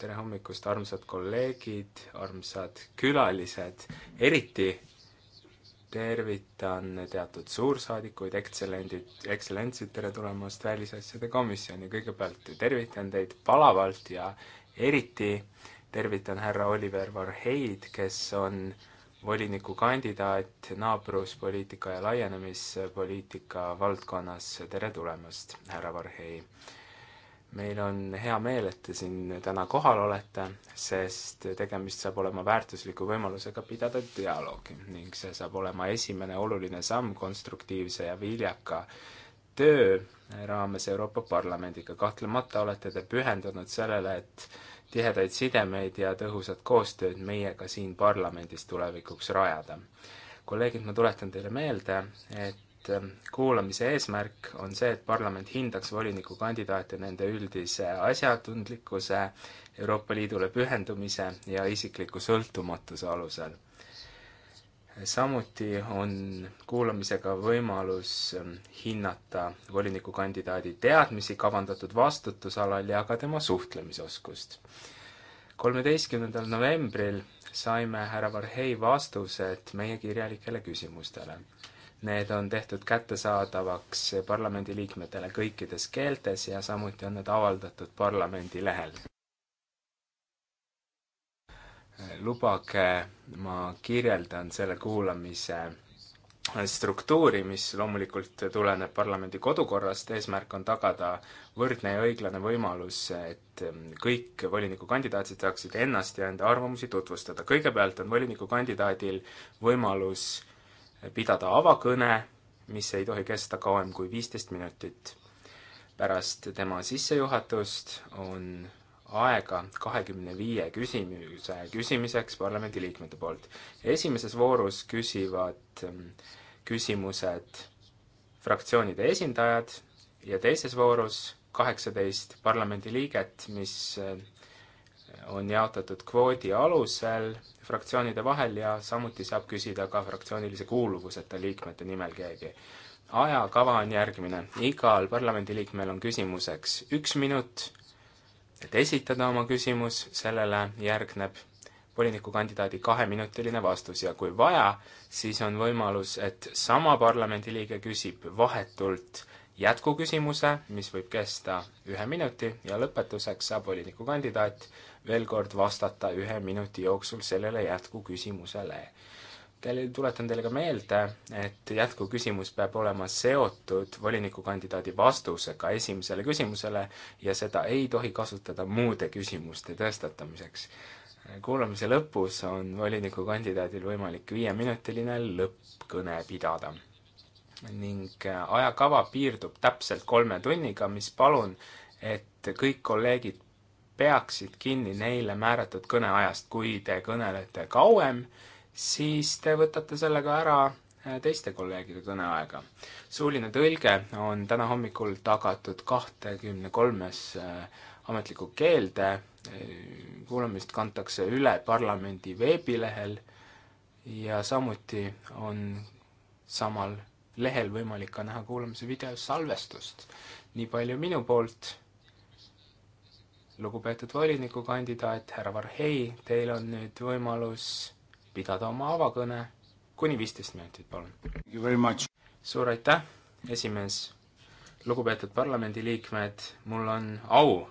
tere hommikust, armsad kolleegid, armsad külalised, eriti tervitan teatud suursaadikuid, ekstsellendid, ekstsellentsid, tere tulemast Välisasjade Komisjoni, kõigepealt tervitan teid palavalt ja eriti tervitan härra Oliver Varheid, kes on volinikukandidaat naabruspoliitika ja laienemispoliitika valdkonnas, tere tulemast, härra Varhei! meil on hea meel, et te siin täna kohal olete, sest tegemist saab olema väärtusliku võimalusega pidada dialoogi ning see saab olema esimene oluline samm konstruktiivse ja viljaka töö raames Euroopa Parlamendiga. kahtlemata olete te pühendunud sellele, et tihedaid sidemeid ja tõhusat koostööd meiega siin parlamendis tulevikuks rajada. kolleegid, ma tuletan teile meelde, et et ähm, kuulamise eesmärk on see, et parlament hindaks volinikukandidaate nende üldise asjatundlikkuse, Euroopa Liidule pühendumise ja isikliku sõltumatuse alusel. samuti on kuulamisega võimalus ähm, hinnata volinikukandidaadi teadmisi kavandatud vastutusalal ja ka tema suhtlemisoskust. kolmeteistkümnendal novembril saime härra Varhei vastused meie kirjalikele küsimustele Need on tehtud kättesaadavaks parlamendiliikmetele kõikides keeltes ja samuti on need avaldatud parlamendi lehel. lubage, ma kirjeldan selle kuulamise struktuuri, mis loomulikult tuleneb parlamendi kodukorrast, eesmärk on tagada võrdne ja õiglane võimalus, et kõik volinikukandidaatid saaksid ennast ja enda arvamusi tutvustada. kõigepealt on volinikukandidaadil võimalus pidada avakõne, mis ei tohi kesta kauem kui viisteist minutit. pärast tema sissejuhatust on aega kahekümne viie küsimuse küsimiseks parlamendiliikmete poolt. esimeses voorus küsivad mm, küsimused fraktsioonide esindajad ja teises voorus kaheksateist parlamendiliiget, mis mm, on jaotatud kvoodi alusel fraktsioonide vahel ja samuti saab küsida ka fraktsioonilise kuuluvuseta liikmete nimel keegi. ajakava on järgmine, igal parlamendiliikmel on küsimuseks üks minut, et esitada oma küsimus, sellele järgneb volinikukandidaadi kaheminutiline vastus ja kui vaja, siis on võimalus, et sama parlamendiliige küsib vahetult jätkuküsimuse, mis võib kesta ühe minuti ja lõpetuseks saab volinikukandidaat veel kord vastata ühe minuti jooksul sellele jätkuküsimusele teile, tuletan teile ka meelde, et jätkuküsimus peab olema seotud volinikukandidaadi vastusega esimesele küsimusele ja seda ei tohi kasutada muude küsimuste tõstatamiseks. kuulamise lõpus on volinikukandidaadil võimalik viieminutiline lõppkõne pidada ning äh, ajakava piirdub täpselt kolme tunniga, mis palun, et kõik kolleegid peaksid kinni neile määratud kõneajast. kui te kõnelete kauem, siis te võtate sellega ära äh, teiste kolleegide kõneaega. suuline tõlge on täna hommikul tagatud kahtekümne kolmes äh, ametlikku keelde, kuulamist kantakse üle parlamendi veebilehel ja samuti on samal lehel võimalik ka näha kuulamise videosalvestust. nii palju minu poolt. lugupeetud volinikukandidaat härra Varhei, teil on nüüd võimalus pidada oma avakõne kuni viisteist minutit, palun. suur aitäh, esimees. lugupeetud parlamendiliikmed, mul on au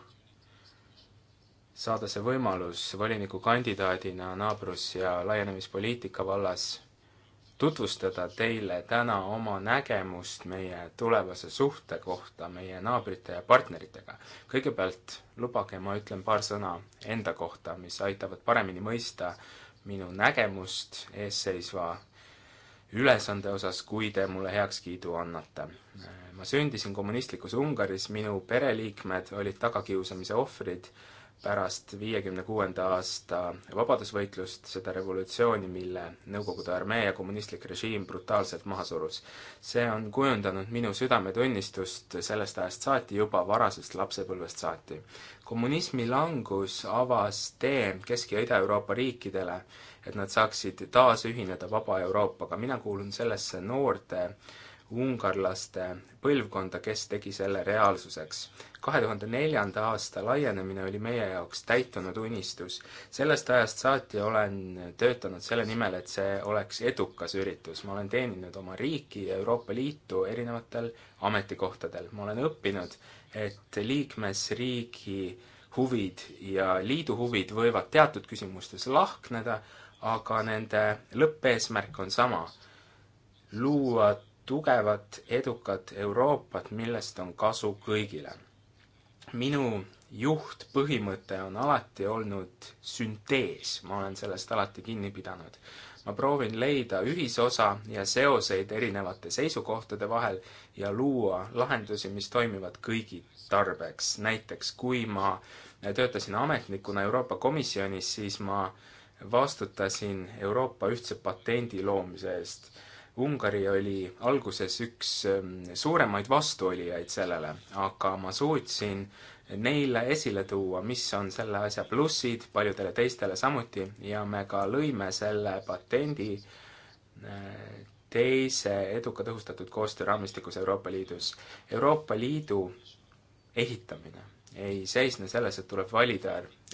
saada see võimalus volinikukandidaadina naabrus- ja laienemispoliitika vallas tutvustada teile täna oma nägemust meie tulevase suhte kohta meie naabrite ja partneritega. kõigepealt lubage, ma ütlen paar sõna enda kohta, mis aitavad paremini mõista minu nägemust eesseisva ülesande osas, kui te mulle heakskiidu annate. ma sündisin kommunistlikus Ungaris, minu pereliikmed olid tagakiusamise ohvrid pärast viiekümne kuuenda aasta vabadusvõitlust, seda revolutsiooni, mille Nõukogude armee ja kommunistlik režiim brutaalselt maha surus. see on kujundanud minu südametunnistust sellest ajast saati, juba varasest lapsepõlvest saati. kommunismi langus avas tee Kesk- ja Ida-Euroopa riikidele, et nad saaksid taas ühineda vaba Euroopaga, mina kuulun sellesse noorte ungarlaste põlvkonda, kes tegi selle reaalsuseks. kahe tuhande neljanda aasta laienemine oli meie jaoks täitunud unistus. sellest ajast saati olen töötanud selle nimel, et see oleks edukas üritus. ma olen teeninud oma riiki ja Euroopa Liitu erinevatel ametikohtadel. ma olen õppinud, et liikmesriigi huvid ja liidu huvid võivad teatud küsimustes lahkneda, aga nende lõppeesmärk on sama, luua tugevat, edukat Euroopat, millest on kasu kõigile. minu juhtpõhimõte on alati olnud süntees, ma olen sellest alati kinni pidanud. ma proovin leida ühisosa ja seoseid erinevate seisukohtade vahel ja luua lahendusi, mis toimivad kõigi tarbeks. näiteks kui ma töötasin ametnikuna Euroopa Komisjonis, siis ma vastutasin Euroopa ühtse patendi loomise eest Ungari oli alguses üks ähm, suuremaid vastuolijaid sellele, aga ma suutsin neile esile tuua, mis on selle asja plussid, paljudele teistele samuti, ja me ka lõime selle patendi äh, teise eduka tõhustatud koostöö raamistikus Euroopa Liidus. Euroopa Liidu ehitamine ei seisne selles, et tuleb valida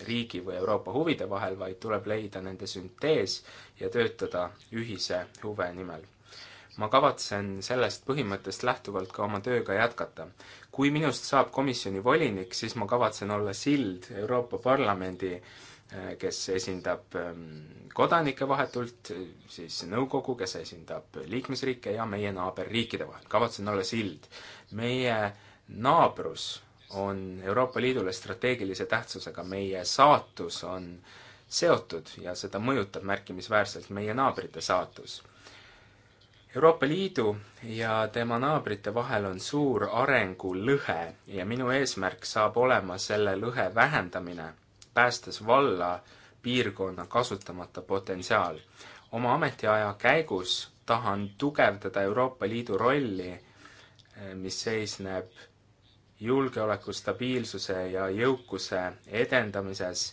riigi või Euroopa huvide vahel, vaid tuleb leida nende süntees ja töötada ühise huve nimel ma kavatsen sellest põhimõttest lähtuvalt ka oma tööga jätkata. kui minust saab komisjoni volinik, siis ma kavatsen olla sild Euroopa Parlamendi eh, kes esindab ehm, kodanikke vahetult, siis nõukogu, kes esindab liikmesriike ja meie naaberriikide vahel. kavatsen olla sild. meie naabrus on Euroopa Liidule strateegilise tähtsusega, meie saatus on seotud ja seda mõjutab märkimisväärselt meie naabrite saatus. Euroopa Liidu ja tema naabrite vahel on suur arengulõhe ja minu eesmärk saab olema selle lõhe vähendamine, päästes valla piirkonna kasutamata potentsiaal. oma ametiaja käigus tahan tugevdada Euroopa Liidu rolli, eh, mis seisneb julgeoleku, stabiilsuse ja jõukuse edendamises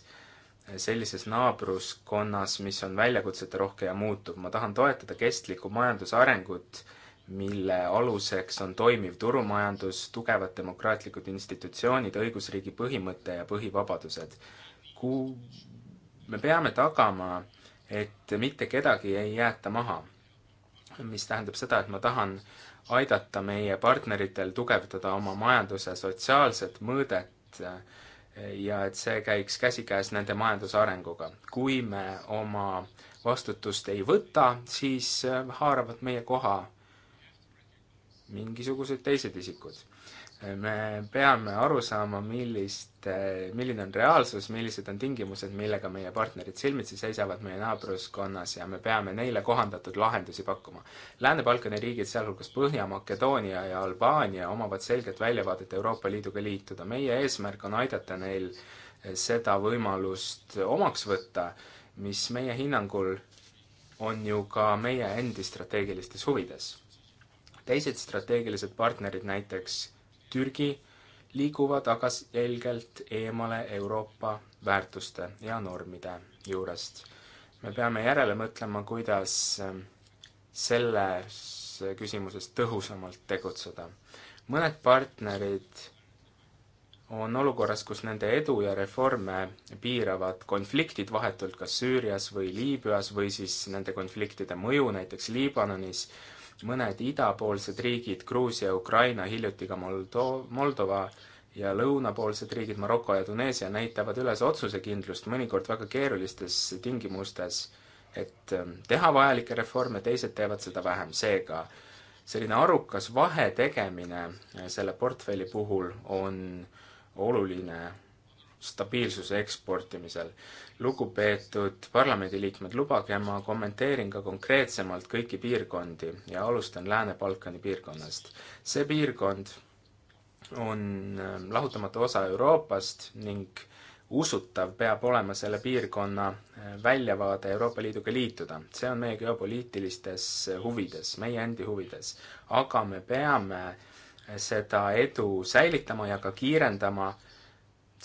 sellises naabruskonnas, mis on väljakutseterohke ja muutuv. ma tahan toetada kestlikku majandusarengut, mille aluseks on toimiv turumajandus, tugevad demokraatlikud institutsioonid, õigusriigi põhimõte ja põhivabadused. Ku-, me peame tagama, et mitte kedagi ei jäeta maha. mis tähendab seda, et ma tahan aidata meie partneritel tugevdada oma majanduse sotsiaalset mõõdet äh, ja et see käiks käsikäes nende majandusarenguga. kui me oma vastutust ei võta, siis äh, haaravad meie koha mingisugused teised isikud me peame aru saama, millist, milline on reaalsus, millised on tingimused, millega meie partnerid silmitsi seisavad meie naabruskonnas ja me peame neile kohandatud lahendusi pakkuma. Lääne-Balkani riigid, sealhulgas Põhja-Makedoonia ja Albaania, omavad selget väljavaadet Euroopa Liiduga liituda. meie eesmärk on aidata neil seda võimalust omaks võtta, mis meie hinnangul on ju ka meie endi strateegilistes huvides. teised strateegilised partnerid, näiteks Türgi liiguvad aga selgelt eemale Euroopa väärtuste ja normide juurest. me peame järele mõtlema, kuidas ähm, selles küsimuses tõhusamalt tegutseda. mõned partnerid on olukorras, kus nende edu ja reforme piiravad konfliktid vahetult kas Süürias või Liibüas või siis nende konfliktide mõju näiteks Liibanonis mõned idapoolsed riigid, Gruusia, Ukraina, hiljuti ka Moldo-, Moldova ja lõunapoolsed riigid, Maroko ja Tuneesia, näitavad üles otsusekindlust mõnikord väga keerulistes tingimustes, et ähm, teha vajalikke reforme, teised teevad seda vähem, seega selline arukas vahetegemine äh, selle portfelli puhul on oluline stabiilsuse eksportimisel. lugupeetud parlamendiliikmed, lubage, ma kommenteerin ka konkreetsemalt kõiki piirkondi ja alustan Lääne-Balkani piirkonnast. see piirkond on ähm, lahutamatu osa Euroopast ning usutav peab olema selle piirkonna äh, väljavaade Euroopa Liiduga liituda. see on meie geopoliitilistes äh, huvides, meie endi huvides. aga me peame äh, seda edu säilitama ja ka kiirendama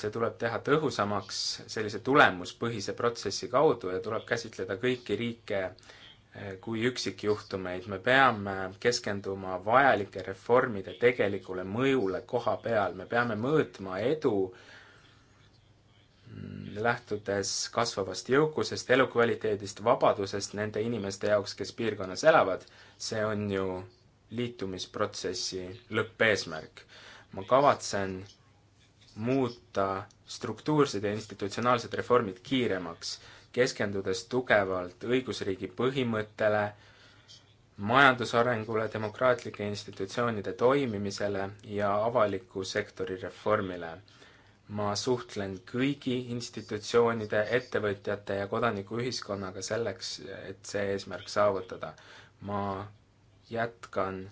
see tuleb teha tõhusamaks sellise tulemuspõhise protsessi kaudu ja tuleb käsitleda kõiki riike eh, kui üksikjuhtumeid. me peame keskenduma vajalike reformide tegelikule mõjule koha peal, me peame mõõtma edu mm, lähtudes kasvavast jõukusest, elukvaliteedist, vabadusest nende inimeste jaoks, kes piirkonnas elavad. see on ju liitumisprotsessi lõppeesmärk. ma kavatsen muuta struktuursed ja institutsionaalsed reformid kiiremaks, keskendudes tugevalt õigusriigi põhimõttele, majandusarengule, demokraatlike institutsioonide toimimisele ja avaliku sektori reformile. ma suhtlen kõigi institutsioonide, ettevõtjate ja kodanikuühiskonnaga selleks, et see eesmärk saavutada. ma jätkan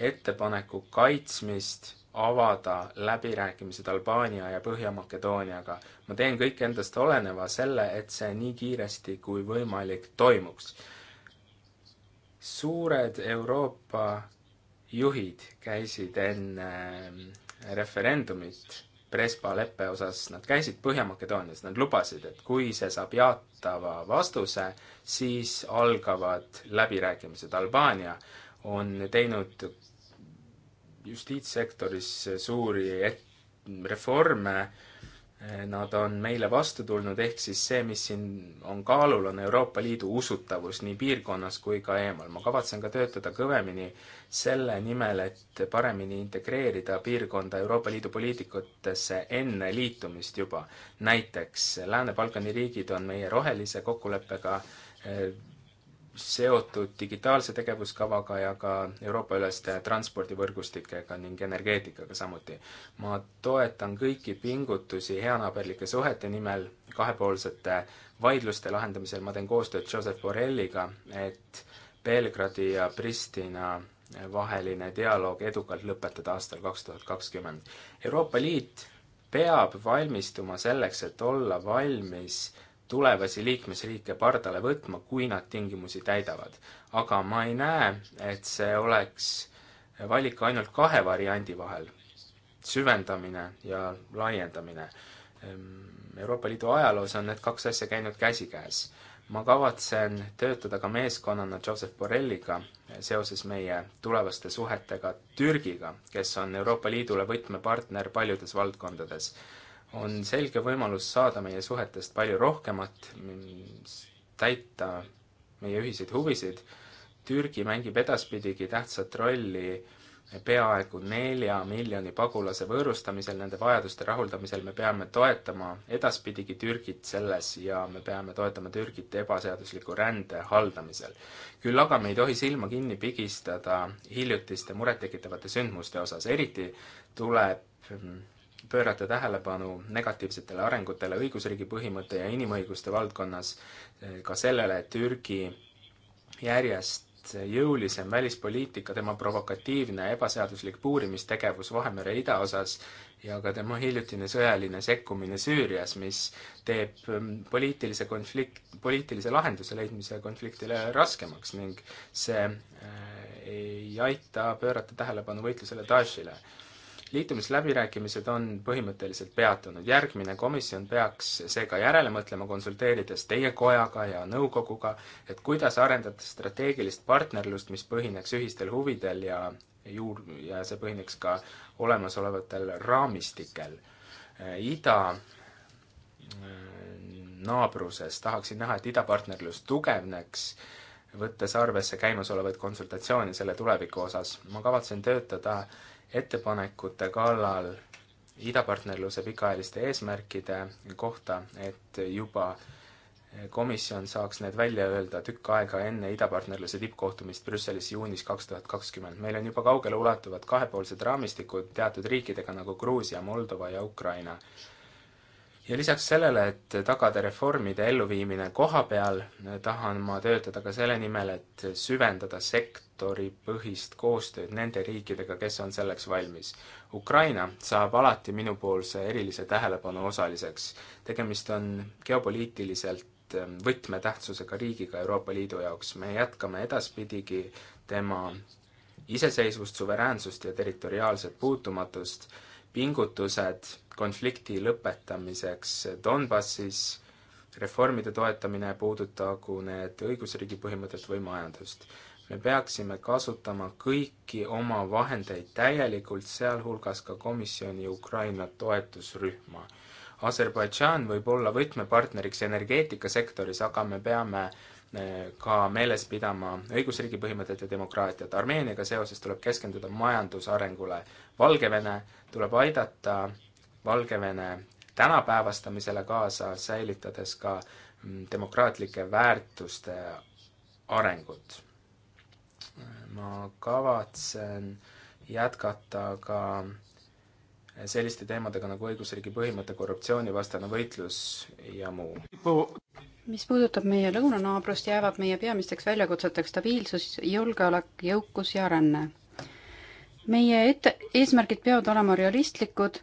ettepaneku kaitsmist avada läbirääkimised Albaania ja Põhja-Makedooniaga. ma teen kõik endast oleneva selle, et see nii kiiresti kui võimalik toimuks. suured Euroopa juhid käisid enne ähm, referendumit Prespa leppe osas, nad käisid Põhja-Makedoonias, nad lubasid, et kui see saab jaatava vastuse, siis algavad läbirääkimised. Albaania on teinud justiitssektoris suuri reforme, eh, nad on meile vastu tulnud, ehk siis see, mis siin on kaalul, on Euroopa Liidu usutavus nii piirkonnas kui ka eemal. ma kavatsen ka töötada kõvemini selle nimel, et paremini integreerida piirkonda Euroopa Liidu poliitikutesse enne liitumist juba. näiteks Lääne-Balkani riigid on meie rohelise kokkuleppega eh, seotud digitaalse tegevuskavaga ja ka Euroopa-üleste transpordivõrgustikega ning energeetikaga samuti. ma toetan kõiki pingutusi heanaaberlike suhete nimel kahepoolsete vaidluste lahendamisel, ma teen koostööd Joseph Borrelliga, et Belgradi ja Pristina vaheline dialoog edukalt lõpetada aastal kaks tuhat kakskümmend. Euroopa Liit peab valmistuma selleks, et olla valmis tulevasi liikmesriike pardale võtma, kui nad tingimusi täidavad. aga ma ei näe, et see oleks valik ainult kahe variandi vahel, süvendamine ja laiendamine. Ehm, Euroopa Liidu ajaloos on need kaks asja käinud käsikäes. ma kavatsen töötada ka meeskonnana Joseph Borrelliga seoses meie tulevaste suhetega Türgiga, kes on Euroopa Liidule võtmepartner paljudes valdkondades on selge võimalus saada meie suhetest palju rohkemat, täita meie ühiseid huvisid. Türgi mängib edaspidigi tähtsat rolli peaaegu nelja miljoni pagulase võõrustamisel, nende vajaduste rahuldamisel, me peame toetama edaspidigi Türgit selles ja me peame toetama Türgit ebaseadusliku rände haldamisel. küll aga me ei tohi silma kinni pigistada hiljutiste murettekitavate sündmuste osas, eriti tuleb pöörata tähelepanu negatiivsetele arengutele õigusriigi põhimõtte ja inimõiguste valdkonnas, eh, ka sellele, et Türgi järjest jõulisem välispoliitika, tema provokatiivne ebaseaduslik puurimistegevus Vahemere idaosas ja ka tema hiljutine sõjaline sekkumine Süürias, mis teeb mm, poliitilise konflikt, poliitilise lahenduse leidmise konfliktile raskemaks ning see eh, ei aita pöörata tähelepanu võitlusele Daeshile liitumisläbirääkimised on põhimõtteliselt peatunud, järgmine komisjon peaks seega järele mõtlema, konsulteerides teie kojaga ja nõukoguga, et kuidas arendada strateegilist partnerlust, mis põhineks ühistel huvidel ja juur-, ja see põhineks ka olemasolevatel raamistikel. ida äh, naabruses tahaksin näha, et idapartnerlus tugevneks, võttes arvesse käimasolevaid konsultatsioone selle tuleviku osas. ma kavatsen töötada äh, ettepanekute kallal idapartnerluse pikaajaliste eesmärkide kohta, et juba komisjon saaks need välja öelda tükk aega enne idapartnerluse tippkohtumist Brüsselis juunis kaks tuhat kakskümmend. meil on juba kaugeleulatuvad kahepoolsed raamistikud teatud riikidega nagu Gruusia, Moldova ja Ukraina ja lisaks sellele, et tagada reformide elluviimine koha peal, tahan ma töötada ka selle nimel, et süvendada sektoripõhist koostööd nende riikidega, kes on selleks valmis. Ukraina saab alati minupoolse erilise tähelepanu osaliseks. tegemist on geopoliitiliselt ehm, võtmetähtsusega riigiga Euroopa Liidu jaoks. me jätkame edaspidigi tema iseseisvust, suveräänsust ja territoriaalset puutumatust pingutused konflikti lõpetamiseks Donbassis, reformide toetamine, puudutagu need õigusriigi põhimõtet või majandust. me peaksime kasutama kõiki oma vahendeid täielikult, sealhulgas ka komisjoni Ukraina toetusrühma. Aserbaidžaan võib olla võtmepartneriks energeetikasektoris, aga me peame äh, ka meeles pidama õigusriigi põhimõtet ja demokraatiat. Armeeniaga seoses tuleb keskenduda majandusarengule. Valgevene tuleb aidata Valgevene tänapäevastamisele kaasa, säilitades ka mm, demokraatlike väärtuste arengut. ma kavatsen jätkata ka selliste teemadega nagu õigusriigi põhimõte, korruptsioonivastane võitlus ja muu mis puudutab meie lõunanaabrust, jäävad meie peamisteks väljakutseteks stabiilsus, julgeolek, jõukus ja ränne. meie ette, eesmärgid peavad olema realistlikud,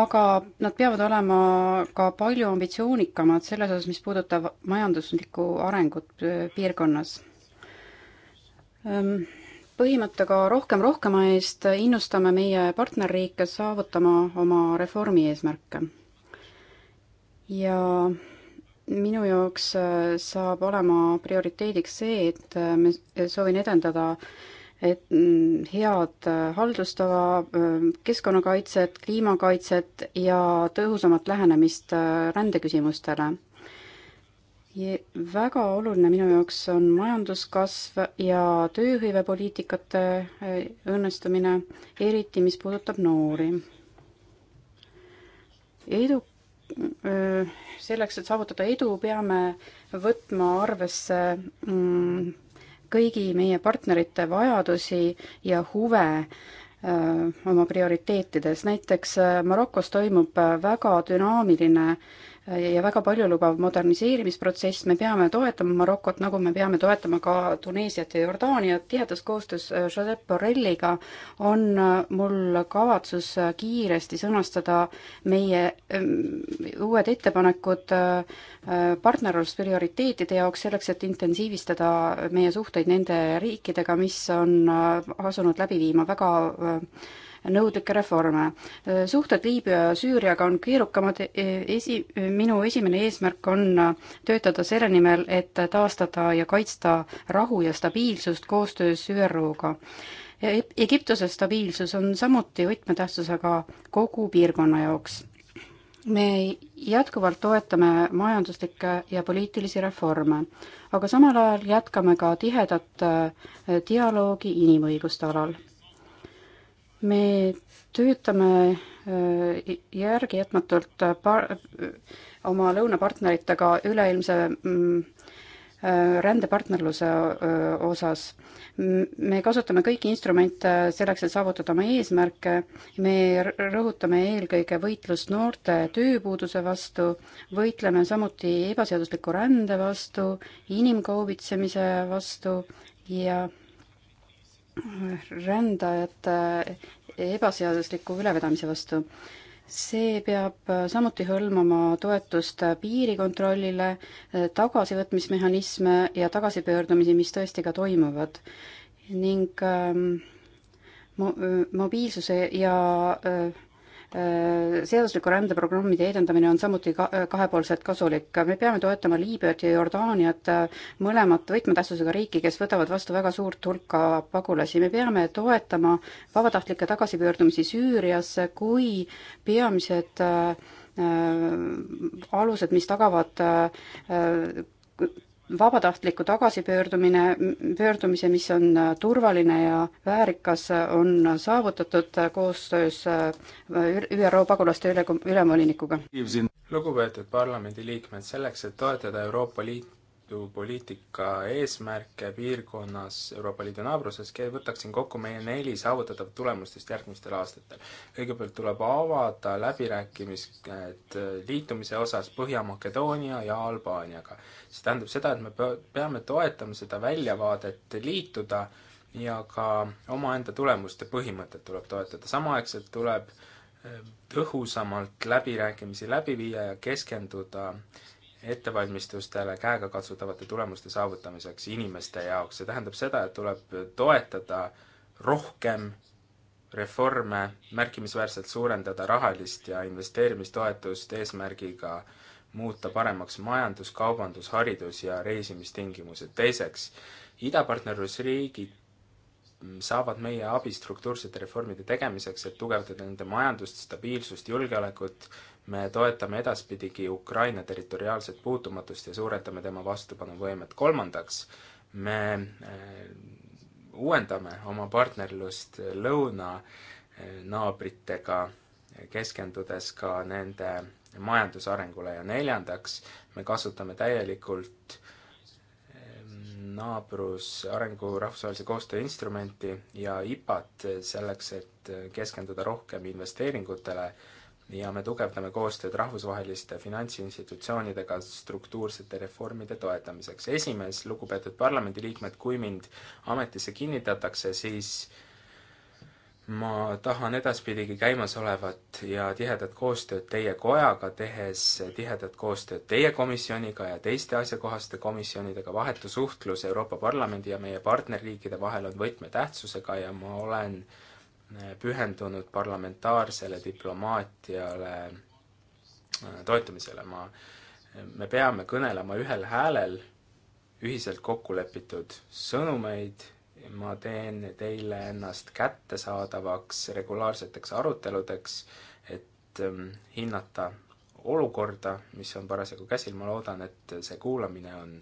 aga nad peavad olema ka palju ambitsioonikamad selles osas, mis puudutab majanduslikku arengut äh, piirkonnas. Ehm, põhimõttega rohkem rohkema eest innustame meie partnerriike saavutama oma reformi eesmärke. ja minu jaoks äh, saab olema prioriteediks see, et äh, me soovin edendada et mm, head äh, haldustava, keskkonnakaitset, kliimakaitset ja tõhusamat lähenemist rändeküsimustele. väga oluline minu jaoks on majanduskasv ja tööhõivepoliitikate õnnestumine, eriti mis puudutab noori. edu selleks, et saavutada edu, peame võtma arvesse mm, kõigi meie partnerite vajadusi ja huve oma prioriteetides. näiteks Marokos toimub väga dünaamiline ja väga paljulubav moderniseerimisprotsess, me peame toetama Marokot, nagu me peame toetama ka Tuneesiat ja Jordaaniat, tihedas koostöös äh, Josep Borrelliga on äh, mul kavatsus äh, kiiresti sõnastada meie ähm, uued ettepanekud partnerlusprioriteetide jaoks, selleks et intensiivistada meie suhteid nende riikidega, mis on asunud läbi viima väga nõudlikke reforme. suhted Liibüa ja Süüriaga on keerukamad, e, esi, minu esimene eesmärk on töötada selle nimel, et taastada ja kaitsta rahu ja stabiilsust koostöös ÜRO-ga. E, Egiptuse stabiilsus on samuti võtmetähtsusega kogu piirkonna jaoks me jätkuvalt toetame majanduslikke ja poliitilisi reforme, aga samal ajal jätkame ka tihedat e, dialoogi inimõiguste alal me töötame äh, järgijätmatult äh, par-, äh, oma lõunapartneritega üleilmse mm, rändepartnerluse osas. me kasutame kõiki instrumente selleks, et saavutada oma eesmärke, me rõhutame eelkõige võitlust noorte tööpuuduse vastu, võitleme samuti ebaseadusliku rände vastu, inimkaubitsemise vastu ja rändajate ebaseadusliku ülevedamise vastu. see peab samuti hõlmama toetust piirikontrollile, tagasivõtmismehhanisme ja tagasipöördumisi, mis tõesti ka toimuvad. ning ähm, mo-, äh, mobiilsuse ja öö, äh, seadusliku rändeprogrammide edendamine on samuti ka kahepoolselt kasulik. me peame toetama Liibüat ja Jordaaniat, mõlemat võtmetähtsusega riiki, kes võtavad vastu väga suurt hulka pagulasi. me peame toetama vabatahtlikke tagasipöördumisi Süüriasse, kui peamised äh, äh, alused, mis tagavad äh, vabatahtliku tagasipöördumine, pöördumise, mis on äh, turvaline ja väärikas, äh, on saavutatud äh, koostöös ÜRO pagulaste üle, ülemvolinikuga. lugupeetud parlamendiliikmed, selleks, et toetada Euroopa Liit poliitika eesmärke piirkonnas Euroopa Liidu naabruses, võtaksin kokku meie neli saavutatavat tulemustest järgmistel aastatel. kõigepealt tuleb avada läbirääkimised äh, liitumise osas Põhja-Makedoonia ja Albaaniaga. see tähendab seda, et me peame toetama seda väljavaadet liituda ja ka omaenda tulemuste põhimõtet tuleb toetada, samaaegselt tuleb äh, tõhusamalt läbirääkimisi läbi viia ja keskenduda äh, ettevalmistustele käegakatsutavate tulemuste saavutamiseks inimeste jaoks, see tähendab seda, et tuleb toetada rohkem reforme, märkimisväärselt suurendada rahalist ja investeerimistoetust eesmärgiga muuta paremaks majandus, kaubandus, haridus ja reisimistingimused. teiseks, idapartnerlusriigid saavad meie abi struktuursete reformide tegemiseks, et tugevdada nende majandust, stabiilsust, julgeolekut me toetame edaspidigi Ukraina territoriaalset puutumatust ja suurendame tema vastupanuvõimet. kolmandaks, me äh, uuendame oma partnerlust lõunanaabritega, äh, keskendudes ka nende majandusarengule ja neljandaks, me kasutame täielikult äh, naabrusarengu rahvusvahelise koostöö instrumenti ja IPA-t selleks, et keskenduda rohkem investeeringutele ja me tugevdame koostööd rahvusvaheliste finantsinstitutsioonidega struktuursete reformide toetamiseks. esimees, lugupeetud parlamendiliikmed, kui mind ametisse kinnitatakse, siis ma tahan edaspidigi käimasolevat ja tihedat koostööd teie kojaga, tehes tihedat koostööd teie komisjoniga ja teiste asjakohaste komisjonidega. vahetu suhtlus Euroopa Parlamendi ja meie partnerriikide vahel on võtmetähtsusega ja ma olen äh, pühendunud parlamentaarsele diplomaatiale äh, toetamisele, ma, me peame kõnelema ühel häälel ühiselt kokku lepitud sõnumeid, ma teen teile ennast kättesaadavaks regulaarseteks aruteludeks, et ähm, hinnata olukorda, mis on parasjagu käsil, ma loodan, et see kuulamine on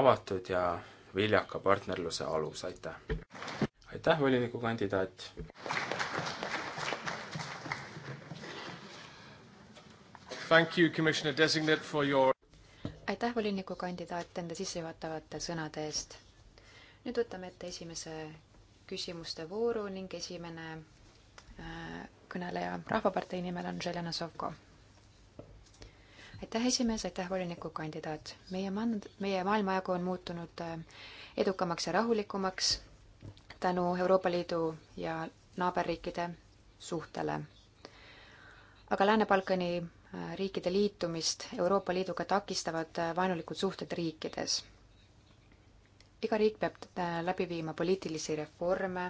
avatud ja viljaka partnerluse alus, aitäh! aitäh, volinikukandidaat! Your... aitäh, volinikukandidaat, enda sissejuhatavate sõnade eest. nüüd võtame ette esimese küsimuste vooru ning esimene äh, kõneleja Rahvapartei nimel on Željana Sovko. aitäh, esimees, aitäh, volinikukandidaat. meie mand-, meie maailmajagu on muutunud äh, edukamaks ja rahulikumaks tänu Euroopa Liidu ja naaberriikide suhtele. aga Lääne-Balkani äh, riikide liitumist Euroopa Liiduga takistavad äh, vaenulikud suhted riikides. iga riik peab äh, läbi viima poliitilisi reforme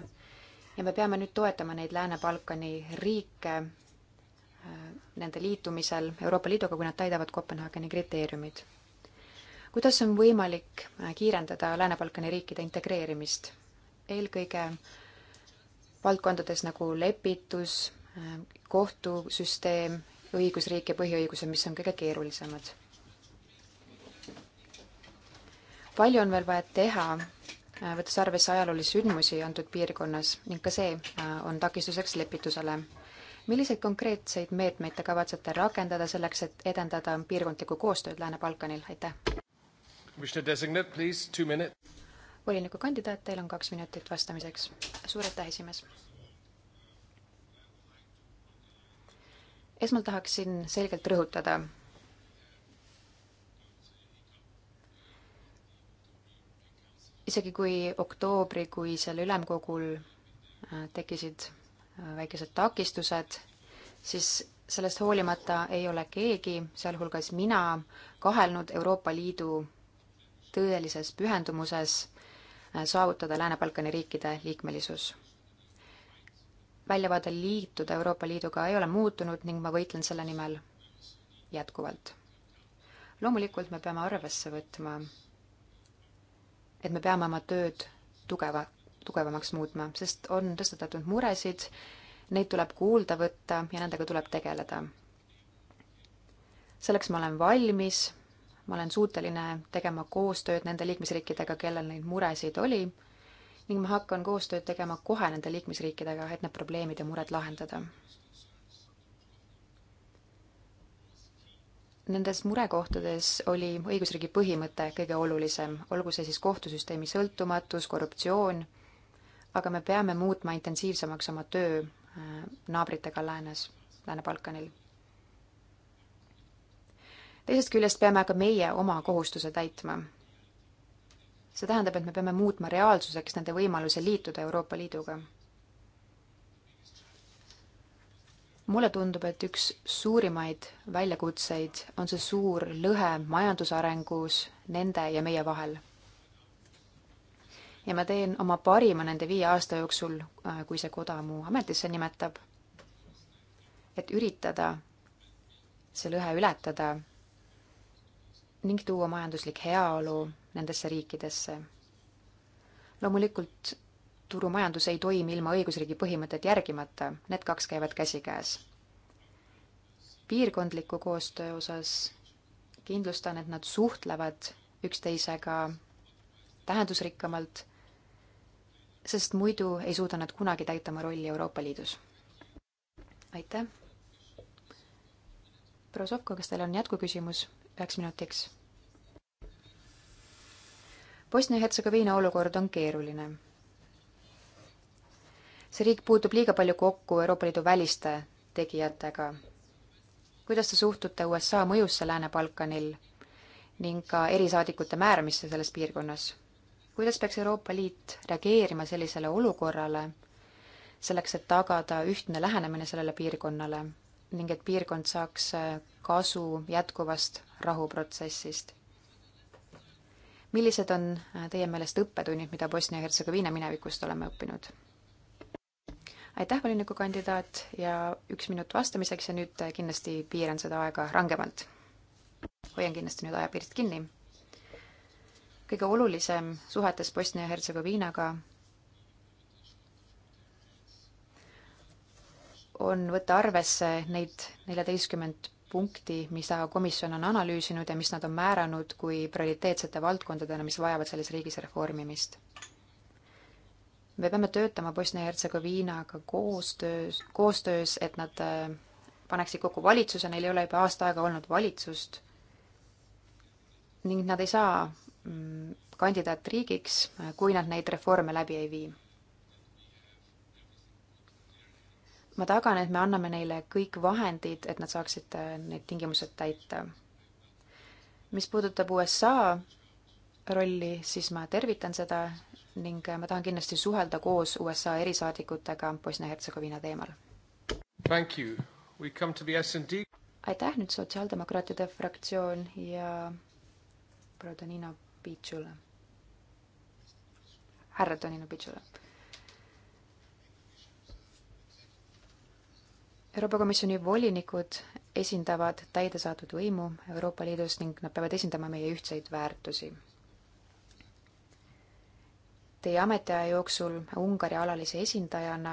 ja me peame nüüd toetama neid Lääne-Balkani riike nende liitumisel Euroopa Liiduga, kui nad täidavad Kopenhaageni kriteeriumid. kuidas on võimalik kiirendada Lääne-Balkani riikide integreerimist? eelkõige valdkondades nagu lepitus, kohtusüsteem, õigusriik ja põhiõigused, mis on kõige keerulisemad. palju on veel vaja teha, võttes arvesse ajaloolisi sündmusi antud piirkonnas ning ka see äh, on takistuseks lepitusele. milliseid konkreetseid meetmeid te kavatsete rakendada selleks, et edendada piirkondlikku koostööd Lääne-Balkanil, aitäh! volinikukandidaat, teil on kaks minutit vastamiseks. suur aitäh, esimees! esmalt tahaksin selgelt rõhutada, isegi kui oktoobrikuisel ülemkogul äh, tekkisid äh, väikesed takistused, siis sellest hoolimata ei ole keegi, sealhulgas mina, kahelnud Euroopa Liidu tõelises pühendumuses saavutada Lääne-Balkani riikide liikmelisus. väljavaade liituda Euroopa Liiduga ei ole muutunud ning ma võitlen selle nimel jätkuvalt. loomulikult me peame arvesse võtma, et me peame oma tööd tugeva, tugevamaks muutma, sest on tõstatatud muresid, neid tuleb kuulda võtta ja nendega tuleb tegeleda selleks ma olen valmis ma olen suuteline tegema koostööd nende liikmesriikidega, kellel neid muresid oli ning ma hakkan koostööd tegema kohe nende liikmesriikidega, et need probleemid ja mured lahendada. Nendes murekohtades oli õigusriigi põhimõte kõige olulisem, olgu see siis kohtusüsteemi sõltumatus, korruptsioon, aga me peame muutma intensiivsemaks oma töö äh, naabritega läänes, Lääne-Balkanil teisest küljest peame aga meie oma kohustuse täitma. see tähendab, et me peame muutma reaalsuseks nende võimaluse liituda Euroopa Liiduga. mulle tundub, et üks suurimaid väljakutseid on see suur lõhe majandusarengus nende ja meie vahel. ja ma teen oma parima nende viie aasta jooksul, äh, kui see koda mu ametisse nimetab, et üritada see lõhe ületada ning tuua majanduslik heaolu nendesse riikidesse. loomulikult turumajandus ei toimi ilma õigusriigi põhimõtet järgimata, need kaks käivad käsikäes. piirkondliku koostöö osas kindlustan, et nad suhtlevad üksteisega tähendusrikkamalt, sest muidu ei suuda nad kunagi täita oma rolli Euroopa Liidus. aitäh! proua Sovko, kas teil on jätkuküsimus? üheks minutiks. Bosnia-Hertsegoviina olukord on keeruline. see riik puutub liiga palju kokku Euroopa Liidu väliste tegijatega. kuidas te suhtute USA mõjusse Lääne-Balkanil ning ka erisaadikute määramisse selles piirkonnas? kuidas peaks Euroopa Liit reageerima sellisele olukorrale, selleks et tagada ühtne lähenemine sellele piirkonnale ning et piirkond saaks äh, kasu jätkuvast rahuprotsessist. millised on äh, teie meelest õppetunnid, mida Bosnia-Hertsegoviina minevikust oleme õppinud? aitäh, voliniku kandidaat ja üks minut vastamiseks ja nüüd äh, kindlasti piiran seda aega rangemalt. hoian kindlasti nüüd ajapiirist kinni. kõige olulisem suhetes Bosnia-Hertsegoviinaga on võtta arvesse neid neljateistkümmend punkti, mida komisjon on analüüsinud ja mis nad on määranud kui prioriteetsete valdkondadena, mis vajavad selles riigis reformimist. me peame töötama Bosnia-Hertsegoviinaga koostöös, koostöös, et nad äh, paneksid kokku valitsuse, neil ei ole juba aasta aega olnud valitsust ning nad ei saa mm, kandidaatriigiks, kui nad neid reforme läbi ei vii ma tagan, et me anname neile kõik vahendid, et nad saaksid äh, need tingimused täita. mis puudutab USA rolli, siis ma tervitan seda ning äh, ma tahan kindlasti suhelda koos USA erisaadikutega Bosnia-Hertsegoviina teemal. aitäh nüüd Sotsiaaldemokraatide fraktsioon ja proua Donino Pitsule. härra Donino Pitsule Euroopa Komisjoni volinikud esindavad täidesaatvat võimu Euroopa Liidus ning nad peavad esindama meie ühtseid väärtusi. Teie ametiaja jooksul Ungari alalise esindajana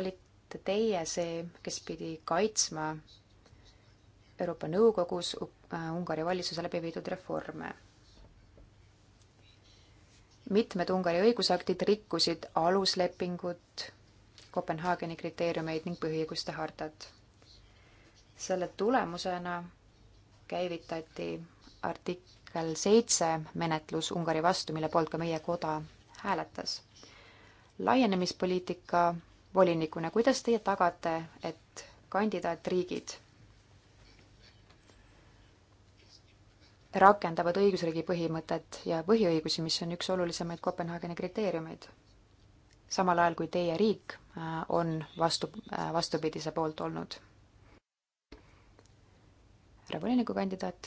olite teie see, kes pidi kaitsma Euroopa Nõukogus äh, Ungari valitsuse läbi viidud reforme. mitmed Ungari õigusaktid rikkusid aluslepingut Kopenhaageni kriteeriumeid ning põhiõiguste hartat. selle tulemusena käivitati artikkel seitse menetlus Ungari vastu, mille poolt ka meie koda hääletas. laienemispoliitika volinikuna, kuidas teie tagate, et kandidaatriigid rakendavad õigusriigi põhimõtet ja põhiõigusi, mis on üks olulisemaid Kopenhaageni kriteeriumeid samal ajal kui teie riik äh, on vastu, äh, vastupidise poolt olnud. härra volinikukandidaat.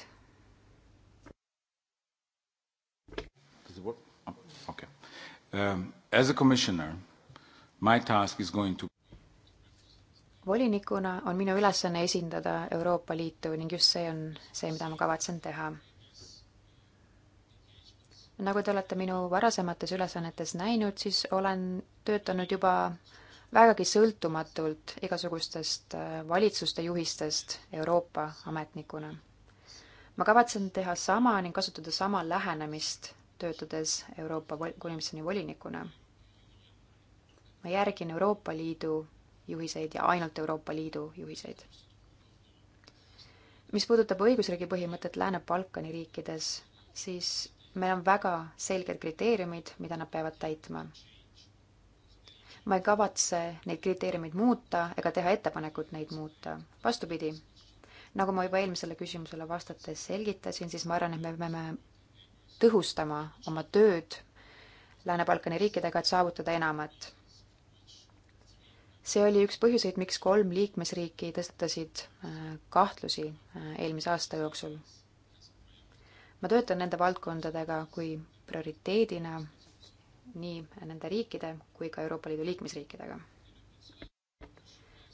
Oh, okay. Um, as a commissioner, my task is going to volinikuna on minu ülesanne esindada Euroopa Liitu ning just see on see, mida ma kavatsen teha nagu te olete minu varasemates ülesannetes näinud, siis olen töötanud juba vägagi sõltumatult igasugustest äh, valitsuste juhistest Euroopa ametnikuna. ma kavatsen teha sama ning kasutada sama lähenemist, töötades Euroopa Komisjoni volinikuna. ma järgin Euroopa Liidu juhiseid ja ainult Euroopa Liidu juhiseid. mis puudutab õigusriigi põhimõtet Lääne-Balkani riikides, siis meil on väga selged kriteeriumid, mida nad peavad täitma. ma ei kavatse neid kriteeriumeid muuta ega teha ettepanekut neid muuta. vastupidi, nagu ma juba eelmisele küsimusele vastates selgitasin, siis ma arvan, et me peame tõhustama oma tööd Lääne-Balkani riikidega, et saavutada enamat. see oli üks põhjuseid, miks kolm liikmesriiki tõstatasid äh, kahtlusi äh, eelmise aasta jooksul ma töötan nende valdkondadega kui prioriteedina nii nende riikide kui ka Euroopa Liidu liikmesriikidega.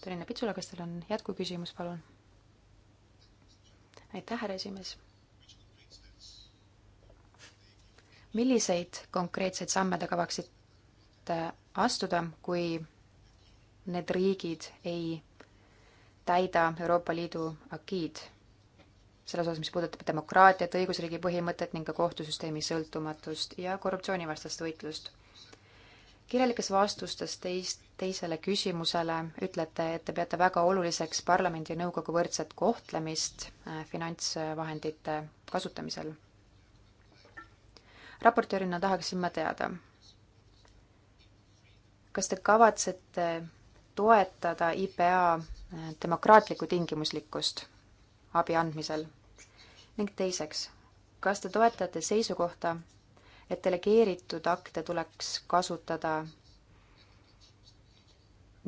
Tõnine Pitsula, kas teil on jätkuküsimus, palun? aitäh, härra esimees. milliseid konkreetseid samme te kavaksite astuda, kui need riigid ei täida Euroopa Liidu akiid? selles osas, mis puudutab demokraatiat, õigusriigi põhimõtet ning ka kohtusüsteemi sõltumatust ja korruptsioonivastast võitlust. kirjalikes vastustes teis-, teisele küsimusele ütlete, et te peate väga oluliseks parlamendi ja nõukogu võrdset kohtlemist äh, finantsvahendite kasutamisel. raportöörina tahaksin ma teada, kas te kavatsete toetada IPA äh, demokraatlikku tingimuslikkust abi andmisel? ning teiseks, kas te toetate seisukohta, et delegeeritud akte tuleks kasutada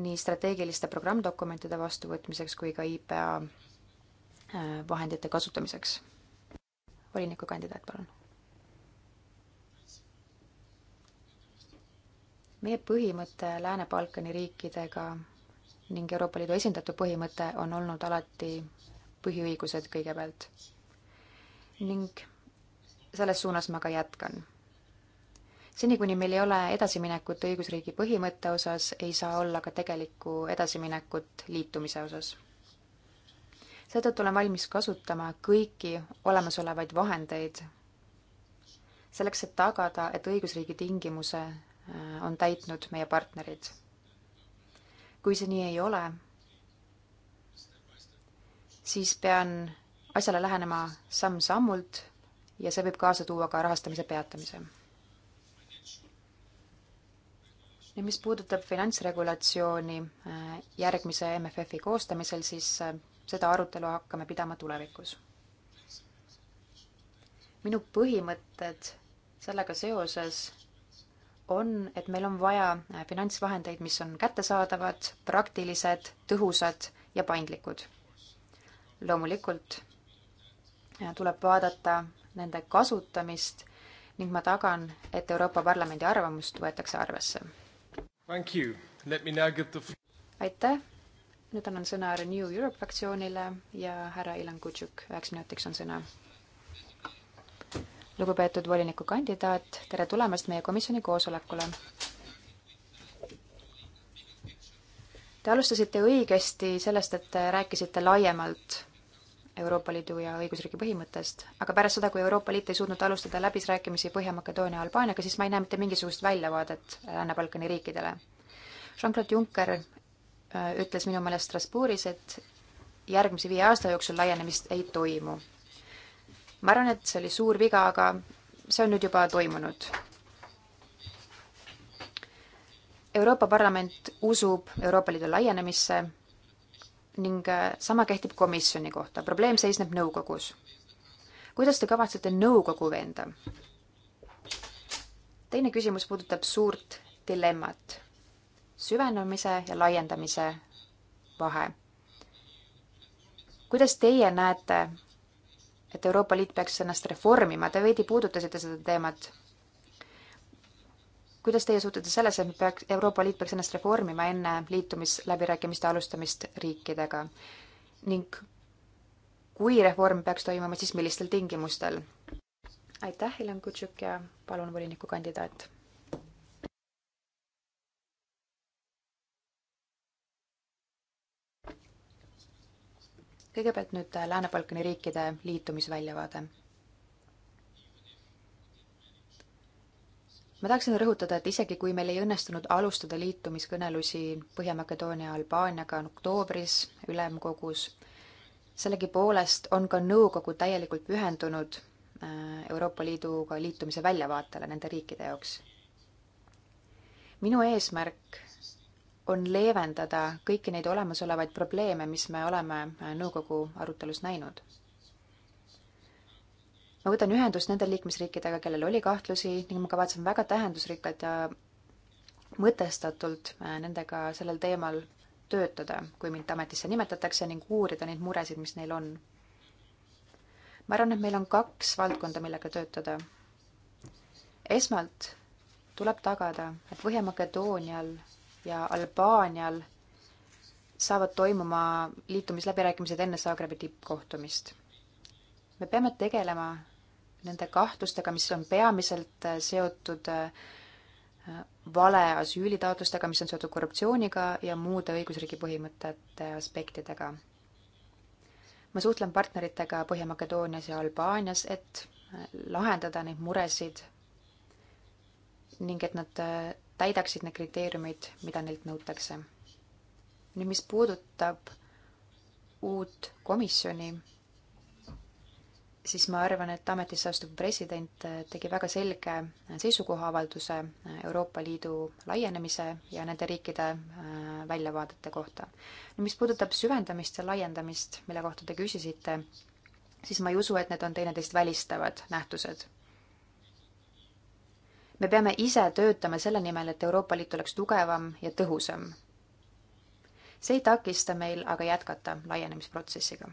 nii strateegiliste programmdokumentide vastuvõtmiseks kui ka IPA äh, vahendite kasutamiseks? volinikukandidaat, palun. meie põhimõte Lääne-Balkani riikidega ning Euroopa Liidu esindatu põhimõte on olnud alati põhiõigused kõigepealt. ning selles suunas ma ka jätkan. seni, kuni meil ei ole edasiminekut õigusriigi põhimõtte osas, ei saa olla ka tegelikku edasiminekut liitumise osas. seetõttu olen valmis kasutama kõiki olemasolevaid vahendeid selleks, et tagada, et õigusriigi tingimuse äh, on täitnud meie partnerid. kui see nii ei ole, siis pean asjale lähenema samm-sammult ja see võib kaasa tuua ka rahastamise peatamise. nüüd, mis puudutab finantsregulatsiooni äh, järgmise MFF-i koostamisel, siis äh, seda arutelu hakkame pidama tulevikus. minu põhimõtted sellega seoses on, et meil on vaja äh, finantsvahendeid, mis on kättesaadavad, praktilised, tõhusad ja paindlikud loomulikult äh, tuleb vaadata nende kasutamist ning ma tagan, et Euroopa Parlamendi arvamust võetakse arvesse. The... aitäh, nüüd annan sõna Renew Europe fraktsioonile ja härra Ilan Kutšuk, üheks minutiks on sõna. lugupeetud volinikukandidaat, tere tulemast meie komisjoni koosolekule. Te alustasite õigesti sellest, et rääkisite laiemalt Euroopa Liidu ja õigusriigi põhimõttest, aga pärast seda, kui Euroopa Liit ei suutnud alustada läbisrääkimisi Põhja-Makedoonia ja Albaaniaga, siis ma ei näe mitte mingisugust väljavaadet Lääne-Balkani riikidele. Jean-Claude Juncker äh, ütles minu meelest Strasbourgis, et järgmise viie aasta jooksul laienemist ei toimu. ma arvan, et see oli suur viga, aga see on nüüd juba toimunud. Euroopa Parlament usub Euroopa Liidu laienemisse ning äh, sama kehtib komisjoni kohta. probleem seisneb nõukogus. kuidas te kavatsete nõukogu veenda? teine küsimus puudutab suurt dilemmat, süvenemise ja laiendamise vahe. kuidas teie näete, et Euroopa Liit peaks ennast reformima, te veidi puudutasite seda teemat kuidas teie suhtute sellesse, et me peaks, Euroopa Liit peaks ennast reformima enne liitumisläbirääkimiste alustamist riikidega ning kui reform peaks toimuma, siis millistel tingimustel? aitäh, Helen Kutšuk ja palun, volinikukandidaat kõigepealt nüüd Lääne-Balkani riikide liitumisväljavaade. ma tahaksin rõhutada, et isegi kui meil ei õnnestunud alustada liitumiskõnelusi Põhja-Makedoonia Albaaniaga oktoobris ülemkogus, sellegipoolest on ka nõukogu täielikult pühendunud äh, Euroopa Liiduga liitumise väljavaatele nende riikide jaoks. minu eesmärk on leevendada kõiki neid olemasolevaid probleeme, mis me oleme äh, nõukogu arutelus näinud ma võtan ühendust nende liikmesriikidega, kellel oli kahtlusi ning ma kavatsen väga tähendusrikkalt ja mõtestatult äh, nendega sellel teemal töötada, kui mind ametisse nimetatakse ning uurida neid muresid, mis neil on. ma arvan, et meil on kaks valdkonda, millega töötada. esmalt tuleb tagada, et Põhja-Makedoonial ja Albaanial saavad toimuma liitumisläbirääkimised enne Zagrebi tippkohtumist. me peame tegelema nende kahtlustega, mis on peamiselt äh, seotud äh, vale asüülitaotlustega, mis on seotud korruptsiooniga ja muude õigusriigi põhimõtete aspektidega. ma suhtlen partneritega Põhja-Makedoonias ja Albaanias, et äh, lahendada neid muresid ning et nad täidaksid need kriteeriumid, mida neilt nõutakse. nüüd, mis puudutab uut komisjoni siis ma arvan, et ametisse astuv president äh, tegi väga selge äh, seisukohaavalduse äh, Euroopa Liidu laienemise ja nende riikide väljavaadete kohta. mis puudutab süvendamist ja laiendamist, mille kohta te küsisite, siis ma ei usu, et need on teineteist välistavad nähtused. me peame ise töötama selle nimel, et Euroopa Liit oleks tugevam ja tõhusam. see ei takista meil aga jätkata laienemisprotsessiga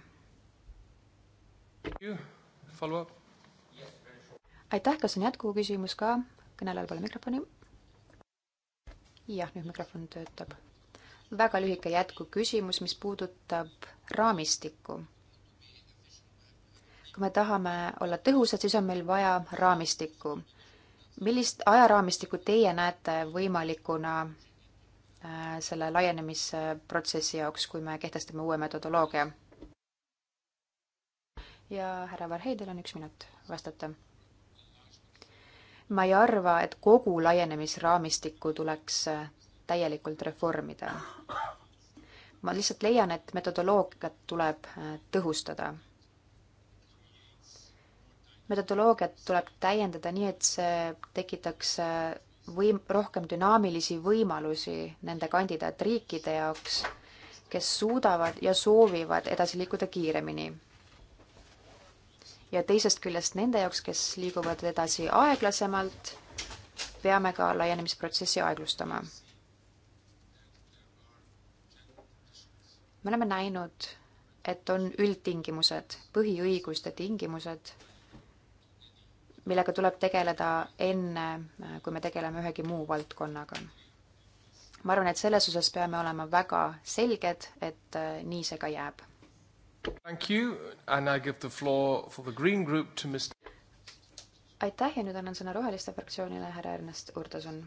follow-up? aitäh, kas on jätkuküsimus ka? kõnelejal pole mikrofoni. jah, nüüd mikrofon töötab. väga lühike jätkuküsimus, mis puudutab raamistikku. kui me tahame olla tõhusad, siis on meil vaja raamistikku. millist ajaraamistikku teie näete võimalikuna äh, selle laienemisprotsessi jaoks, kui me kehtestame uue metodoloogia? ja härra Varheidel on üks minut vastata. ma ei arva, et kogu laienemisraamistikku tuleks äh, täielikult reformida. ma lihtsalt leian, et metodoloogiat tuleb äh, tõhustada. metodoloogiat tuleb täiendada nii, et see tekitaks äh, võim-, rohkem dünaamilisi võimalusi nende kandidaatriikide jaoks, kes suudavad ja soovivad edasi liikuda kiiremini ja teisest küljest nende jaoks, kes liiguvad edasi aeglasemalt, peame ka laienemisprotsessi aeglustama. me oleme näinud, et on üldtingimused, põhiõiguste tingimused, millega tuleb tegeleda enne, kui me tegeleme ühegi muu valdkonnaga. ma arvan, et selles osas peame olema väga selged, et äh, nii see ka jääb aitäh ja nüüd annan sõna Roheliste fraktsioonile, härra Ernest Urtasun.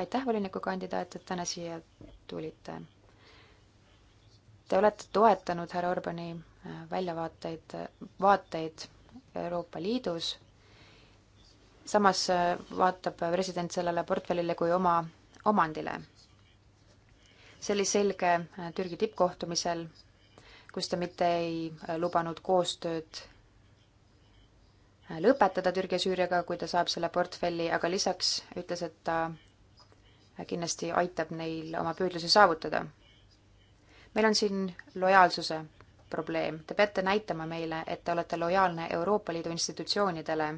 aitäh, volinikukandidaat, et täna siia tulite. Te olete toetanud härra Orbani äh, väljavaateid, vaateid Euroopa Liidus. samas äh, vaatab president sellele portfellile kui oma omandile see oli selge äh, Türgi tippkohtumisel, kus ta mitte ei äh, lubanud koostööd äh, lõpetada Türgi ja Süüriaga, kui ta saab selle portfelli, aga lisaks ütles, et ta kindlasti aitab neil oma püüdlusi saavutada. meil on siin lojaalsuse probleem, te peate näitama meile, et te olete lojaalne Euroopa Liidu institutsioonidele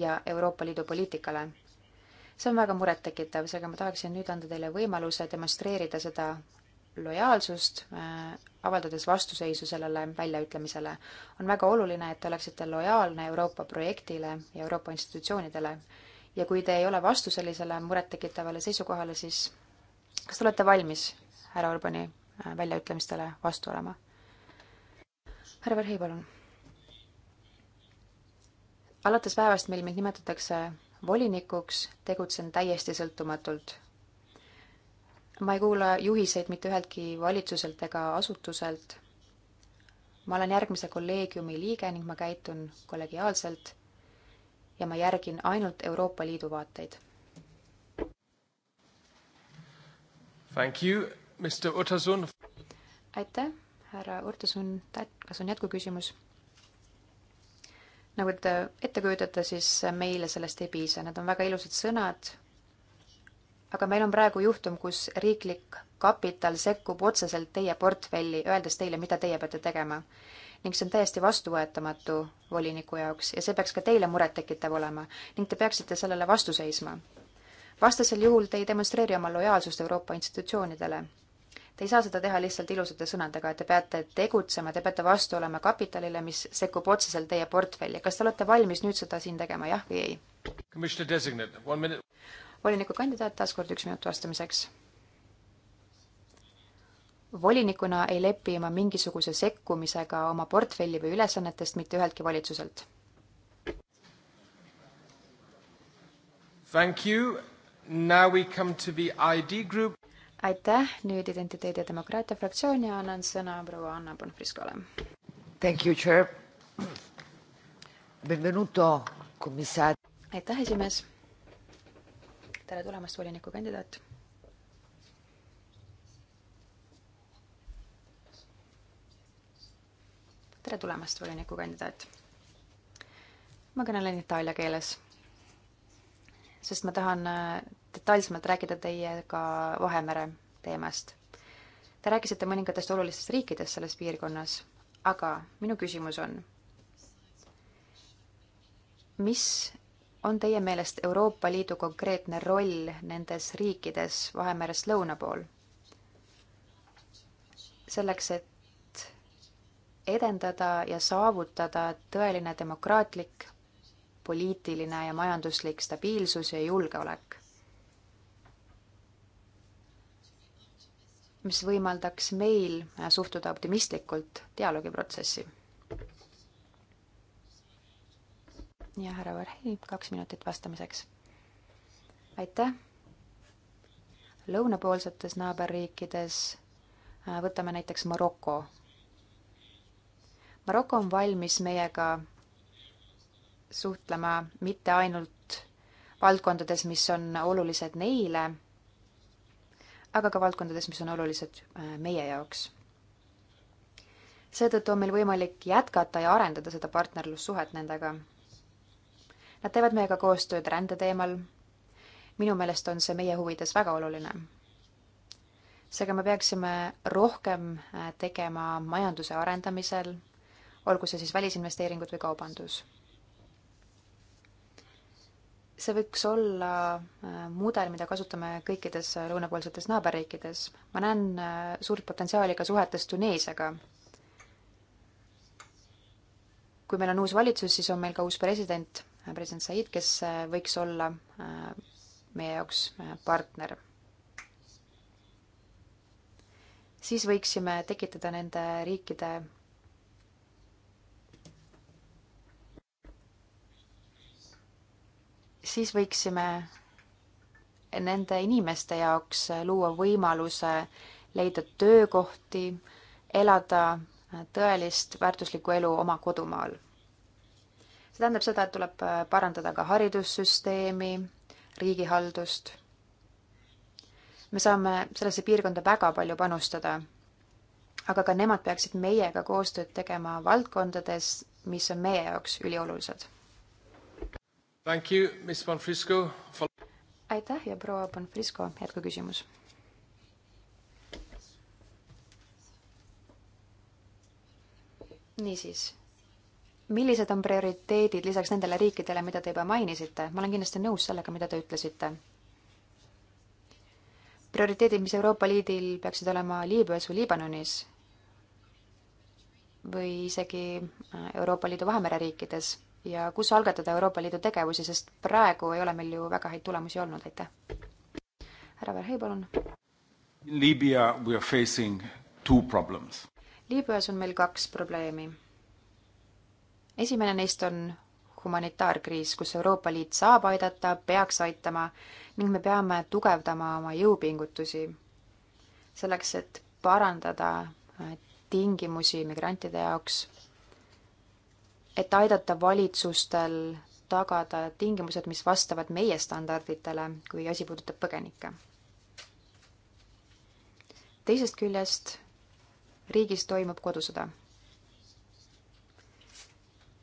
ja Euroopa Liidu poliitikale see on väga murettekitav, seega ma tahaksin nüüd anda teile võimaluse demonstreerida seda lojaalsust, äh, avaldades vastuseisu sellele väljaütlemisele. on väga oluline, et te oleksite lojaalne Euroopa projektile ja Euroopa institutsioonidele. ja kui te ei ole vastu sellisele murettekitavale seisukohale, siis kas te olete valmis härra Orbani äh, väljaütlemistele vastu olema? härra Verhey, palun. alates päevast, mil mind nimetatakse volinikuks, tegutsen täiesti sõltumatult. ma ei kuula juhiseid mitte üheltki valitsuselt ega asutuselt. ma olen järgmise kolleegiumi liige ning ma käitun kollegiaalselt ja ma järgin ainult Euroopa Liidu vaateid. Thank you, Mr Urtasun. aitäh, härra Urtasun, kas on jätkuküsimus? nagu te ette kujutate, siis meile sellest ei piisa, need on väga ilusad sõnad, aga meil on praegu juhtum, kus riiklik kapital sekkub otseselt teie portfelli, öeldes teile, mida teie peate tegema. ning see on täiesti vastuvõetamatu voliniku jaoks ja see peaks ka teile murettekitav olema ning te peaksite sellele vastu seisma. vastasel juhul te ei demonstreeri oma lojaalsust Euroopa institutsioonidele Te ei saa seda teha lihtsalt ilusate sõnadega, te peate tegutsema, te peate vastu olema kapitalile, mis sekkub otseselt teie portfelli. kas te olete valmis nüüd seda siin tegema, jah või ei? volinikukandidaat, taas kord üks minut vastamiseks. volinikuna ei lepi ma mingisuguse sekkumisega oma portfelli või ülesannetest mitte üheltki valitsuselt. Thank you. Now we come to the ID group aitäh, nüüd Identiteedi ja Demokraatia fraktsioon ja annan sõna proua Anna Bonfriskole. Thank you, chair. Benvenuto, komissar. aitäh, esimees. tere tulemast, volinikukandidaat. tere tulemast, volinikukandidaat. ma kõnelen itaalia keeles, sest ma tahan äh, detailsemalt rääkida teiega Vahemere teemast. Te rääkisite mõningatest olulistest riikidest selles piirkonnas, aga minu küsimus on, mis on teie meelest Euroopa Liidu konkreetne roll nendes riikides Vahemerest lõuna pool? selleks, et edendada ja saavutada tõeline demokraatlik, poliitiline ja majanduslik stabiilsus ja julgeolek. mis võimaldaks meil suhtuda optimistlikult dialoogiprotsessi. ja härra Varhei, kaks minutit vastamiseks. aitäh. lõunapoolsetes naaberriikides äh, võtame näiteks Maroko. Maroko on valmis meiega suhtlema mitte ainult valdkondades, mis on olulised neile aga ka valdkondades, mis on olulised äh, meie jaoks. seetõttu on meil võimalik jätkata ja arendada seda partnerlussuhet nendega. Nad teevad meiega koostööd rände teemal. minu meelest on see meie huvides väga oluline. seega me peaksime rohkem äh, tegema majanduse arendamisel, olgu see siis välisinvesteeringud või kaubandus see võiks olla äh, mudel, mida kasutame kõikides lõunapoolsetes naaberriikides. ma näen äh, suurt potentsiaali ka suhetes Tuneesiaga. kui meil on uus valitsus, siis on meil ka uus president, äh, president Said, kes võiks olla meie jaoks partner. siis võiksime tekitada nende riikide siis võiksime nende inimeste jaoks luua võimaluse leida töökohti, elada tõelist väärtuslikku elu oma kodumaal. see tähendab seda, et tuleb parandada ka haridussüsteemi, riigihaldust. me saame sellesse piirkonda väga palju panustada. aga ka nemad peaksid meiega koostööd tegema valdkondades, mis on meie jaoks üliolulised Thank you, Miss Bonfrisco. aitäh ja proua Bonfrisco, jätkuküsimus. niisiis, millised on prioriteedid lisaks nendele riikidele, mida te juba mainisite? ma olen kindlasti nõus sellega, mida te ütlesite. prioriteedid, mis Euroopa Liidil peaksid olema Liibüas või Liibanonis või isegi Euroopa Liidu Vahemere riikides ja kus algatada Euroopa Liidu tegevusi, sest praegu ei ole meil ju väga häid tulemusi olnud, aitäh. härra Verhey, palun. Liibüa, we are facing two problems. Liibüas on meil kaks probleemi. esimene neist on humanitaarkriis, kus Euroopa Liit saab aidata, peaks aitama ning me peame tugevdama oma jõupingutusi selleks, et parandada äh, tingimusi migrantide jaoks et aidata valitsustel tagada tingimused, mis vastavad meie standarditele, kui asi puudutab põgenikke. teisest küljest riigis toimub kodusõda.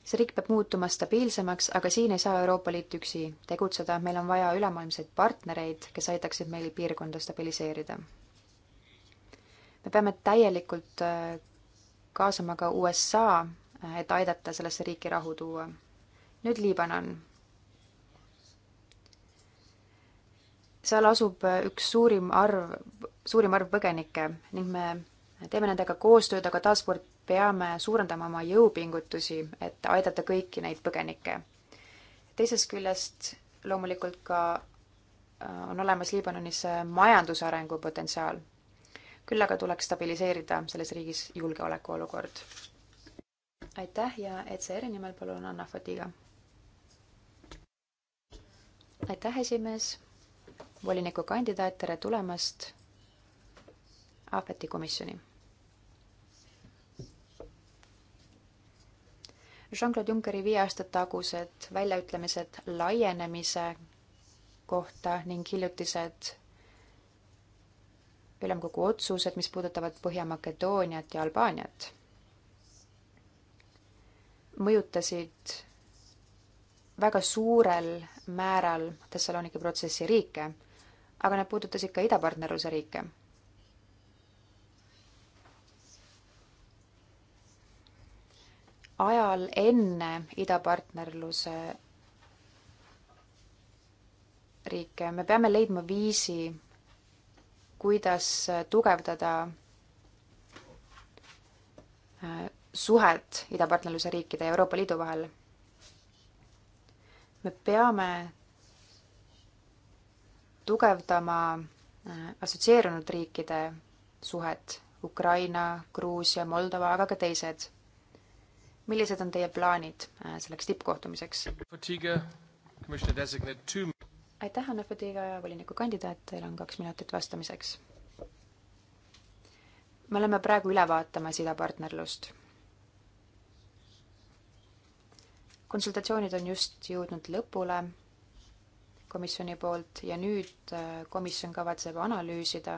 see riik peab muutuma stabiilsemaks, aga siin ei saa Euroopa Liit üksi tegutseda, meil on vaja ülemaailmseid partnereid, kes aitaksid meil piirkonda stabiliseerida. me peame täielikult äh, kaasama ka USA et aidata sellesse riiki rahu tuua. nüüd Liibanon. seal asub üks suurim arv, suurim arv põgenikke ning me teeme nendega koostööd, aga taaskord peame suurendama oma jõupingutusi, et aidata kõiki neid põgenikke. teisest küljest loomulikult ka äh, on olemas Liibanonis majandusarengu potentsiaal. küll aga tuleks stabiliseerida selles riigis julgeolekuolukord aitäh ja ECR-i nimel palun Anna Fadiga. aitäh, esimees, volinikukandidaat, tere tulemast Ahveti komisjoni. Jean-Claude Junckeri viie aasta tagused väljaütlemised laienemise kohta ning hiljutised ülemkogu otsused, mis puudutavad Põhja-Makedooniat ja Albaaniat mõjutasid väga suurel määral Thessaloniki protsessi riike, aga need puudutasid ka idapartnerluse riike. ajal enne idapartnerluse riike me peame leidma viisi, kuidas tugevdada suhet idapartnerluse riikide ja Euroopa Liidu vahel. me peame tugevdama äh, assotsieerunud riikide suhet Ukraina, Gruusia, Moldova, aga ka teised. millised on teie plaanid äh, selleks tippkohtumiseks? aitäh, Anna Fadiga, volinikukandidaat, teil on kaks minutit vastamiseks. me oleme praegu üle vaatamas idapartnerlust konsultatsioonid on just jõudnud lõpule komisjoni poolt ja nüüd äh, komisjon kavatseb analüüsida,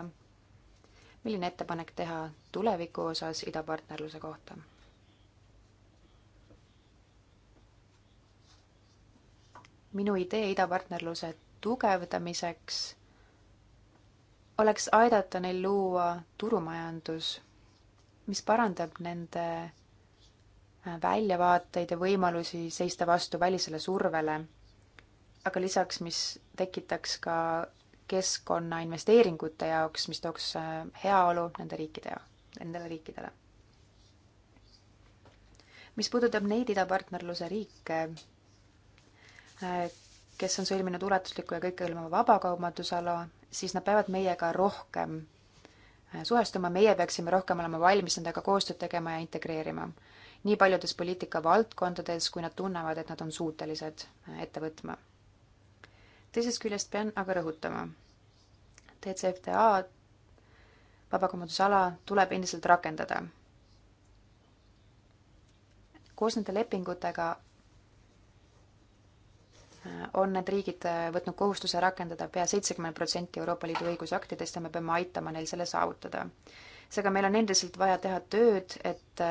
milline ettepanek teha tuleviku osas idapartnerluse kohta. minu idee idapartnerluse tugevdamiseks oleks aidata neil luua turumajandus, mis parandab nende väljavaateid ja võimalusi seista vastu välisele survele, aga lisaks, mis tekitaks ka keskkonna investeeringute jaoks, mis tooks äh, heaolu nende riikide, nendele riikidele. mis puudutab neid idapartnerluse riike, äh, kes on sõlminud ulatusliku ja kõikehõlmava vabakaubandusala, siis nad peavad meiega rohkem äh, suhestuma, meie peaksime rohkem olema valmis nendega koostööd tegema ja integreerima nii paljudes poliitikavaldkondades, kui nad tunnevad, et nad on suutelised äh, ette võtma. teisest küljest pean aga rõhutama, DCFTA vabakaubandusala tuleb endiselt rakendada. koos nende lepingutega äh, on need riigid äh, võtnud kohustuse rakendada pea seitsekümmend protsenti Euroopa Liidu õigusaktidest ja me peame aitama neil selle saavutada. seega meil on endiselt vaja teha tööd, et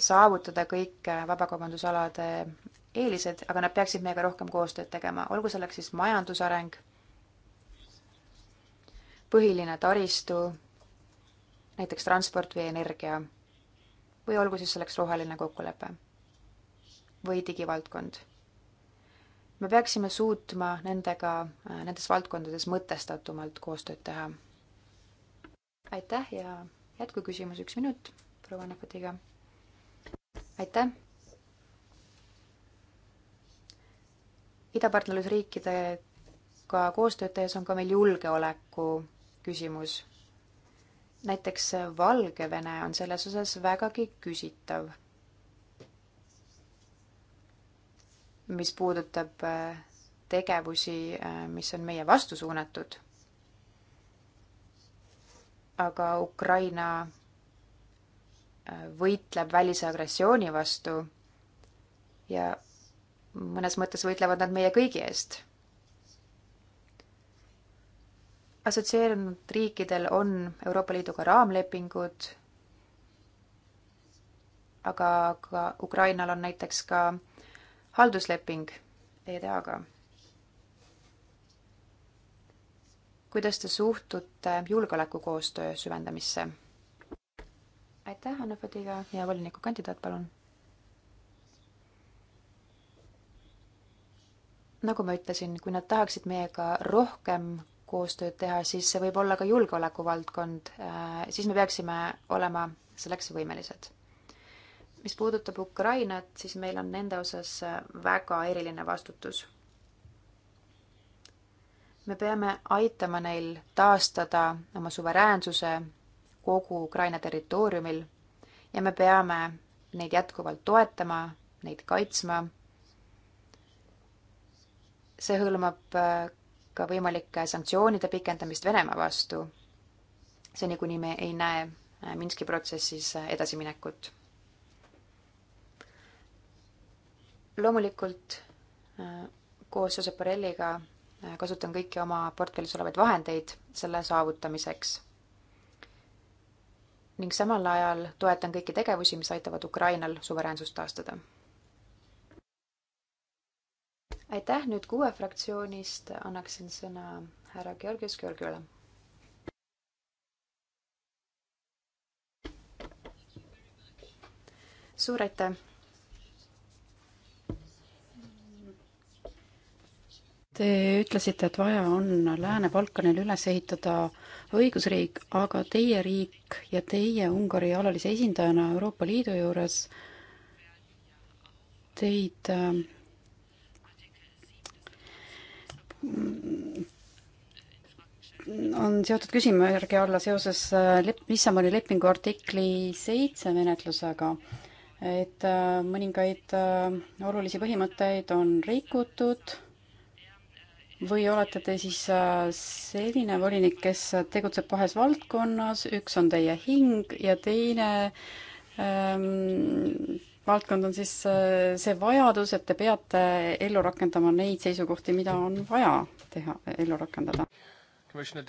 saavutada kõik äh, vabakaubandusalade eelised, aga nad peaksid meiega rohkem koostööd tegema, olgu selleks siis majandusareng, põhiline taristu, näiteks transport või energia, või olgu siis selleks roheline kokkulepe või digivaldkond. me peaksime suutma nendega äh, nendes valdkondades mõtestatumalt koostööd teha. aitäh ja jätkuküsimus üks minut proua Nefatiga aitäh! idapartnerlusriikidega koostööd tehes on ka meil julgeoleku küsimus. näiteks Valgevene on selles osas vägagi küsitav. mis puudutab äh, tegevusi, äh, mis on meie vastu suunatud. aga Ukraina võitleb välise agressiooni vastu ja mõnes mõttes võitlevad nad meie kõigi eest. assotsieerunud riikidel on Euroopa Liiduga raamlepingud, aga ka Ukrainal on näiteks ka haldusleping EDA-ga. kuidas te suhtute julgeolekukoostöö süvendamisse? aitäh, Anne Fadiga ja volinikukandidaat, palun. nagu ma ütlesin, kui nad tahaksid meiega rohkem koostööd teha, siis see võib olla ka julgeolekuvaldkond, äh, siis me peaksime olema selleks võimelised. mis puudutab Ukrainat, siis meil on nende osas äh, väga eriline vastutus. me peame aitama neil taastada oma suveräänsuse kogu Ukraina territooriumil ja me peame neid jätkuvalt toetama, neid kaitsma. see hõlmab äh, ka võimalike sanktsioonide pikendamist Venemaa vastu, seni kuni me ei näe äh, Minski protsessis äh, edasiminekut. loomulikult koos Josep Borrelliga kasutan kõiki oma portfellis olevaid vahendeid selle saavutamiseks ning samal ajal toetan kõiki tegevusi, mis aitavad Ukrainal suveräänsust taastada. aitäh, nüüd kuue fraktsioonist annaksin sõna härra Georgios Georgiole. suur aitäh Te ütlesite, et vaja on Lääne-Balkanil üles ehitada õigusriik, aga teie riik ja teie Ungari alalise esindajana Euroopa Liidu juures, teid äh, on seotud küsimärgi alla seoses äh, lep-, Lissaboni lepingu artikli seitse menetlusega, et äh, mõningaid olulisi põhimõtteid on rikutud või olete te siis äh, selline volinik, kes tegutseb kahes valdkonnas, üks on teie hing ja teine ähm, valdkond on siis äh, see vajadus, et te peate ellu rakendama neid seisukohti, mida on vaja teha, ellu rakendada? Commissioner...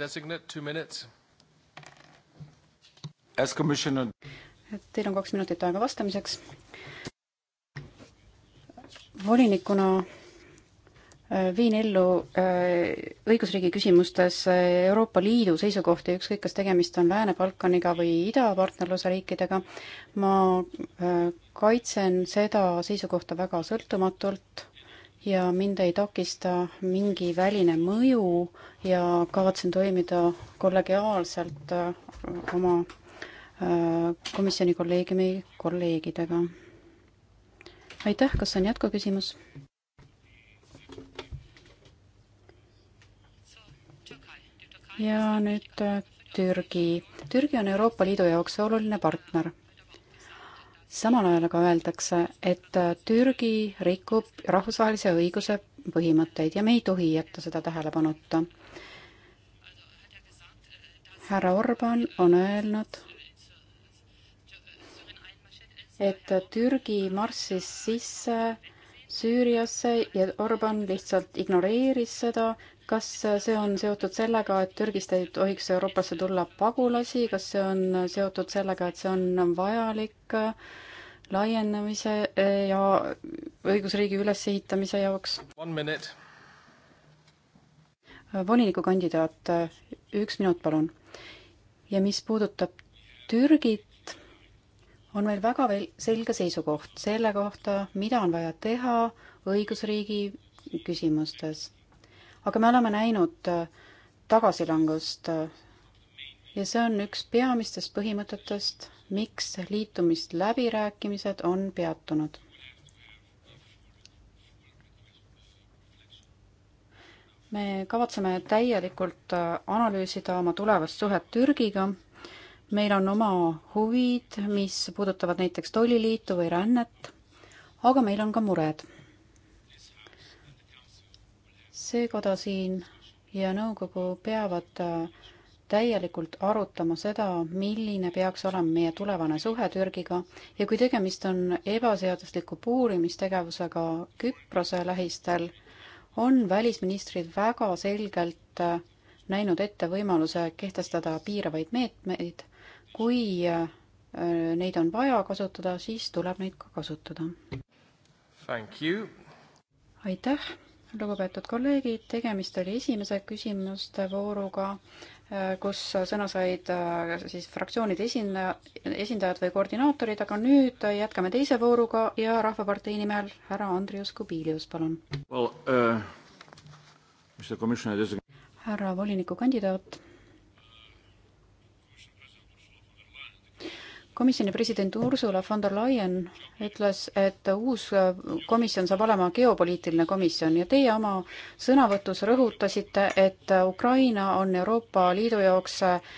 et teil on kaks minutit aega vastamiseks. volinikuna Äh, viin ellu äh, õigusriigi küsimustes äh, Euroopa Liidu seisukohti, ükskõik kas tegemist on Lääne-Balkaniga või idapartnerluse riikidega. ma kaitsen seda seisukohta väga sõltumatult ja mind ei takista mingi väline mõju ja kavatsen toimida kollegiaalselt oma komisjoni kolleegiumi kolleegidega. aitäh, kas on jätkuküsimus? ja nüüd äh, Türgi. Türgi on Euroopa Liidu jaoks oluline partner. samal ajal aga öeldakse, et äh, Türgi rikub rahvusvahelise õiguse põhimõtteid ja me ei tohi jätta seda tähelepanuta. härra Orban on öelnud, et Türgi marssis sisse Süüriasse ja Orban lihtsalt ignoreeris seda. kas see on seotud sellega, et Türgist ei tohiks Euroopasse tulla pagulasi, kas see on seotud sellega, et see on vajalik laienemise ja õigusriigi ülesehitamise jaoks? volinikukandidaat, üks minut palun. ja mis puudutab Türgit, on meil väga veel selge seisukoht selle kohta, mida on vaja teha õigusriigi küsimustes. aga me oleme näinud äh, tagasilangust äh, ja see on üks peamistest põhimõtetest, miks liitumisläbirääkimised on peatunud. me kavatseme täielikult äh, analüüsida oma tulevast suhet Türgiga meil on oma huvid, mis puudutavad näiteks tolliliitu või rännet, aga meil on ka mured. see koda siin ja nõukogu peavad äh, täielikult arutama seda, milline peaks olema meie tulevane suhe Türgiga ja kui tegemist on ebaseadusliku puurimistegevusega Küprose lähistel, on välisministrid väga selgelt äh, näinud ette võimaluse kehtestada piiravaid meetmeid kui äh, neid on vaja kasutada, siis tuleb neid ka kasutada. aitäh, lugupeetud kolleegid, tegemist oli esimese küsimuste vooruga, äh, kus sõna said äh, siis fraktsioonide esindaja, esindajad või koordinaatorid, aga nüüd jätkame teise vooruga ja Rahvapartei nimel härra Andrius Kubilius, palun well,. Uh, härra volinikukandidaat komisjoni president Ursula von der Leyen ütles, et uus komisjon saab olema geopoliitiline komisjon ja teie oma sõnavõtus rõhutasite, et Ukraina on Euroopa Liidu jaoks äh,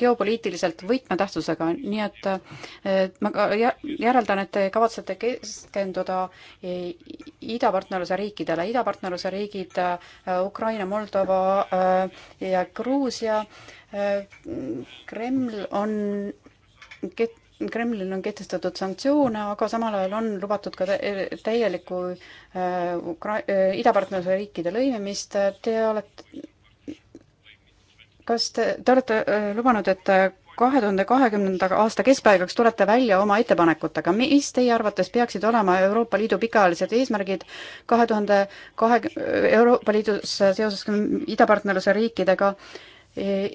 geopoliitiliselt võtmetähtsusega, nii et äh, ma ka järeldan, et te kavatsete keskenduda idapartnerluse riikidele, idapartnerluse riigid äh, Ukraina, Moldova ja Gruusia. Kreml on ket-, Kremlil on kehtestatud sanktsioone, aga samal ajal on lubatud ka täielikku äh, Ukra-, äh, idapartnerluse riikide lõimimist, te olete, kas te, te olete äh, lubanud, et kahe tuhande kahekümnenda aasta keskpaigaks tulete välja oma ettepanekutega, mis teie arvates peaksid olema Euroopa Liidu pikaajalised eesmärgid kahe tuhande kahe, Euroopa Liidus seoses idapartnerluse riikidega äh,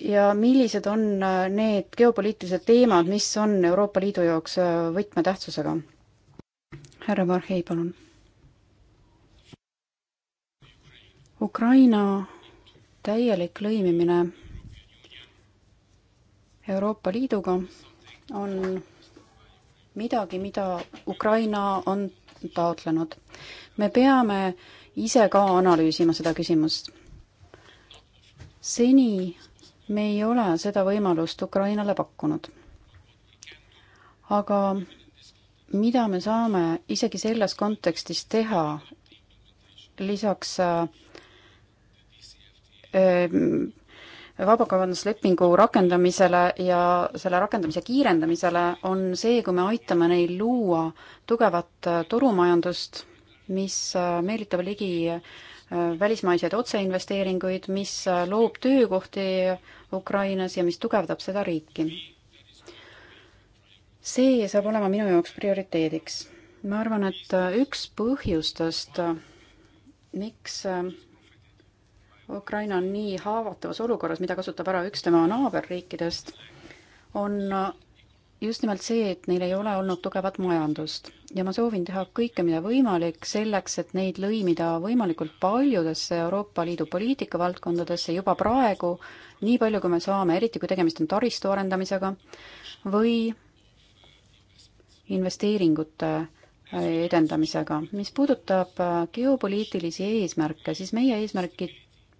ja millised on äh, need geopoliitilised teemad, mis on Euroopa Liidu jaoks äh, võtmetähtsusega? härra Varhei, palun. Ukraina täielik lõimimine Euroopa Liiduga on midagi, mida Ukraina on taotlenud. me peame ise ka analüüsima seda küsimust seni me ei ole seda võimalust Ukrainale pakkunud. aga mida me saame isegi selles kontekstis teha, lisaks äh, äh, vabakaubanduslepingu rakendamisele ja selle rakendamise kiirendamisele on see, kui me aitame neil luua tugevat äh, turumajandust, mis meelitab ligi Äh, välismaiseid otseinvesteeringuid, mis äh, loob töökohti Ukrainas ja mis tugevdab seda riiki. see saab olema minu jaoks prioriteediks. ma arvan, et äh, üks põhjustest, miks Ukraina on nii haavatavas olukorras, mida kasutab ära üks tema naaberriikidest, on just nimelt see, et neil ei ole olnud tugevat majandust ja ma soovin teha kõike, mida võimalik selleks, et neid lõimida võimalikult paljudesse Euroopa Liidu poliitika valdkondadesse juba praegu, nii palju, kui me saame, eriti kui tegemist on taristu arendamisega või investeeringute äh, edendamisega. mis puudutab äh, geopoliitilisi eesmärke, siis meie eesmärgid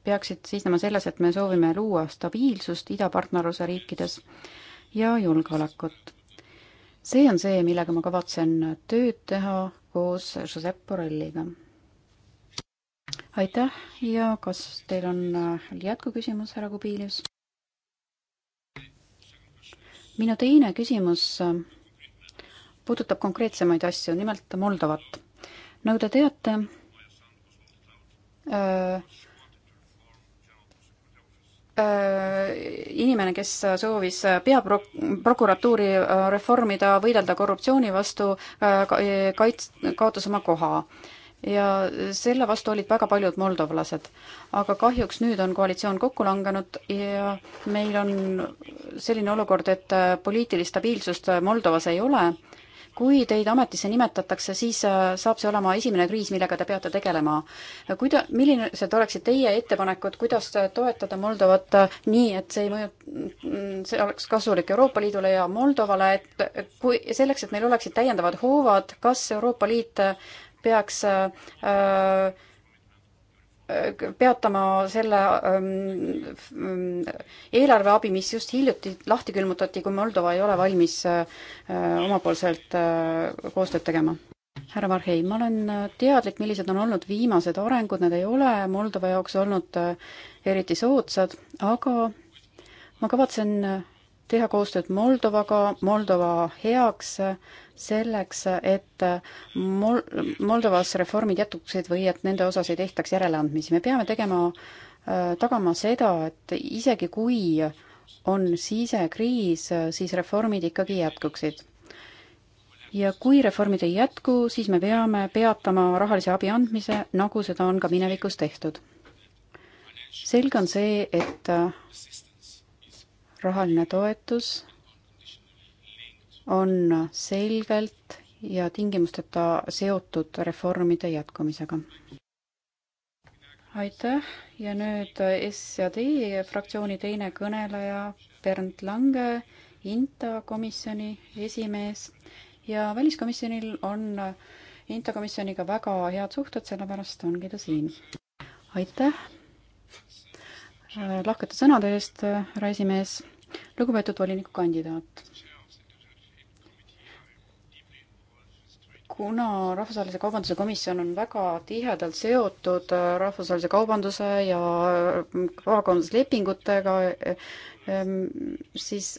peaksid seisnema selles, et me soovime luua stabiilsust idapartnerluse riikides ja julgeolekut see on see, millega ma kavatsen tööd teha koos Josep Borrelliga. aitäh ja kas teil on äh, jätkuküsimus, härra Kubilius? minu teine küsimus äh, puudutab konkreetsemaid asju, nimelt Moldovat. nagu te teate äh,, Äh, inimene, kes soovis peaprok-, prokuratuuri äh, reformida, võidelda korruptsiooni vastu, äh, kaits-, kaotas oma koha. ja selle vastu olid väga paljud moldovlased. aga kahjuks nüüd on koalitsioon kokku langenud ja meil on selline olukord, et poliitilist stabiilsust Moldovas ei ole kui teid ametisse nimetatakse, siis äh, saab see olema esimene kriis, millega te peate tegelema. kuida-, millised oleksid teie ettepanekud, kuidas äh, toetada Moldovat äh, nii, et see ei mõju, mm, see oleks kasulik Euroopa Liidule ja Moldovale, et kui selleks, et meil oleksid täiendavad hoovad, kas Euroopa Liit peaks äh, peatama selle ähm, ähm, eelarveabi, mis just hiljuti lahti külmutati, kui Moldova ei ole valmis äh, omapoolselt äh, koostööd tegema? härra Marhei, ma olen äh, teadlik, millised on olnud viimased arengud, need ei ole Moldova jaoks olnud eriti soodsad, aga ma kavatsen teha koostööd Moldovaga, Moldova heaks äh, selleks, et Mol-, Moldovas reformid jätuksid või et nende osas ei tehtaks järeleandmisi. me peame tegema, äh, tagama seda, et isegi kui on sisekriis, siis reformid ikkagi jätkuksid ja kui reformid ei jätku, siis me peame peatama rahalise abi andmise, nagu seda on ka minevikus tehtud. selge on see, et äh, rahaline toetus on selgelt ja tingimusteta seotud reformide jätkumisega. aitäh ja nüüd SED fraktsiooni teine kõneleja Bernd Lange, INTA komisjoni esimees ja väliskomisjonil on INTA komisjoniga väga head suhted, sellepärast ongi ta siin. aitäh lahkete sõnade eest, härra esimees, lugupeetud volinikukandidaat kuna Rahvusvahelise Kaubanduse Komisjon on väga tihedalt seotud äh, rahvusvahelise kaubanduse ja vabakaubanduslepingutega, äh, äh, ähm, siis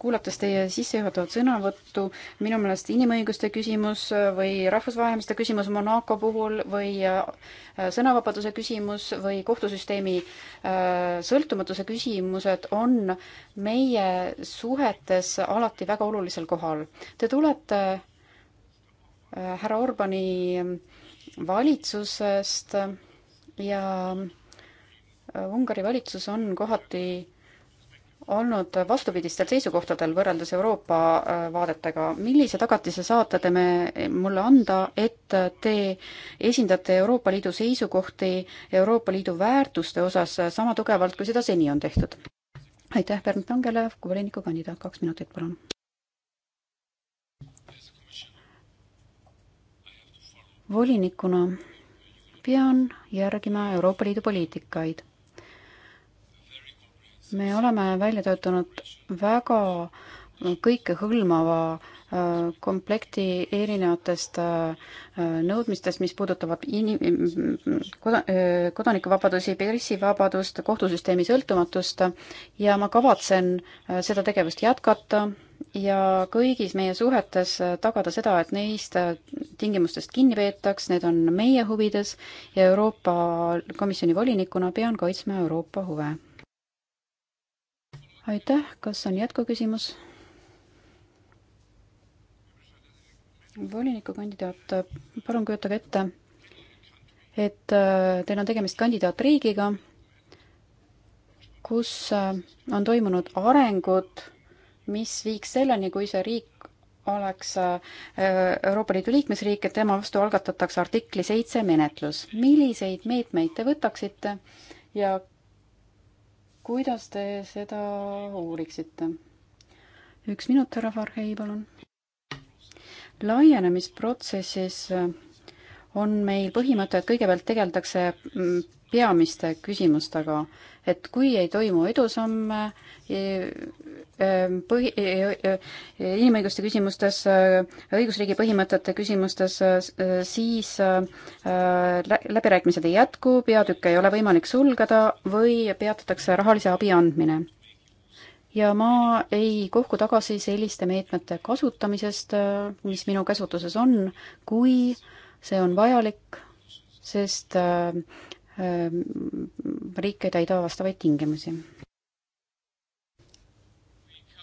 kuulates teie sissejuhatavat sõnavõttu, minu meelest inimõiguste küsimus või rahvusvaheliste küsimus Monaco puhul või sõnavabaduse küsimus või kohtusüsteemi sõltumatuse küsimused on meie suhetes alati väga olulisel kohal. Te tulete härra Orbani valitsusest ja Ungari valitsus on kohati olnud vastupidistel seisukohtadel võrreldes Euroopa äh, vaadetega. millise tagatise saate te me, mulle anda, et te esindate Euroopa Liidu seisukohti Euroopa Liidu väärtuste osas sama tugevalt, kui seda seni on tehtud? aitäh, Bernd Tangele, volinikukandidaat, kaks minutit, palun. volinikuna pean järgima Euroopa Liidu poliitikaid me oleme välja töötanud väga kõikehõlmava äh, komplekti erinevatest äh, nõudmistest, mis puudutavad in-, mm, mm, mm, koda-, äh, kodanikuvabadusi, pressivabadust, kohtusüsteemi sõltumatust ja ma kavatsen seda tegevust jätkata ja kõigis meie suhetes tagada seda, et neist tingimustest kinni peetaks, need on meie huvides ja Euroopa Komisjoni volinikuna pean kaitsma Euroopa huve aitäh, kas on jätkuküsimus? volinikukandidaat, palun kujutage ette, et äh, teil on tegemist kandidaatriigiga, kus äh, on toimunud arengud, mis viiks selleni, kui see riik oleks äh, Euroopa Liidu liikmesriik, et tema vastu algatatakse artikli seitse menetlus. milliseid meetmeid te võtaksite ja kuidas te seda uuriksite? üks minut, härra Farhei, palun. laienemisprotsessis on meil põhimõte, et kõigepealt tegeldakse mm, peamiste küsimustega, et kui ei toimu edusamme, Ehm, põhi, e-, e-, e-, inimõiguste küsimustes, äh, õigusriigi põhimõtete küsimustes, äh, äh, siis läbirääkimised ei jätku, peatükke ei ole võimalik sulgeda või peatatakse rahalise abi andmine. ja ma ei kohku tagasi selliste meetmete kasutamisest, mis minu käsutuses on, kui see on vajalik, sest riik ei täida vastavaid tingimusi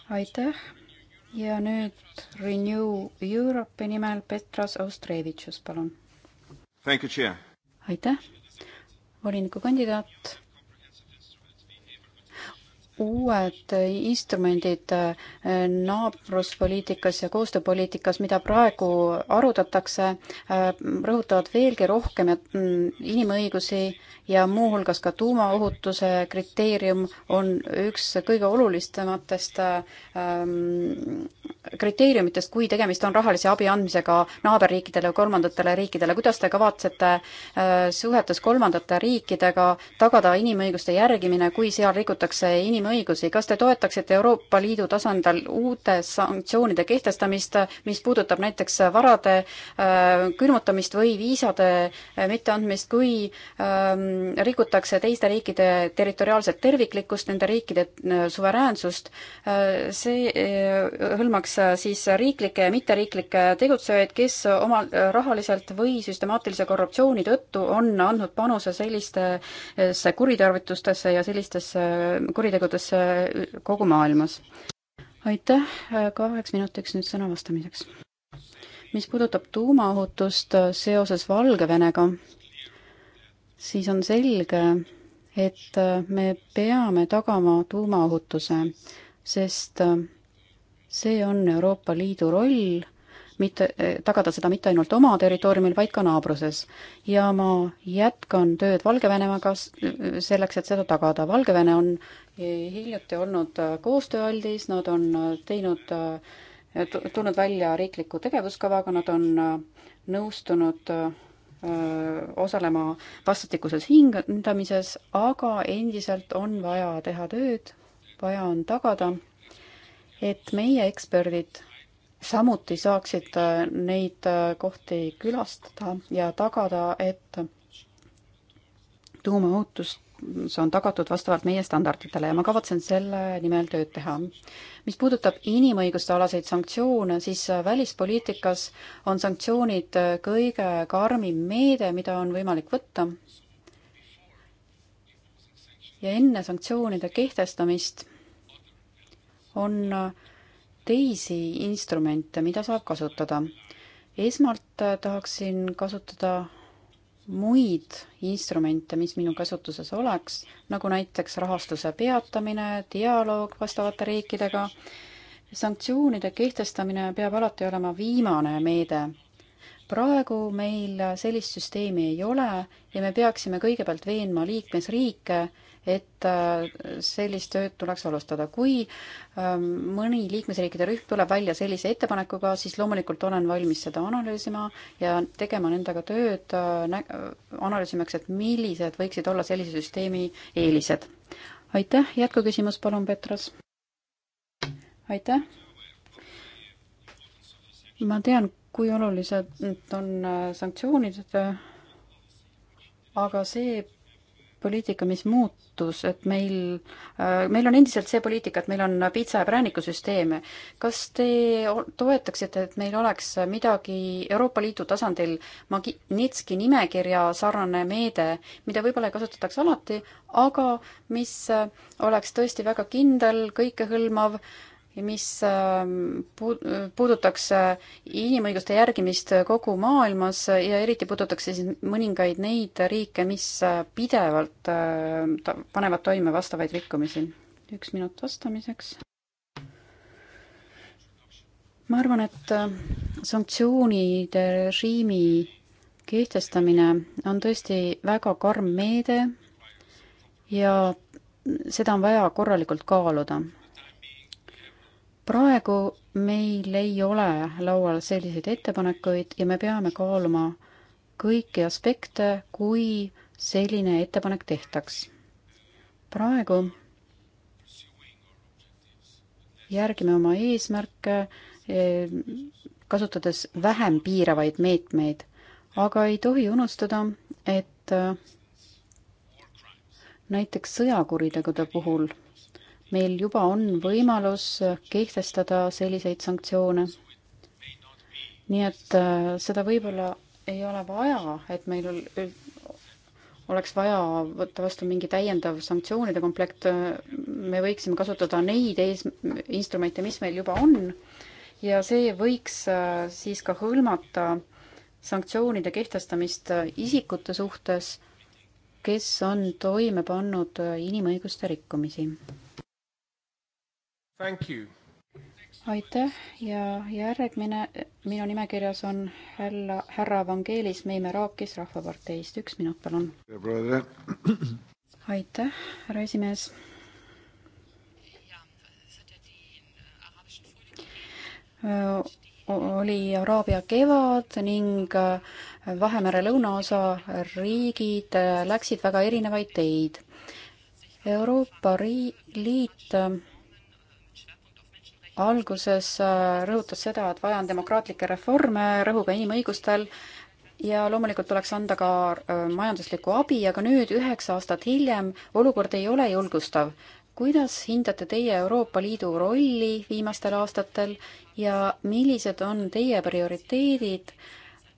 aitäh ja nüüd Renew Europe nimel Petras Austrevitšus, palun. aitäh, volinikukandidaat uued instrumendid eh, naabruspoliitikas ja koostööpoliitikas, mida praegu arutatakse, eh, rõhutavad veelgi rohkem mm, inimõigusi ja muuhulgas ka tuumaohutuse kriteerium on üks kõige olulisematest eh, kriteeriumitest, kui tegemist on rahalise abi andmisega naaberriikidele ja kolmandatele riikidele. kuidas te kavatsete suhetes kolmandate riikidega tagada inimõiguste järgimine, kui seal rikutakse inimõigusi õigusi, kas te toetaksite Euroopa Liidu tasandil uute sanktsioonide kehtestamist, mis puudutab näiteks varade äh, külmutamist või viisade äh, mitteandmist, kui ähm, rikutakse teiste riikide territoriaalset terviklikkust, nende riikide äh, suveräänsust, see hõlmaks siis riiklikke ja mitteriiklikke tegutsejaid, kes oma rahaliselt või süstemaatilise korruptsiooni tõttu on andnud panuse sellistesse kuritarvitustesse ja sellistesse kuritegudesse, poliitikasse äh, kogu maailmas. aitäh äh, kaheks minutiks nüüd sõna vastamiseks. mis puudutab tuumaohutust äh, seoses Valgevenega, siis on selge, et me peame tagama tuumaohutuse, sest see on Euroopa Liidu roll mitte, tagada seda mitte ainult oma territooriumil, vaid ka naabruses. ja ma jätkan tööd Valgevenemaaga selleks, et seda tagada. Valgevene on hiljuti olnud koostööaldis, nad on teinud, tulnud välja riikliku tegevuskavaga, nad on nõustunud osalema vastastikuses hindamises, aga endiselt on vaja teha tööd, vaja on tagada, et meie eksperdid samuti saaksid äh, neid äh, kohti külastada ja tagada, et tuumaohutus see on tagatud vastavalt meie standarditele ja ma kavatsen selle nimel tööd teha. mis puudutab inimõiguste alaseid sanktsioone, siis äh, välispoliitikas on sanktsioonid kõige karmim meede, mida on võimalik võtta. ja enne sanktsioonide kehtestamist on äh, teisi instrumente, mida saab kasutada. esmalt äh, tahaksin kasutada muid instrumente, mis minu käsutuses oleks, nagu näiteks rahastuse peatamine, dialoog vastavate riikidega. sanktsioonide kehtestamine peab alati olema viimane meede. praegu meil sellist süsteemi ei ole ja me peaksime kõigepealt veenma liikmesriike, et äh, sellist tööd tuleks alustada. kui ähm, mõni liikmesriikide rühm tuleb välja sellise ettepanekuga, siis loomulikult olen valmis seda analüüsima ja tegema nendega tööd, äh, äh, analüüsimaks, et millised võiksid olla sellise süsteemi eelised. aitäh, jätkuküsimus palun, Petras. aitäh. ma tean, kui olulised on sanktsioonid, aga see poliitika, mis muutus, et meil, äh, meil on endiselt see poliitika, et meil on piitsa- ja präänikusüsteeme. kas te toetaksite, et meil oleks midagi Euroopa Liidu tasandil Magnitski nimekirja sarnane meede, mida võib-olla ei kasutatakse alati, aga mis äh, oleks tõesti väga kindel, kõikehõlmav äh,, mis ähm, puudutaks äh, inimõiguste järgimist äh, kogu maailmas äh, ja eriti puudutaks siis mõningaid neid riike, mis pidevalt panevad toime vastavaid rikkumisi. üks minut vastamiseks. ma arvan, et sanktsioonide režiimi kehtestamine on tõesti väga karm meede ja seda on vaja korralikult kaaluda praegu meil ei ole laual selliseid ettepanekuid ja me peame kaaluma kõiki aspekte, kui selline ettepanek tehtaks. praegu järgime oma eesmärke, eh, kasutades vähem piiravaid meetmeid, aga ei tohi unustada, et eh, näiteks sõjakuritegude puhul meil juba on võimalus kehtestada selliseid sanktsioone. nii et äh, seda võib-olla ei ole vaja, et meil oleks vaja võtta vastu mingi täiendav sanktsioonide komplekt, me võiksime kasutada neid ees-, instrumente, mis meil juba on, ja see võiks äh, siis ka hõlmata sanktsioonide kehtestamist äh, isikute suhtes, kes on toime pannud inimõiguste rikkumisi aitäh ja järgmine minu nimekirjas on härra, härra Vangelis Meimerakis Rahvaparteist, üks minut palun. aitäh, härra esimees. oli Araabia kevad ning äh, Vahemere lõunaosa riigid äh, läksid väga erinevaid teid. Euroopa Liit alguses äh, rõhutas seda, et vaja on demokraatlikke reforme rõhuga inimõigustel ja loomulikult tuleks anda ka äh, majanduslikku abi, aga nüüd, üheksa aastat hiljem, olukord ei ole julgustav. kuidas hindate teie Euroopa Liidu rolli viimastel aastatel ja millised on teie prioriteedid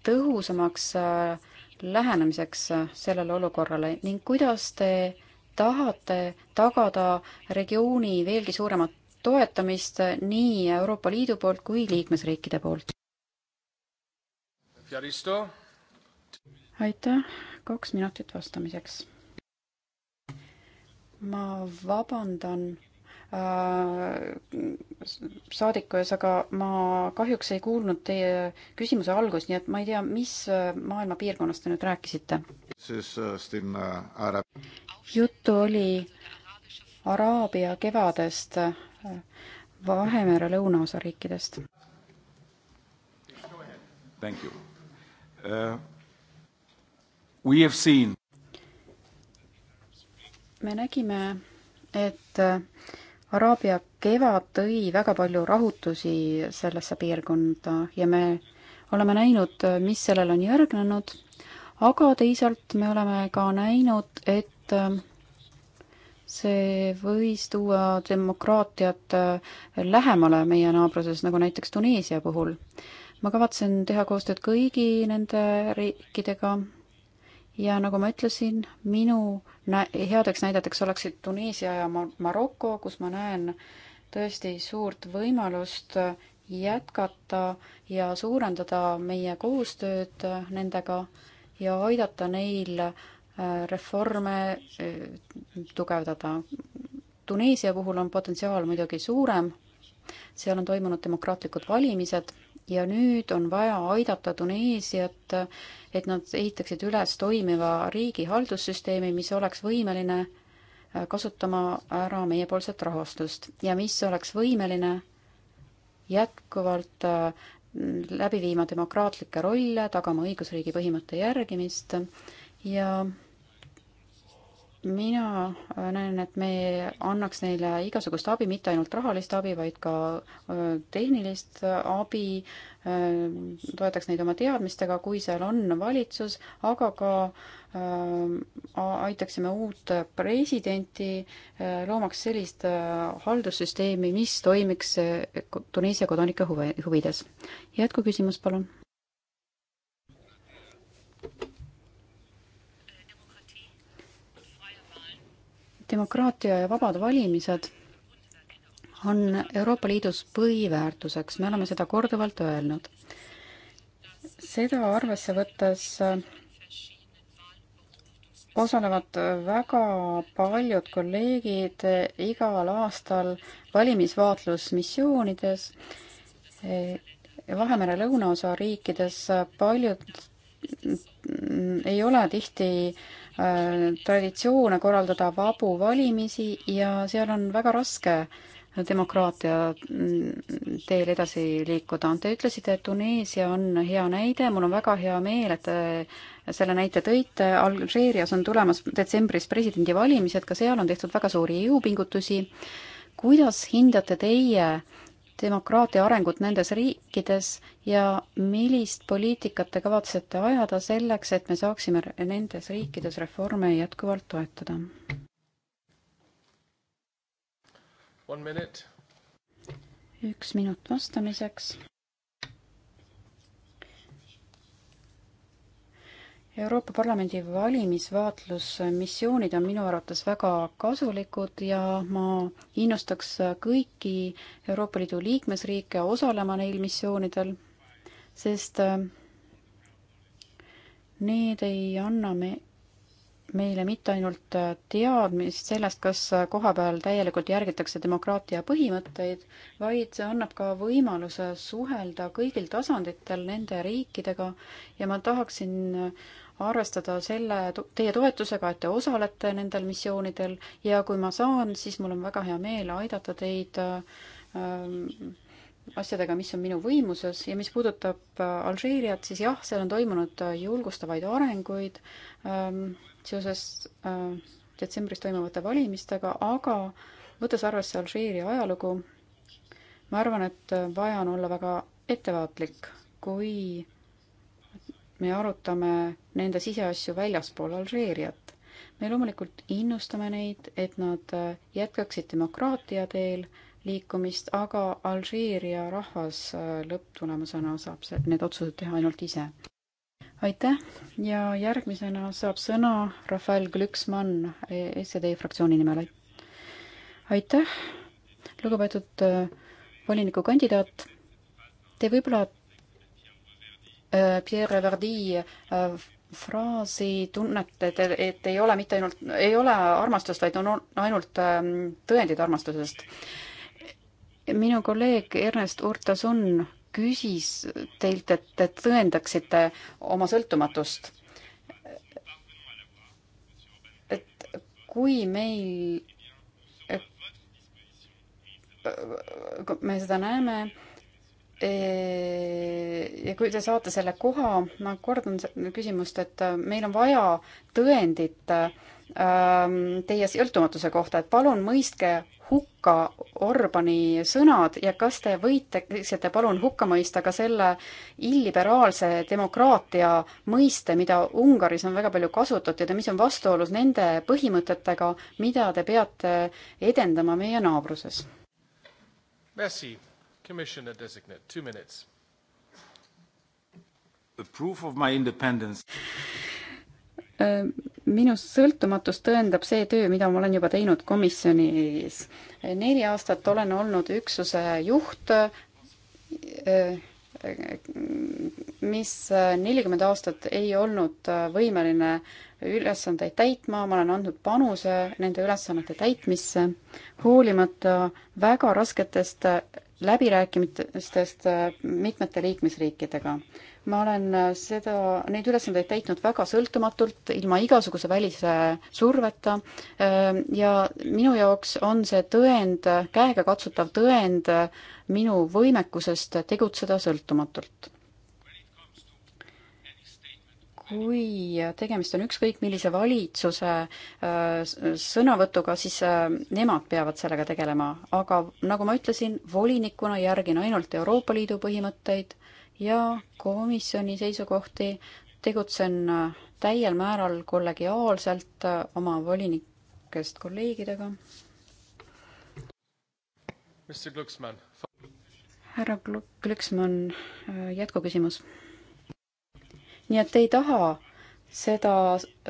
tõhusamaks äh, lähenemiseks sellele olukorrale ning kuidas te tahate tagada regiooni veelgi suuremat toetamist nii Euroopa Liidu poolt kui liikmesriikide poolt. aitäh, kaks minutit vastamiseks. ma vabandan äh, saadiku ees, aga ma kahjuks ei kuulnud teie küsimuse algust, nii et ma ei tea, mis äh, maailma piirkonnast te nüüd rääkisite? Äh, juttu oli Araabia kevadest Vahemere lõunaosa riikidest. Uh, seen... me nägime, et uh, Araabia kevad tõi väga palju rahutusi sellesse piirkonda ja me oleme näinud, uh, mis sellele on järgnenud, aga teisalt me oleme ka näinud, et um, see võis tuua demokraatiat äh, lähemale meie naabruses, nagu näiteks Tuneesia puhul. ma kavatsen teha koostööd kõigi nende riikidega ja nagu ma ütlesin, minu nä-, headeks näideteks oleksid Tuneesia ja Mar-, Maroko, kus ma näen tõesti suurt võimalust äh, jätkata ja suurendada meie koostööd äh, nendega ja aidata neil reforme eh, tugevdada. Tuneesia puhul on potentsiaal muidugi suurem, seal on toimunud demokraatlikud valimised ja nüüd on vaja aidata Tuneesiat, et nad ehitaksid üles toimiva riigi haldussüsteemi, mis oleks võimeline eh, kasutama ära meiepoolset rahastust ja mis oleks võimeline jätkuvalt eh, läbi viima demokraatlikke rolle, tagama õigusriigi põhimõtte järgimist ja mina näen, et me annaks neile igasugust abi, mitte ainult rahalist abi, vaid ka äh, tehnilist äh, abi, äh, toetaks neid oma teadmistega, kui seal on valitsus, aga ka aitaksime uut presidenti, loomaks sellist haldussüsteemi, mis toimiks Tuneesia kodanike huve, huvides. jätkuküsimus, palun demokraatia ja vabad valimised on Euroopa Liidus põhiväärtuseks, me oleme seda korduvalt öelnud. seda arvesse võttes äh, osalevad väga paljud kolleegid igal aastal valimisvaatlusmissioonides äh, Vahemere lõunaosa riikides, paljud mm, ei ole tihti äh, Äh, traditsioone korraldada vabu valimisi ja seal on väga raske demokraatia mm, teel edasi liikuda. Te ütlesite, et Tuneesia on hea näide, mul on väga hea meel, et te selle näite tõite. Alžeerias on tulemas detsembris presidendivalimised, ka seal on tehtud väga suuri jõupingutusi. kuidas hindate teie demokraatia arengut nendes riikides ja millist poliitikat te kavatsete ajada selleks, et me saaksime nendes riikides reforme jätkuvalt toetada? üks minut vastamiseks. Euroopa Parlamendi valimisvaatlusmissioonid on minu arvates väga kasulikud ja ma innustaks kõiki Euroopa Liidu liikmesriike osalema neil missioonidel, sest äh, need ei anna me meile mitte ainult äh, teadmist sellest, kas äh, kohapeal täielikult järgitakse demokraatia põhimõtteid, vaid see annab ka võimaluse suhelda kõigil tasanditel nende riikidega ja ma tahaksin äh, arvestada selle, teie toetusega, et te osalete nendel missioonidel ja kui ma saan, siis mul on väga hea meel aidata teid ähm, asjadega, mis on minu võimuses ja mis puudutab Alžeeriat, siis jah, seal on toimunud julgustavaid arenguid ähm, seoses äh, detsembris toimuvate valimistega, aga võttes arvesse Alžeeria ajalugu, ma arvan, et vaja on olla väga ettevaatlik, kui me arutame nende siseasju väljaspool Alžeeriat. me loomulikult innustame neid, et nad äh, jätkaksid demokraatia teel liikumist, aga Alžeeria rahvas äh, lõpptulemusena saab need otsused teha ainult ise aitäh ja järgmisena saab sõna Rafael Glüksmann e-, SED fraktsiooni nimel. aitäh, lugupeetud äh, volinikukandidaat. Te võib-olla äh, Pierre Verdi äh, fraasi tunnete, et, et ei ole mitte ainult, ei ole armastust, vaid on ainult ähm, tõendid armastusest. minu kolleeg Ernest Urtasun küsis teilt, et te tõendaksite oma sõltumatust. et kui meil, me seda näeme e, ja kui te saate selle koha, ma kordan küsimust, et meil on vaja tõendit äh, Ähm, teie sõltumatuse kohta, et palun mõistke hukka Orbani sõnad ja kas te võite, võiksite palun hukka mõista ka selle illiberaalse demokraatia mõiste, mida Ungaris on väga palju kasutatud ja mis on vastuolus nende põhimõtetega, mida te peate edendama meie naabruses? Merci, commissioner designate, two minutes. The proof of my independence Äh, minu sõltumatust tõendab see töö, mida ma olen juba teinud komisjonis. neli aastat olen olnud üksuse juht, äh, mis nelikümmend aastat ei olnud võimeline ülesandeid täitma, ma olen andnud panuse nende ülesannete täitmisse, hoolimata väga rasketest läbirääkimistest äh, mitmete liikmesriikidega. ma olen äh, seda, neid ülesandeid täitnud väga sõltumatult, ilma igasuguse välise surveta ähm, ja minu jaoks on see tõend, käegakatsutav tõend äh, minu võimekusest tegutseda sõltumatult kui tegemist on ükskõik millise valitsuse äh, sõnavõtuga, siis äh, nemad peavad sellega tegelema, aga nagu ma ütlesin, volinikuna järgin ainult Euroopa Liidu põhimõtteid ja komisjoni seisukohti, tegutsen äh, täiel määral kollegiaalselt oma volinikest kolleegidega. härra Glüksmann, jätkuküsimus nii et ei taha seda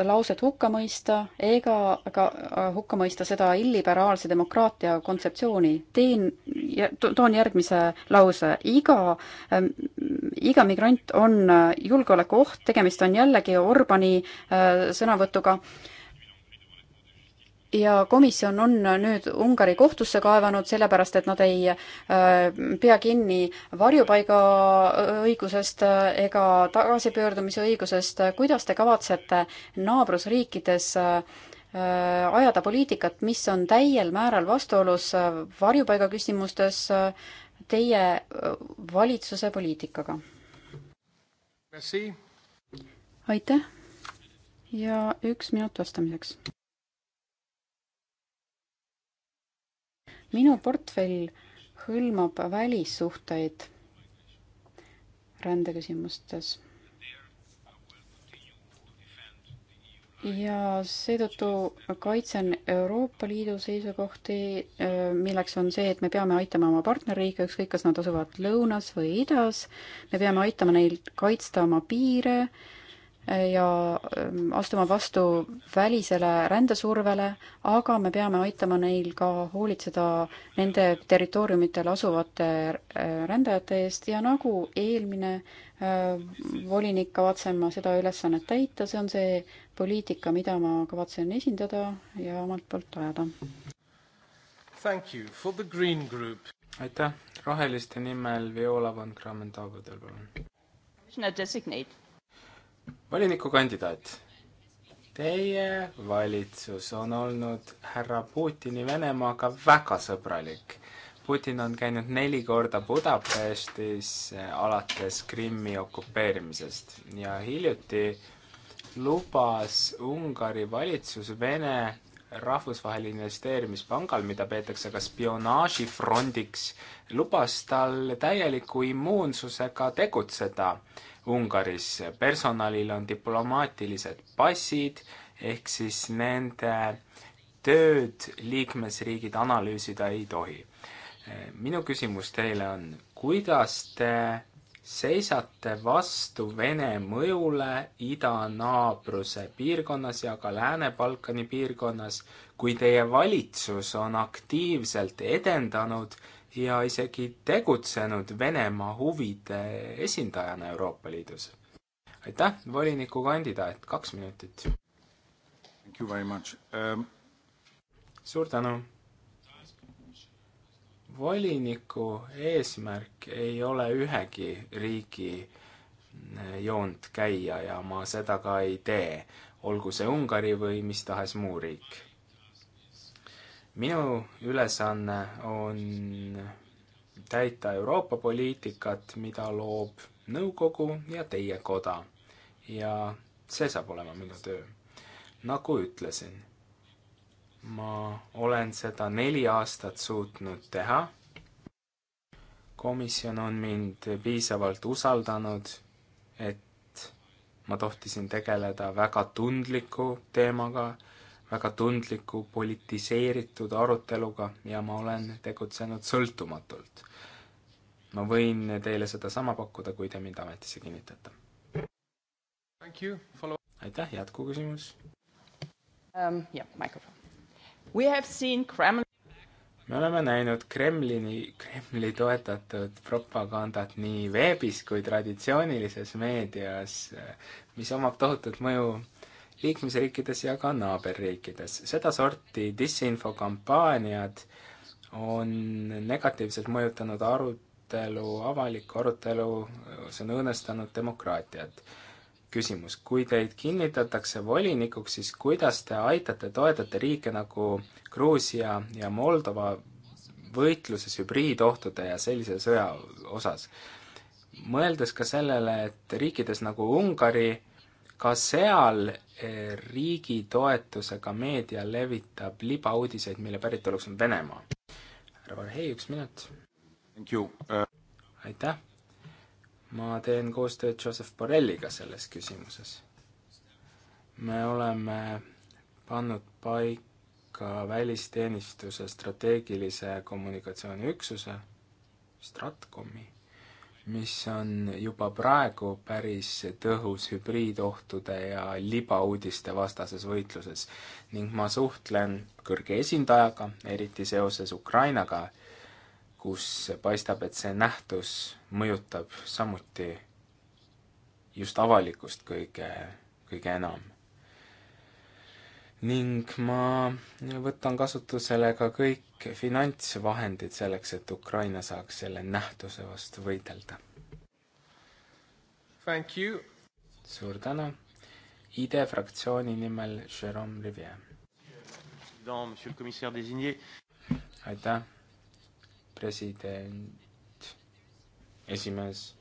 lauset hukka mõista ega ka äh, hukka mõista seda illiberaalse demokraatia kontseptsiooni. teen, toon järgmise lause. iga ähm,, iga migrant on äh, julgeolekuoht, tegemist on jällegi Orbani äh, sõnavõtuga äh,, ja komisjon on nüüd Ungari kohtusse kaevanud, sellepärast et nad ei äh, pea kinni varjupaigaõigusest äh, äh, ega tagasipöördumise õigusest. kuidas te kavatsete naabrusriikides ajada poliitikat, mis on täiel määral vastuolus varjupaiga küsimustes teie valitsuse poliitikaga? aitäh ja üks minut vastamiseks. minu portfell hõlmab välissuhteid rändeküsimustes. ja seetõttu kaitsen Euroopa Liidu seisukohti, äh, milleks on see, et me peame aitama oma partnerriike, ükskõik kas nad asuvad lõunas või idas, me peame aitama neil kaitsta oma piire äh, ja ähm, astuma vastu välisele rändesurvele, aga me peame aitama neil ka hoolitseda nende territooriumitel asuvate äh, rändajate eest ja nagu eelmine äh, volinik kavatsen ma seda ülesannet täita, see on see poliitika, mida ma kavatsen esindada ja omalt poolt ajada. aitäh, roheliste nimel Viola von Krammen-Taugedel, palun volinikukandidaat, teie valitsus on olnud härra Putini Venemaaga väga sõbralik. Putin on käinud neli korda Budapestis eh, alates Krimmi okupeerimisest ja hiljuti lubas Ungari valitsus Vene rahvusvaheline investeerimispangal, mida peetakse ka spionaažifrondiks, lubas tal täieliku immuunsusega tegutseda äh, Ungaris personalil on diplomaatilised passid, ehk siis nende tööd liikmesriigid analüüsida ei tohi. minu küsimus teile on, kuidas te seisate vastu Vene mõjule idanaabruse piirkonnas ja ka Lääne-Balkani piirkonnas, kui teie valitsus on aktiivselt edendanud ja isegi tegutsenud Venemaa huvide esindajana Euroopa Liidus. aitäh, volinikukandidaat, kaks minutit. Um... suur tänu. voliniku eesmärk ei ole ühegi riigi eh, joont käia ja ma seda ka ei tee, olgu see Ungari või mis tahes muu riik minu ülesanne on täita Euroopa poliitikat, mida loob nõukogu ja teie koda. ja see saab olema minu töö. nagu ütlesin, ma olen seda neli aastat suutnud teha. komisjon on mind piisavalt usaldanud, et ma tohtisin tegeleda väga tundliku teemaga väga tundliku politiseeritud aruteluga ja ma olen tegutsenud sõltumatult. ma võin teile sedasama pakkuda, kui te mind ametisse kinnitate. aitäh, jätkuküsimus um,. jah yeah,, mikrofon. We have seen Kreml me oleme näinud Kremlini, Kremli toetatud propagandat nii veebis kui traditsioonilises meedias, mis omab tohutut mõju liikmesriikides ja ka naaberriikides. sedasorti disinfokampaaniad on negatiivselt mõjutanud arutelu, avalikku arutelu, see on õõnestanud demokraatiat. küsimus, kui teid kinnitatakse volinikuks, siis kuidas te aitate, toetate riike nagu Gruusia ja Moldova võitluses hübriidohtude ja sellise sõja osas? mõeldes ka sellele, et riikides nagu Ungari, ka seal Eh, riigi toetusega meedia levitab libauudiseid, mille päritoluks on Venemaa. härra Varhei, üks minut. Uh... aitäh. ma teen koostööd Joseph Borrelliga selles küsimuses. me oleme pannud paika välisteenistuse strateegilise kommunikatsiooniüksuse, Stratkomi mis on juba praegu päris tõhus hübriidohtude ja libauudiste vastases võitluses ning ma suhtlen kõrge esindajaga, eriti seoses Ukrainaga, kus paistab, et see nähtus mõjutab samuti just avalikkust kõige, kõige enam ning ma võtan kasutusele ka kõik finantsvahendid selleks, et Ukraina saaks selle nähtuse vastu võidelda. suur tänu. ID fraktsiooni nimel Jerome Rivier. aitäh, president, esimees,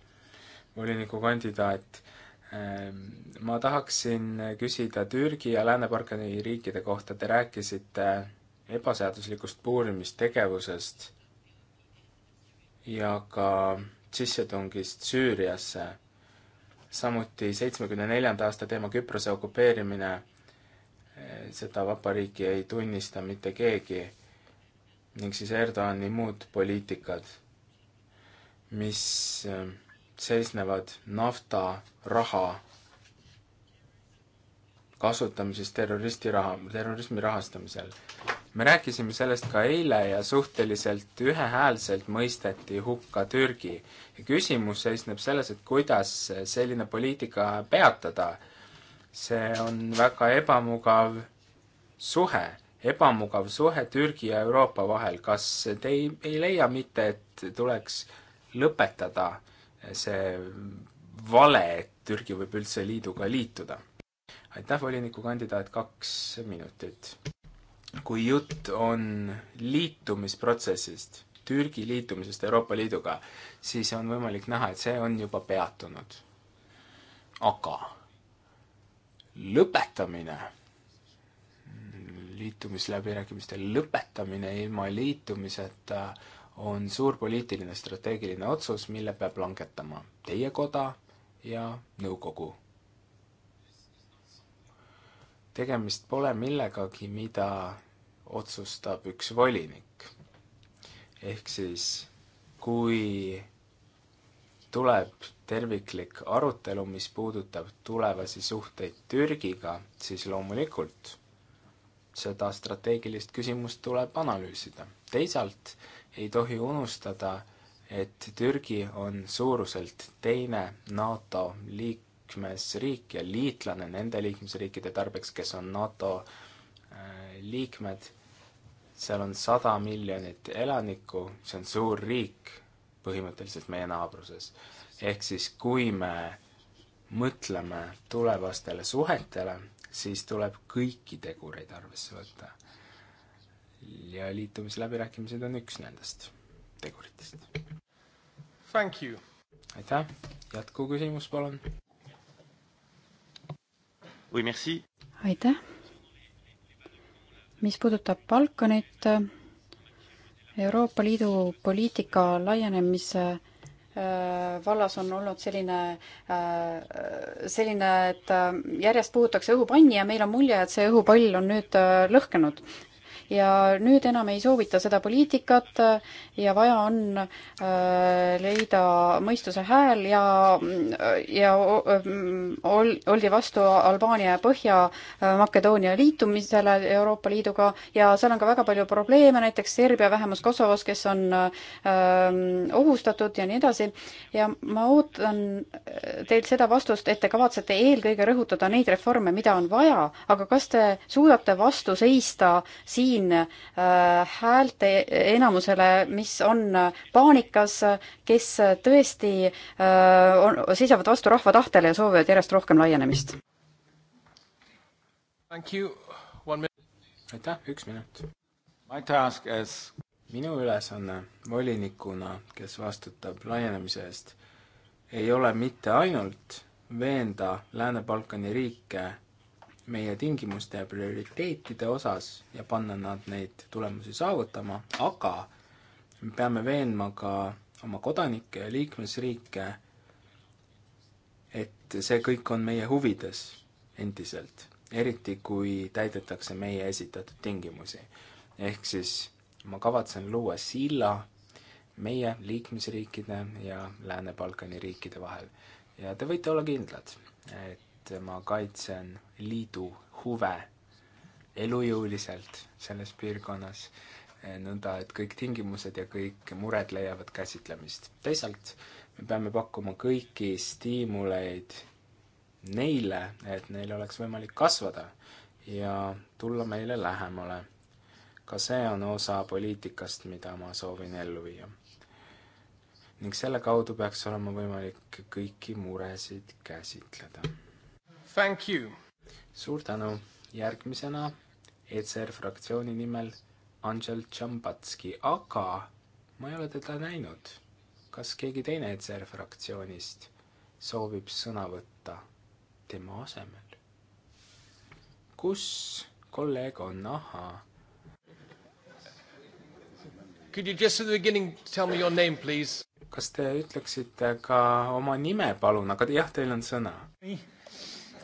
volinikukandidaat Ehm, ma tahaksin küsida Türgi ja Lääne-Balkani riikide kohta. Te rääkisite ebaseaduslikust puurimistegevusest ja ka sissetungist Süüriasse, samuti seitsmekümne neljanda aasta teema Küprose okupeerimine. Ehm, seda vabariiki ei tunnista mitte keegi ning siis Erdoğani muud poliitikad, mis ehm, seisnevad nafta, raha kasutamises terroristi raha, terrorismi rahastamisel. me rääkisime sellest ka eile ja suhteliselt ühehäälselt mõisteti hukka Türgi. ja küsimus seisneb selles, et kuidas selline poliitika peatada. see on väga ebamugav suhe, ebamugav suhe Türgi ja Euroopa vahel. kas te ei, ei leia mitte, et tuleks lõpetada äh, see vale, et Türgi võib üldse liiduga liituda. aitäh, volinikukandidaat, kaks minutit. kui jutt on liitumisprotsessist, Türgi liitumisest Euroopa Liiduga, siis on võimalik näha, et see on juba peatunud. aga lõpetamine, liitumisläbirääkimiste lõpetamine ilma liitumiseta äh, on suur poliitiline strateegiline otsus, mille peab langetama teie koda ja nõukogu. tegemist pole millegagi, mida otsustab üks volinik. ehk siis, kui tuleb terviklik arutelu, mis puudutab tulevasi suhteid Türgiga, siis loomulikult seda strateegilist küsimust tuleb analüüsida. teisalt ei tohi unustada, et Türgi on suuruselt teine NATO liikmesriik ja liitlane nende liikmesriikide tarbeks, kes on NATO äh, liikmed. seal on sada miljonit elanikku, see on suur riik põhimõtteliselt meie naabruses. ehk siis, kui me mõtleme tulevastele suhetele, siis tuleb kõiki tegureid arvesse võtta ja liitumisläbirääkimised on üks nendest teguritest. aitäh, jätkuküsimus palun. aitäh. mis puudutab Balkanit, Euroopa Liidu poliitika laienemise äh, vallas on olnud selline, äh, selline, et äh, järjest puhutakse õhupanni ja meil on mulje, et see õhupall on nüüd lõhkenud ja nüüd enam ei soovita seda poliitikat ja vaja on äh, leida mõistuse hääl ja, ja äh, ol, oldi vastu Albaania ja Põhja-Makedoonia liitumisele Euroopa Liiduga ja seal on ka väga palju probleeme, näiteks Serbia vähemus Kosovos, kes on äh, ohustatud ja nii edasi. ja ma ootan äh, teilt seda vastust, et te kavatsete eelkõige rõhutada neid reforme, mida on vaja, aga kas te suudate vastu seista siin tuin äh, häälte enamusele, mis on äh, paanikas, kes tõesti äh, on, seisavad vastu rahva tahtele ja soovivad järjest rohkem laienemist. aitäh, üks minut. My task as minu ülesanne volinikuna, kes vastutab laienemise eest, ei ole mitte ainult veenda Lääne-Balkani riike meie tingimuste ja prioriteetide osas ja panna nad neid tulemusi saavutama, aga me peame veenma ka oma kodanikke ja liikmesriike, et see kõik on meie huvides endiselt, eriti kui täidetakse meie esitatud tingimusi. ehk siis ma kavatsen luua silla meie liikmesriikide ja Lääne-Balkani riikide vahel. ja te võite olla kindlad, et et ma kaitsen liidu huve elujõuliselt selles piirkonnas, eh, nõnda et kõik tingimused ja kõik mured leiavad käsitlemist. teisalt me peame pakkuma kõiki stiimuleid neile, et neil oleks võimalik kasvada ja tulla meile lähemale. ka see on osa poliitikast, mida ma soovin ellu viia. ning selle kaudu peaks olema võimalik kõiki muresid käsitleda Thank you! suur tänu! järgmisena ECR fraktsiooni nimel Angel Tšambatski, aga ma ei ole teda näinud. kas keegi teine ECR fraktsioonist soovib sõna võtta tema asemel? kus kolleeg on, ahaa. Could you just at the beginning tell me your name, please? kas te ütleksite ka oma nime, palun, aga jah, teil on sõna. nii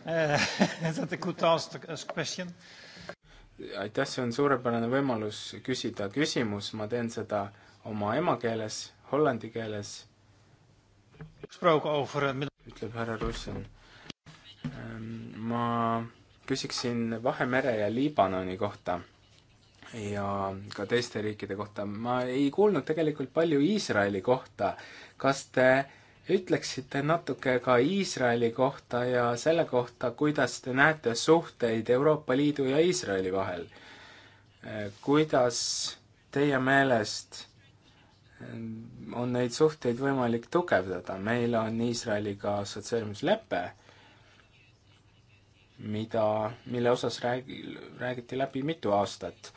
that I could ask the question. aitäh, see on suurepärane võimalus küsida küsimus, ma teen seda oma emakeeles, hollandi keeles. Eh, ütleb härra Russin. Ehm, ma küsiksin Vahemere ja Liibanoni kohta ja ka teiste riikide kohta. ma ei kuulnud tegelikult palju Iisraeli kohta. kas te äh, ütleksite natuke ka Iisraeli kohta ja selle kohta, kuidas te näete suhteid Euroopa Liidu ja Iisraeli vahel? kuidas teie meelest on neid suhteid võimalik tugevdada, meil on Iisraeliga assotsieerimislepe, mida, mille osas räägi, räägiti läbi mitu aastat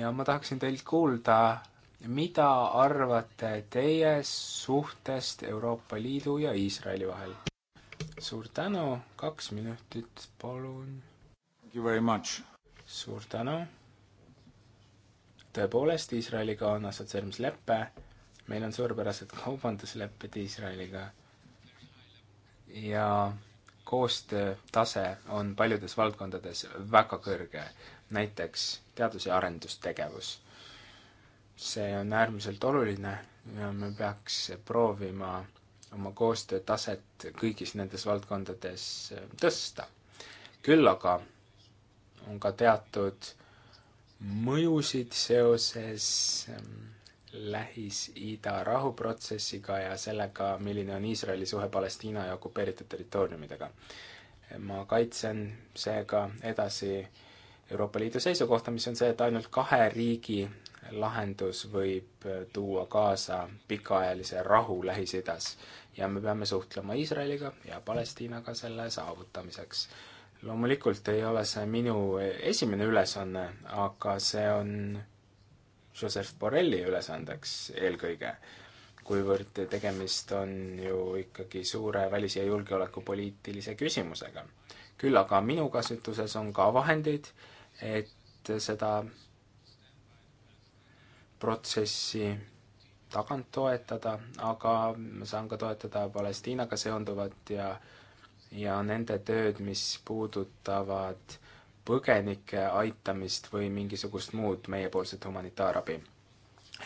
ja ma tahaksin teilt kuulda, mida arvate teie suhtest Euroopa Liidu ja Iisraeli vahel? suur tänu, kaks minutit, palun. suur tänu. tõepoolest, Iisraeliga on assotsieerimislepe, meil on suurepärased kaubanduslepped Iisraeliga ja koostöötase on paljudes valdkondades väga kõrge, näiteks teadus- ja arendustegevus see on äärmiselt oluline ja me peaks proovima oma koostöötaset kõigis nendes valdkondades äh, tõsta. küll aga on ka teatud mõjusid seoses ähm, Lähis-Ida rahuprotsessiga ja sellega, milline on Iisraeli suhe Palestiina ja okupeeritud territooriumidega. ma kaitsen seega edasi Euroopa Liidu seisukohta, mis on see, et ainult kahe riigi lahendus võib äh, tuua kaasa pikaajalise rahu Lähis-Idas ja me peame suhtlema Iisraeliga ja Palestiinaga selle saavutamiseks. loomulikult ei ole see minu e, esimene ülesanne, aga see on Joseph Borrelli ülesandeks eelkõige, kuivõrd tegemist on ju ikkagi suure välis- ja julgeolekupoliitilise küsimusega. küll aga minu kasutuses on ka vahendeid, et seda protsessi tagant toetada, aga ma saan ka toetada Palestiinaga seonduvat ja, ja nende tööd, mis puudutavad põgenike aitamist või mingisugust muud meiepoolset humanitaarabi.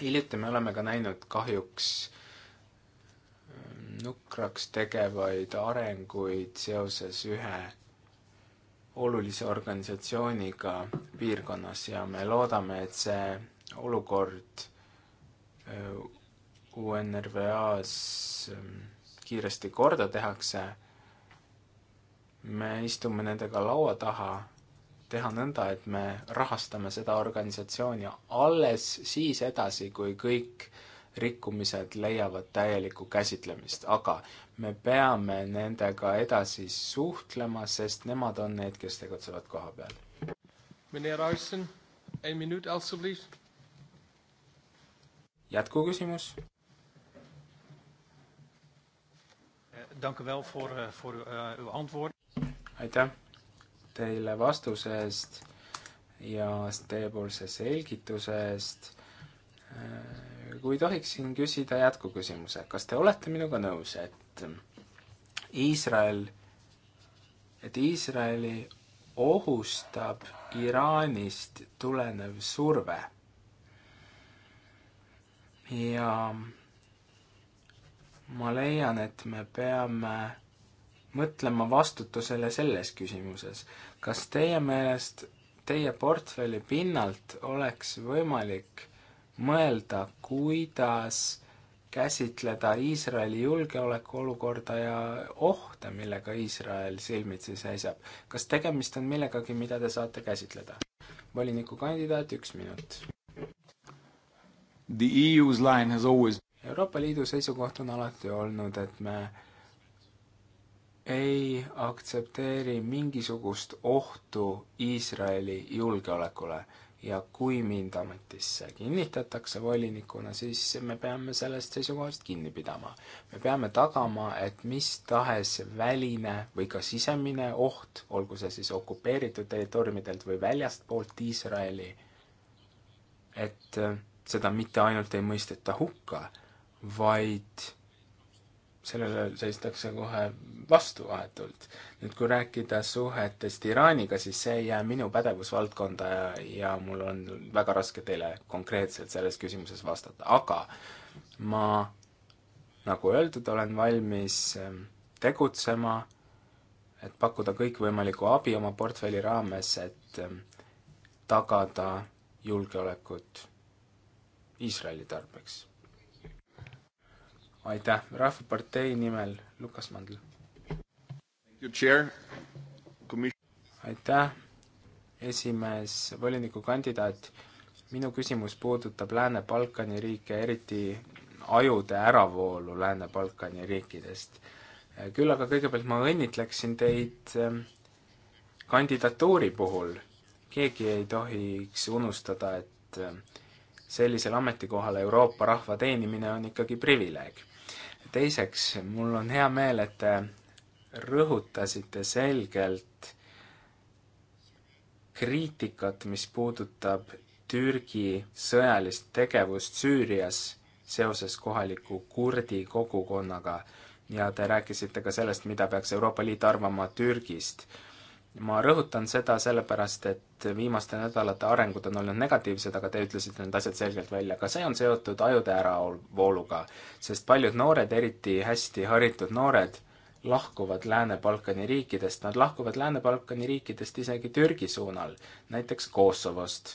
hiljuti me oleme ka näinud kahjuks mm, nukraks tegevaid arenguid seoses ühe olulise organisatsiooniga piirkonnas ja me loodame, et see olukord äh, UNRWA-s ähm, kiiresti korda tehakse, me istume nendega laua taha, teha nõnda, et me rahastame seda organisatsiooni alles siis edasi, kui kõik rikkumised leiavad täielikku käsitlemist, aga me peame nendega edasi suhtlema, sest nemad on need, kes tegutsevad koha peal. Meneer Arsen, een minuut alstublieft jätkuküsimus? Eh, eh, aitäh teile vastuse eest ja teiepoolse selgituse eest. Eh, kui tohiksin küsida jätkuküsimuse, kas te olete minuga nõus, et Iisrael, et Iisraeli ohustab Iraanist tulenev surve ja ma leian, et me peame mõtlema vastutusele selles küsimuses. kas teie meelest teie portfelli pinnalt oleks võimalik mõelda, kuidas käsitleda Iisraeli julgeolekuolukorda ja ohte, millega Iisrael silmitsi seisab. kas tegemist on millegagi, mida te saate käsitleda? volinikukandidaat, üks minut The EU's line has always Euroopa Liidu seisukoht on alati olnud, et me ei aktsepteeri mingisugust ohtu Iisraeli julgeolekule ja kui mind ametisse kinnitatakse volinikuna, siis me peame sellest seisukohast kinni pidama. me peame tagama, et mis tahes väline või ka sisemine oht, olgu see siis okupeeritud territooriumidelt või väljastpoolt Iisraeli, et äh, seda mitte ainult ei mõisteta hukka, vaid sellele seistakse kohe vastu vahetult. nüüd kui rääkida suhetest Iraaniga, siis see ei jää minu pädevusvaldkonda ja, ja mul on väga raske teile konkreetselt selles küsimuses vastata, aga ma, nagu öeldud, olen valmis ähm, tegutsema, et pakkuda kõikvõimalikku abi oma portfelli raames, et ähm, tagada julgeolekut Iisraeli tarbeks. aitäh, Rahvapartei nimel Lukas Mandl. aitäh, esimees, volinikukandidaat. minu küsimus puudutab Lääne-Balkani riike, eriti ajude äravoolu Lääne-Balkani riikidest. küll aga kõigepealt ma õnnitleksin teid ehm, kandidatuuri puhul. keegi ei tohiks unustada, et ehm, sellisel ametikohal Euroopa rahva teenimine on ikkagi privileeg. teiseks, mul on hea meel, et te rõhutasite selgelt kriitikat, mis puudutab Türgi sõjalist tegevust Süürias seoses kohaliku kurdi kogukonnaga ja te rääkisite ka sellest, mida peaks Euroopa Liit arvama Türgist ma rõhutan seda sellepärast, et viimaste nädalate arengud on olnud negatiivsed, aga te ütlesite need asjad selgelt välja. ka see on seotud ajude äravooluga, sest paljud noored, eriti hästi haritud noored, lahkuvad Lääne-Balkani riikidest, nad lahkuvad Lääne-Balkani riikidest isegi Türgi suunal, näiteks Kosovost.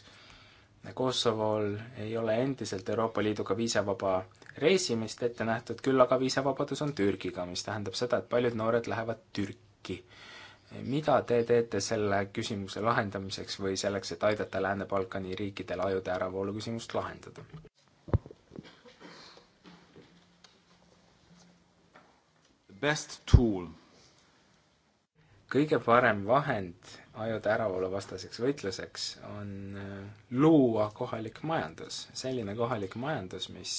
Kosovol ei ole endiselt Euroopa Liiduga viisavaba reisimist ette nähtud, küll aga viisavabadus on Türgiga, mis tähendab seda, et paljud noored lähevad Türki mida te teete selle küsimuse lahendamiseks või selleks, et aidata Lääne-Balkani riikidel ajude äravoolu küsimust lahendada? Best tool. kõige parem vahend ajude äravoolu vastaseks võitluseks on äh, luua kohalik majandus, selline kohalik majandus, mis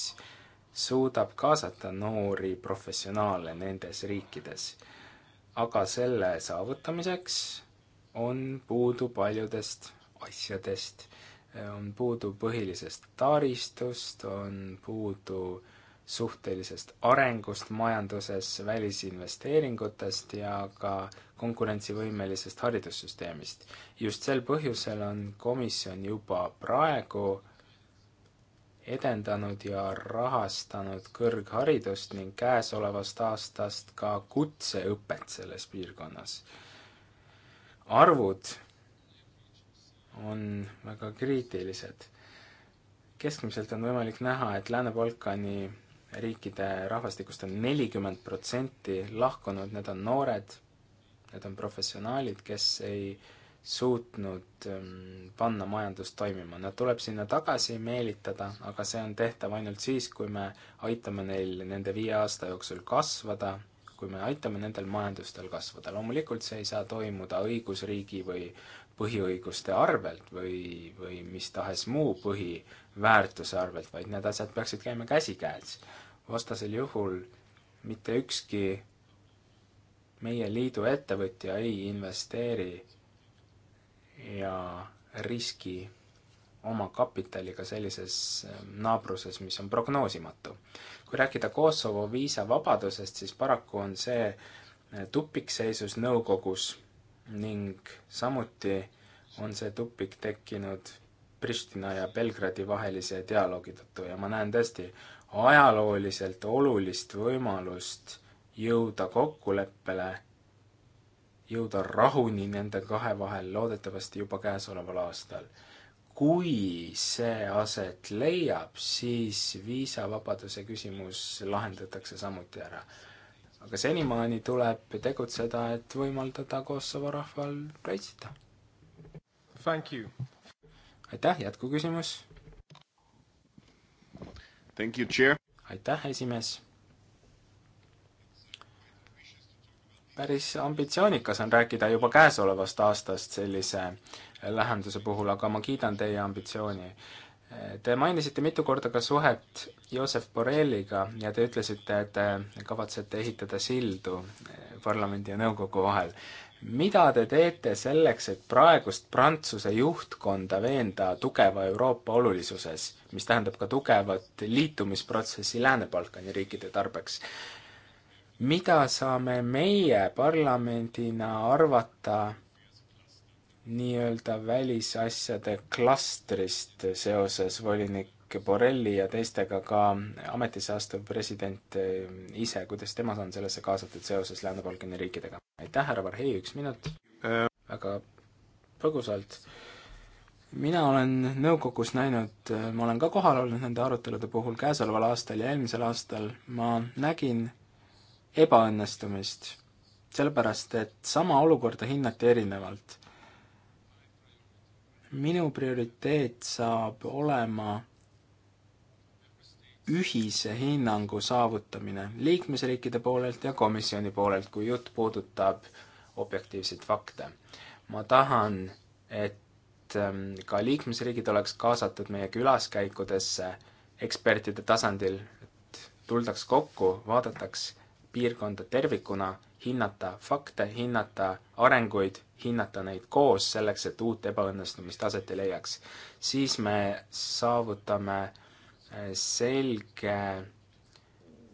suudab kaasata noori professionaale nendes riikides aga selle saavutamiseks on puudu paljudest asjadest, on puudu põhilisest taristust, on puudu suhtelisest arengust majanduses, välisinvesteeringutest ja ka konkurentsivõimelisest haridussüsteemist. just sel põhjusel on komisjon juba praegu edendanud ja rahastanud kõrgharidust ning käesolevast aastast ka kutseõpet selles piirkonnas. arvud on väga kriitilised. keskmiselt on võimalik näha, et Lääne-Balkani riikide rahvastikust on nelikümmend protsenti lahkunud, need on noored, need on professionaalid, kes ei äh, suutnud ähm, panna majandust toimima. Nad tuleb sinna tagasi meelitada, aga see on tehtav ainult siis, kui me aitame neil nende viie aasta jooksul kasvada, kui me aitame nendel majandustel kasvada. loomulikult see ei saa toimuda õigusriigi või põhiõiguste arvelt või, või mis tahes muu põhiväärtuse arvelt, vaid need asjad peaksid käima käsikäes. vastasel juhul mitte ükski meie liidu ettevõtja ei investeeri ja riski oma kapitaliga sellises ähm, naabruses, mis on prognoosimatu. kui rääkida Kosovo viisavabadusest, siis paraku on see äh, tupikseisus nõukogus ning samuti on see tupik tekkinud Pristina ja Belgradi vahelise dialoogi tõttu ja ma näen tõesti ajalooliselt olulist võimalust jõuda kokkuleppele jõuda rahuni nende kahe vahel loodetavasti juba käesoleval aastal. kui see aset leiab, siis viisavabaduse küsimus lahendatakse samuti ära. aga senimaani tuleb tegutseda, et võimaldada Kosovo rahval reisida. aitäh, jätkuküsimus. aitäh, esimees päris ambitsioonikas on rääkida juba käesolevast aastast sellise lahenduse puhul, aga ma kiidan teie ambitsiooni. Te mainisite mitu korda ka suhet Josep Borrelliga ja te ütlesite, et te kavatsete ehitada sildu parlamendi ja nõukogu vahel. mida te teete selleks, et praegust Prantsuse juhtkonda veenda tugeva Euroopa olulisuses, mis tähendab ka tugevat liitumisprotsessi Lääne-Balkani riikide tarbeks? mida saame meie parlamendina arvata nii-öelda välisasjade klastrist seoses volinik Borrelli ja teistega ka ametisse astuv president ise, kuidas tema on sellesse kaasatud seoses Lääne-Balkani riikidega? aitäh, härra Varhei, üks minut väga põgusalt. mina olen nõukogus näinud, ma olen ka kohal olnud nende arutelude puhul käesoleval aastal ja eelmisel aastal, ma nägin ebaõnnestumist, sellepärast et sama olukorda hinnati erinevalt. minu prioriteet saab olema ühise hinnangu saavutamine liikmesriikide poolelt ja komisjoni poolelt, kui jutt puudutab objektiivseid fakte. ma tahan, et ähm, ka liikmesriigid oleks kaasatud meie külaskäikudesse ekspertide tasandil, et tuldaks kokku, vaadataks piirkonda tervikuna, hinnata fakte, hinnata arenguid, hinnata neid koos, selleks et uut ebaõnnestumist aset ei leiaks. siis me saavutame äh, selge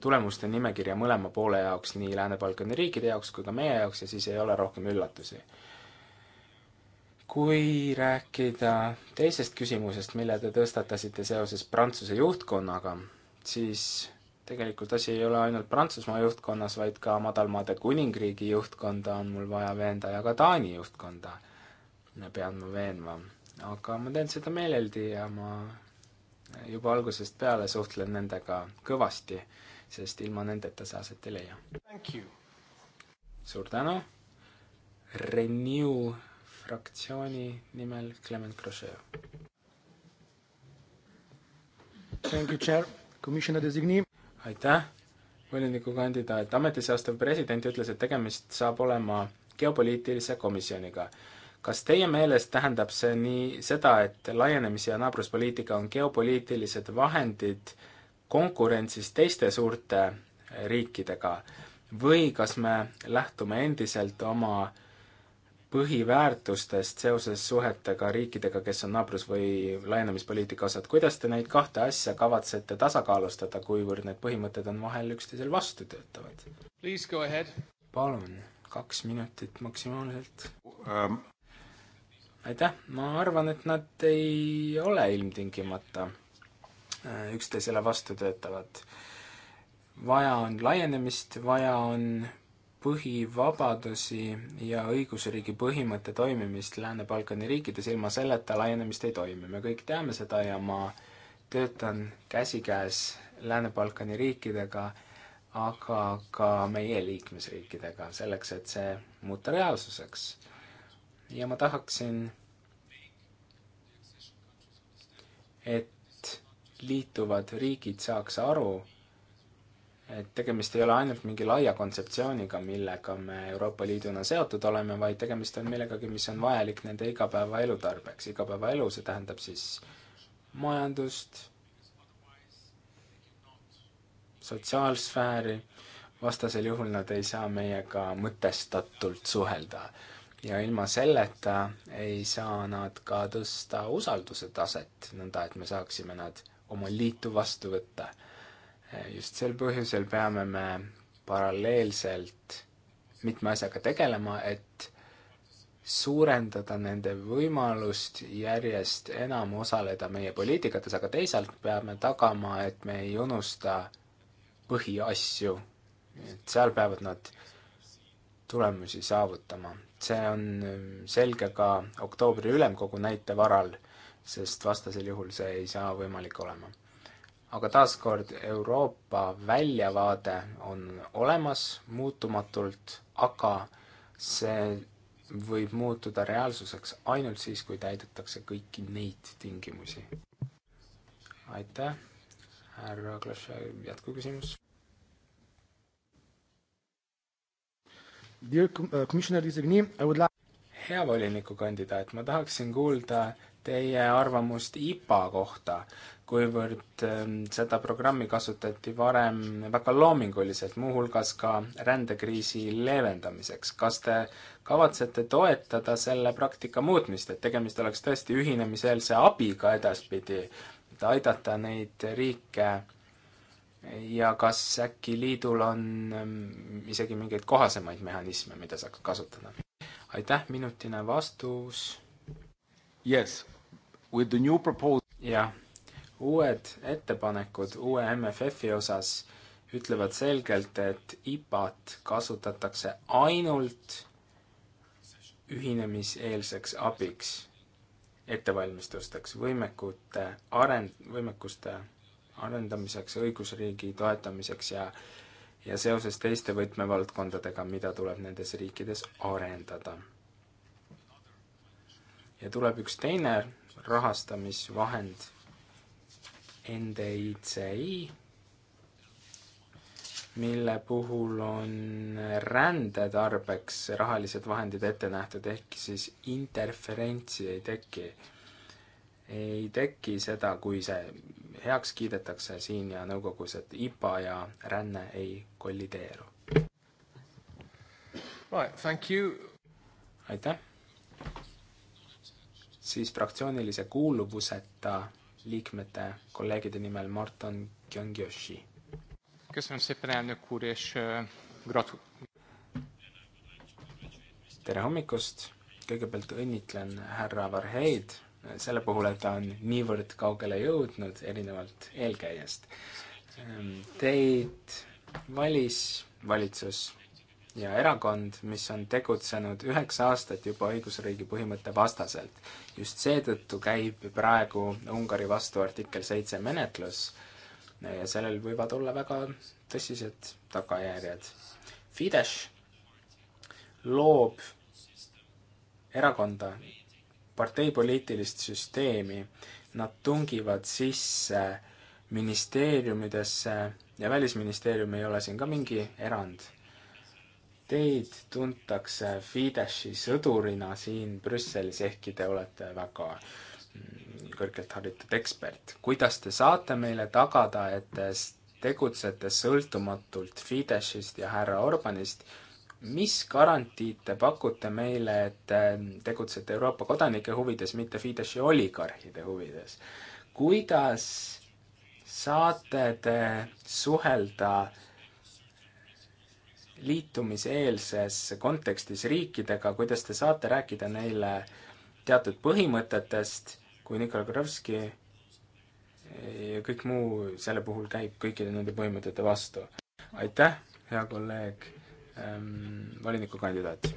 tulemuste nimekirja mõlema poole jaoks, nii Lääne-Balkani riikide jaoks kui ka meie jaoks ja siis ei ole rohkem üllatusi. kui rääkida teisest küsimusest, mille te tõstatasite seoses Prantsuse juhtkonnaga, siis tegelikult asi ei ole ainult Prantsusmaa juhtkonnas, vaid ka Madalmaade kuningriigi juhtkonda on mul vaja veenda ja ka Taani juhtkonda pean ma veenma. aga ma teen seda meeleldi ja ma juba algusest peale suhtlen nendega kõvasti, sest ilma nendeta sa aset ei leia. suur tänu. Renew fraktsiooni nimel Clement Crochet. Thank you, chair, commissioner designee aitäh, volinikukandidaat, ametisse astuv president ütles, et tegemist saab olema geopoliitilise komisjoniga. kas teie meelest tähendab see nii seda, et laienemis- ja naabruspoliitika on geopoliitilised vahendid konkurentsis teiste suurte riikidega või kas me lähtume endiselt oma äh, põhiväärtustest seoses suhetega riikidega, kes on naabrus- või laienemispoliitika osad, kuidas te neid kahte asja kavatsete tasakaalustada, kuivõrd need põhimõtted on vahel üksteisel vastu töötavad? palun, kaks minutit maksimaalselt um.. aitäh, ma arvan, et nad ei ole ilmtingimata äh, üksteisele vastu töötavad. vaja on laienemist, vaja on põhivabadusi ja õigusriigi põhimõtte toimimist Lääne-Balkani riikides, ilma selleta laienemist ei toimi, me kõik teame seda ja ma töötan käsikäes Lääne-Balkani riikidega, aga ka meie liikmesriikidega, selleks et see muuta reaalsuseks. ja ma tahaksin, et liituvad riigid saaks aru, et tegemist ei ole ainult mingi laia kontseptsiooniga, millega me Euroopa Liiduna seotud oleme, vaid tegemist on millegagi, mis on vajalik nende igapäevaelu tarbeks, igapäevaelu, see tähendab siis majandust, sotsiaalsfääri, vastasel juhul nad ei saa meiega mõtestatult suhelda. ja ilma selleta ei saa nad ka tõsta usalduse taset, nõnda et me saaksime nad oma liitu vastu võtta Äh, just sel põhjusel peame me paralleelselt mitme asjaga tegelema, et suurendada nende võimalust järjest enam osaleda meie poliitikates, aga teisalt peame tagama, et me ei unusta põhiasju. et seal peavad nad tulemusi saavutama. see on ähm, selge ka oktoobri ülemkogu näite varal, sest vastasel juhul see ei saa võimalik olema aga taaskord Euroopa väljavaade on olemas muutumatult, aga see võib muutuda reaalsuseks ainult siis, kui täidetakse kõiki neid tingimusi. aitäh, härra Klaše, jätkuküsimus. hea volinikukandidaat, ma tahaksin kuulda teie arvamust IPA kohta, kuivõrd ähm, seda programmi kasutati varem väga loominguliselt, muuhulgas ka rändekriisi leevendamiseks. kas te kavatsete toetada selle praktika muutmist, et tegemist oleks tõesti ühinemiseelse abiga edaspidi, et aidata neid riike ja kas äkki liidul on ähm, isegi mingeid kohasemaid mehhanisme, mida saaks kasutada? aitäh, minutine vastus. Yes jah, uued ettepanekud uue MFF-i osas ütlevad selgelt, et IPA-t kasutatakse ainult ühinemiseelseks abiks, ettevalmistusteks, võimekute arend-, võimekuste arendamiseks, õigusriigi toetamiseks ja ja seoses teiste võtmevaldkondadega, mida tuleb nendes riikides arendada. ja tuleb üks teine rahastamisvahend NDICI, mille puhul on rände tarbeks rahalised vahendid ette nähtud, ehk siis interferentsi ei teki. ei teki seda, kui see heaks kiidetakse siin ja nõukogus, et IPA ja ränne ei kollideeru. Right, thank you. aitäh siis fraktsioonilise kuuluvuseta liikmete kolleegide nimel Marton Gyöngyoshi. tere hommikust, kõigepealt õnnitlen härra Varheid selle puhul, et ta on niivõrd kaugele jõudnud, erinevalt eelkäijast. Ehm, teid valis valitsus ja erakond, mis on tegutsenud üheksa aastat juba õigusriigi põhimõtte vastaselt. just seetõttu käib praegu Ungari vastu artikkel seitse menetlus ja sellel võivad olla väga tõsised tagajärjed. Fidesz loob erakonda, parteipoliitilist süsteemi, nad tungivad sisse ministeeriumidesse ja Välisministeerium ei ole siin ka mingi erand Teid tuntakse Fideszi sõdurina siin Brüsselis, ehkki te olete väga mm, kõrgelt haritud ekspert. kuidas te saate meile tagada, et te tegutsete sõltumatult Fideszist ja härra Orbanist, mis garantiid te pakute meile, et tegutsete Euroopa kodanike huvides, mitte Fideszi oligarhide huvides? kuidas saate te suhelda äh, liitumiseelses kontekstis riikidega, kuidas te saate rääkida neile teatud põhimõtetest, kui Nikolai Korovski ja kõik muu selle puhul käib kõikide nende põhimõtete vastu. aitäh, hea kolleeg ähm,, volinikukandidaat!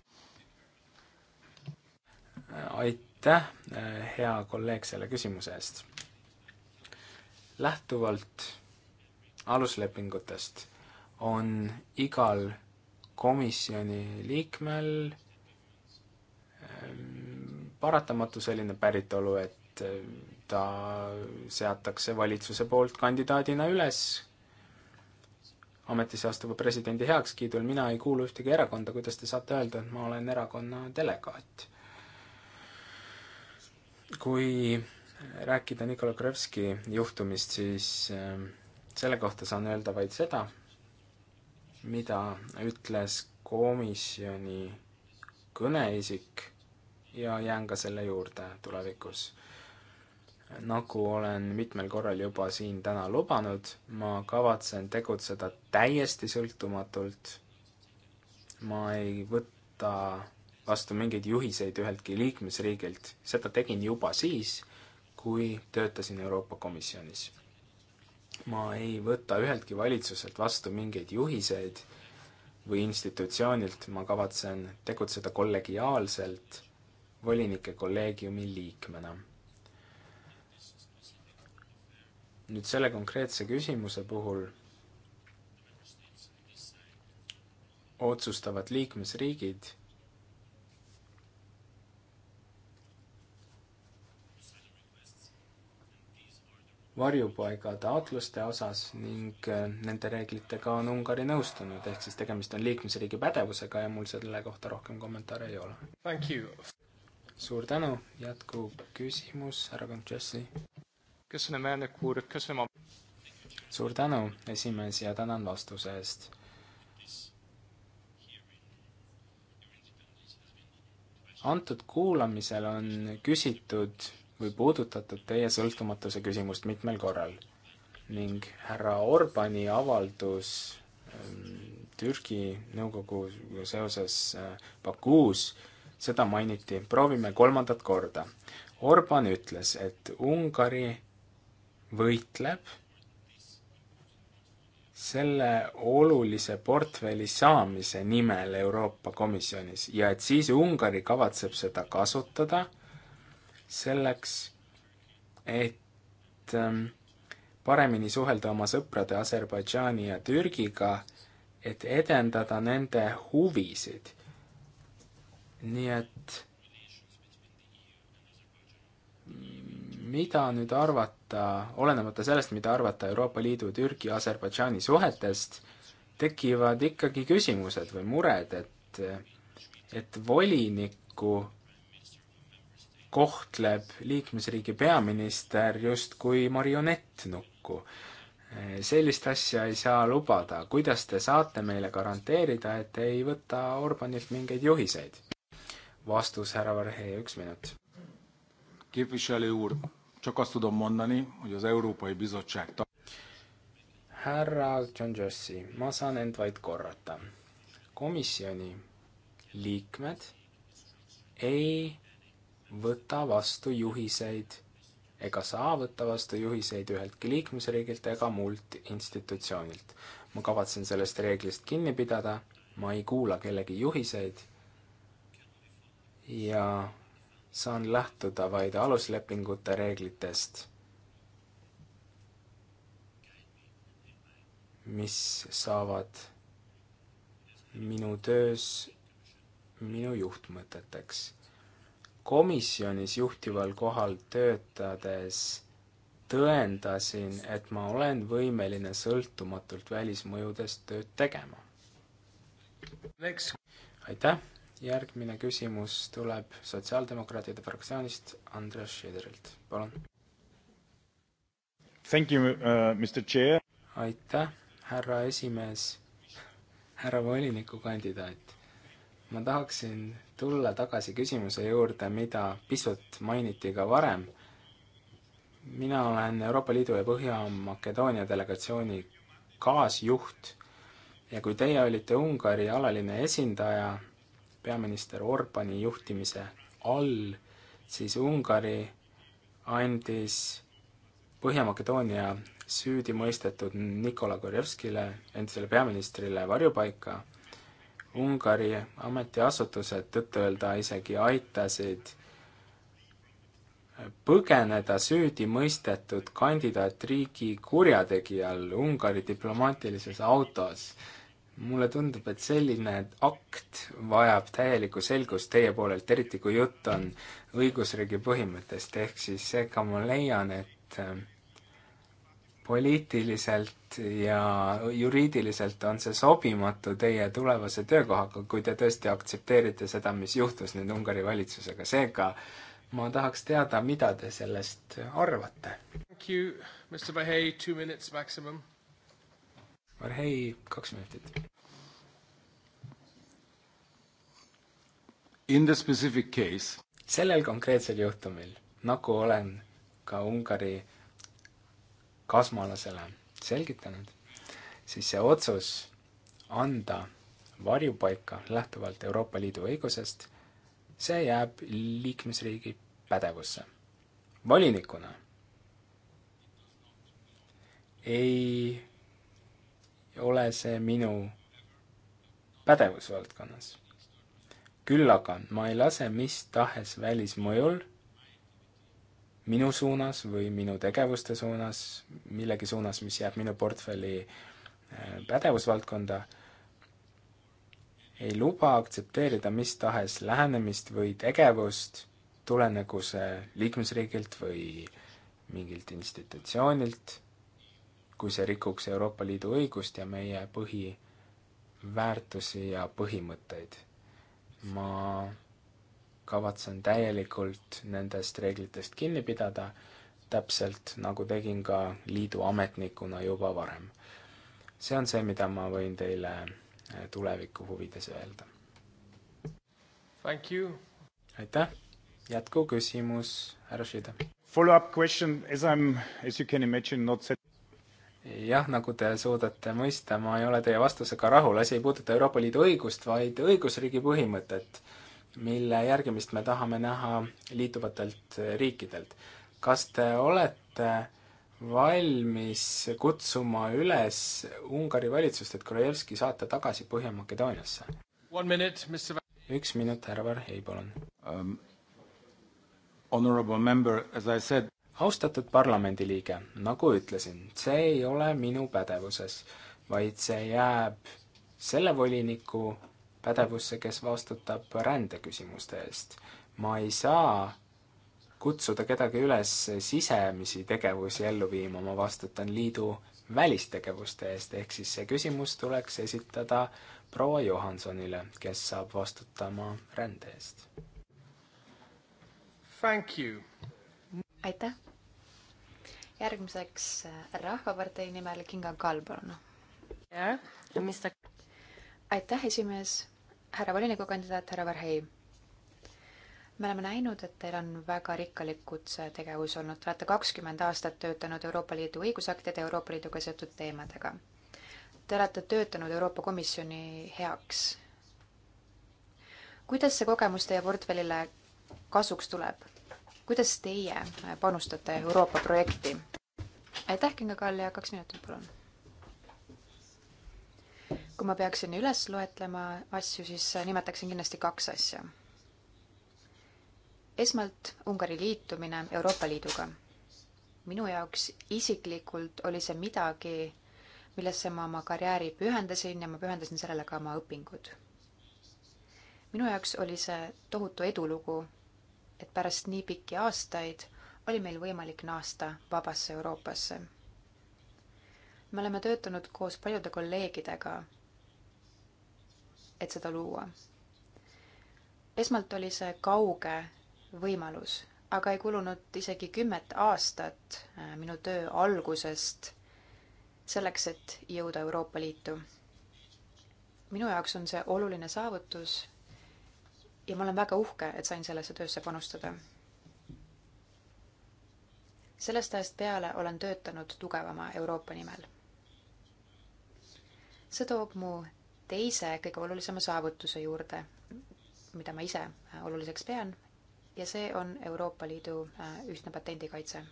aitäh, äh, hea kolleeg, selle küsimuse eest! lähtuvalt aluslepingutest on igal komisjoni liikmel paratamatu selline päritolu, et äh, ta seatakse valitsuse poolt kandidaadina üles ametisse astuva presidendi heakskiidul, mina ei kuulu ühtegi erakonda, kuidas te saate öelda, et ma olen erakonna delegaat? kui rääkida Nikolai Krevski juhtumist, siis äh, selle kohta saan öelda vaid seda, mida ütles komisjoni kõneisik ja jään ka selle juurde tulevikus. nagu olen mitmel korral juba siin täna lubanud, ma kavatsen tegutseda täiesti sõltumatult. ma ei võta vastu mingeid juhiseid üheltki liikmesriigilt, seda tegin juba siis, kui töötasin Euroopa Komisjonis ma ei võta üheltki valitsuselt vastu mingeid juhiseid või institutsioonilt, ma kavatsen tegutseda kollegiaalselt volinike kolleegiumi liikmena. nüüd selle konkreetse küsimuse puhul otsustavad liikmesriigid varjupaiga taotluste osas ning äh, nende reeglitega on Ungari nõustunud, ehk siis tegemist on liikmesriigi pädevusega ja mul selle kohta rohkem kommentaare ei ole. suur tänu, jätkuv küsimus, härra Kontšessi. suur tänu, esimees, ja tänan vastuse eest antud kuulamisel on küsitud või puudutatud teie sõltumatuse küsimust mitmel korral ning härra Orbani avaldus ähm, Türgi nõukogu seoses äh, Bakuus, seda mainiti, proovime kolmandat korda. Orban ütles, et Ungari võitleb selle olulise portfelli saamise nimel Euroopa Komisjonis ja et siis Ungari kavatseb seda kasutada selleks, et ähm, paremini suhelda oma sõprade Aserbaidžaani ja Türgiga, et edendada nende huvisid. nii et mida nüüd arvata, olenemata sellest, mida arvata Euroopa Liidu, Türgi, Aserbaidžaani suhetest, tekivad ikkagi küsimused või mured, et, et volinikku kohtleb liikmesriigi peaminister justkui marionettnukku. sellist asja ei saa lubada. kuidas te saate meile garanteerida, et ei võta Orbanilt mingeid juhiseid? vastus, härra Varhe, üks minut. Képviselő úr, csak azt tudom mondani, hogy az Európai Bizottság härra John Jersey, ma saan end vaid korrata. komisjoni liikmed ei võta vastu juhiseid ega saa võtta vastu juhiseid üheltki liikmesriigilt ega muult institutsioonilt. ma kavatsen sellest reeglist kinni pidada, ma ei kuula kellegi juhiseid ja saan lähtuda vaid aluslepingute reeglitest, mis saavad minu töös minu juhtmõteteks komisjonis juhtival kohal töötades tõendasin, et ma olen võimeline sõltumatult välismõjudest tööd tegema. aitäh, järgmine küsimus tuleb Sotsiaaldemokraatide fraktsioonist Andres Schederilt, palun. Thank you uh,, Mr Chair. aitäh, härra esimees, härra volinikukandidaat ma tahaksin tulla tagasi küsimuse juurde, mida pisut mainiti ka varem. mina olen Euroopa Liidu ja Põhja-Makedoonia delegatsiooni kaasjuht ja kui teie olite Ungari alaline esindaja peaminister Orbani juhtimise all, siis Ungari andis Põhja-Makedoonia süüdi mõistetud Nikola Gorjevskile, endisele peaministrile, varjupaika Ungari ametiasutused tõtt-öelda isegi aitasid põgeneda süüdi mõistetud kandidaatriigi kurjategijal Ungari diplomaatilises autos. mulle tundub, et selline akt vajab täielikku selgust teie poolelt, eriti kui jutt on õigusriigi põhimõttest, ehk siis seega ma leian, et poliitiliselt ja juriidiliselt on see sobimatu teie tulevase töökohaga, kui te tõesti aktsepteerite seda, mis juhtus nüüd Ungari valitsusega, seega ma tahaks teada, mida te sellest arvate? Varhei, kaks minutit. In the specific case sellel konkreetsel juhtumil, nagu olen ka Ungari kasmalasele selgitanud, siis see otsus anda varjupaika lähtuvalt Euroopa Liidu õigusest, see jääb liikmesriigi pädevusse. volinikuna ei ole see minu pädevusvaldkonnas. küll aga ma ei lase mis tahes välismõjul minu suunas või minu tegevuste suunas, millegi suunas, mis jääb minu portfelli äh, pädevusvaldkonda, ei luba aktsepteerida mis tahes lähenemist või tegevust, tulenegu see liikmesriigilt või mingilt institutsioonilt, kui see rikuks Euroopa Liidu õigust ja meie põhiväärtusi ja põhimõtteid. ma kavatsen täielikult nendest reeglitest kinni pidada, täpselt nagu tegin ka liidu ametnikuna juba varem. see on see, mida ma võin teile eh, tuleviku huvides öelda. aitäh, jätkuküsimus, härra Šida. Follow-up question, as I am, as you can imagine, not set- jah, nagu te suudate mõista, ma ei ole teie vastusega rahul, asi ei puuduta Euroopa Liidu õigust, vaid õigusriigi põhimõtet mille järgimist me tahame näha liituvatelt riikidelt. kas te olete valmis kutsuma üles Ungari valitsust, et Gruevski saata tagasi Põhja-Makedooniasse? üks minut, härra Varhei, palun um,. Honorable member, as I said austatud parlamendiliige, nagu ütlesin, see ei ole minu pädevuses, vaid see jääb selle voliniku pädevusse, kes vastutab rändeküsimuste eest. ma ei saa kutsuda kedagi üles sisemisi tegevusi ellu viima, ma vastutan liidu välistegevuste eest, ehk siis see küsimus tuleks esitada proua Johansonile, kes saab vastutama rände eest. aitäh! järgmiseks äh, Rahvapartei nimel Kinga Kalborn. aitäh, esimees! härra volinikukandidaat, härra Varhei. me oleme näinud, et teil on väga rikkalikud tegevus olnud, olete kakskümmend aastat töötanud Euroopa Liidu õigusaktide, Euroopa Liiduga seotud teemadega. Te olete töötanud Euroopa Komisjoni heaks. kuidas see kogemus teie portfellile kasuks tuleb? kuidas teie panustate Euroopa projekti? aitäh, Kinga Kall ja kaks minutit, palun kui ma peaksin üles loetlema asju, siis nimetaksin kindlasti kaks asja. esmalt Ungari liitumine Euroopa Liiduga. minu jaoks isiklikult oli see midagi, millesse ma oma karjääri pühendasin ja ma pühendasin sellele ka oma õpingud. minu jaoks oli see tohutu edulugu, et pärast nii pikki aastaid oli meil võimalik naasta vabasse Euroopasse. me oleme töötanud koos paljude kolleegidega et seda luua. esmalt oli see kauge võimalus, aga ei kulunud isegi kümmet aastat äh, minu töö algusest selleks, et jõuda Euroopa Liitu. minu jaoks on see oluline saavutus ja ma olen väga uhke, et sain sellesse töösse panustada. sellest ajast peale olen töötanud tugevama Euroopa nimel. see toob mu teise kõige olulisema saavutuse juurde, mida ma ise äh, oluliseks pean, ja see on Euroopa Liidu äh, ühtne patendikaitse.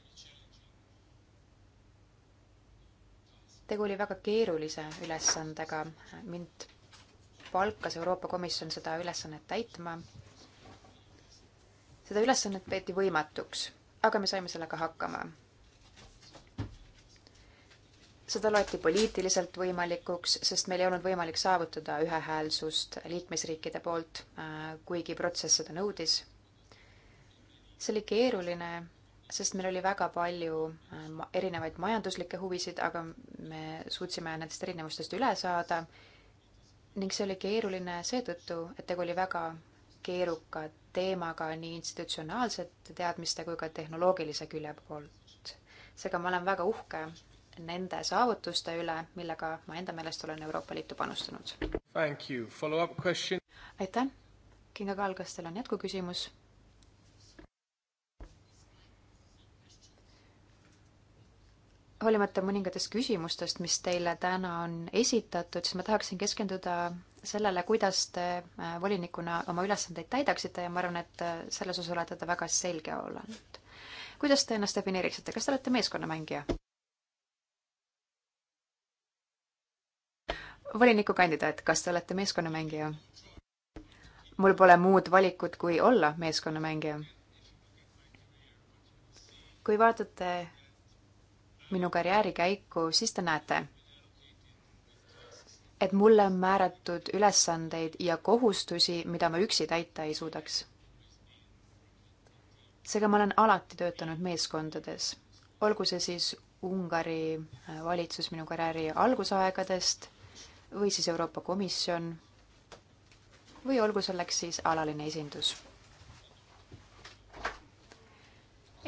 tegu oli väga keerulise ülesandega, mind palkas Euroopa Komisjon seda ülesannet täitma. seda ülesannet peeti võimatuks, aga me saime sellega hakkama seda loeti poliitiliselt võimalikuks, sest meil ei olnud võimalik saavutada ühehäälsust liikmesriikide poolt, äh, kuigi protsess seda nõudis. see oli keeruline, sest meil oli väga palju äh, erinevaid majanduslikke huvisid, aga me suutsime nendest erinevustest üle saada ning see oli keeruline seetõttu, et tegu oli väga keeruka teemaga nii institutsionaalsete teadmiste kui ka tehnoloogilise külje poolt. seega ma olen väga uhke nende saavutuste üle, millega ma enda meelest olen Euroopa Liitu panustanud. aitäh. Kinga Kaal, kas teil on jätkuküsimus? hoolimata mõningatest küsimustest, mis teile täna on esitatud, siis ma tahaksin keskenduda sellele, kuidas te äh, volinikuna oma ülesandeid täidaksite ja ma arvan, et äh, selles osas olete te väga selge olnud. kuidas te ennast defineeriksite, kas te olete meeskonnamängija? volinikukandidaat, kas te olete meeskonnamängija? mul pole muud valikut, kui olla meeskonnamängija. kui vaatate minu karjääri käiku, siis te näete, et mulle on määratud ülesandeid ja kohustusi, mida ma üksi täita ei suudaks. seega ma olen alati töötanud meeskondades, olgu see siis Ungari äh, valitsus minu karjääri algusaegadest või siis Euroopa Komisjon või olgu selleks siis alaline esindus.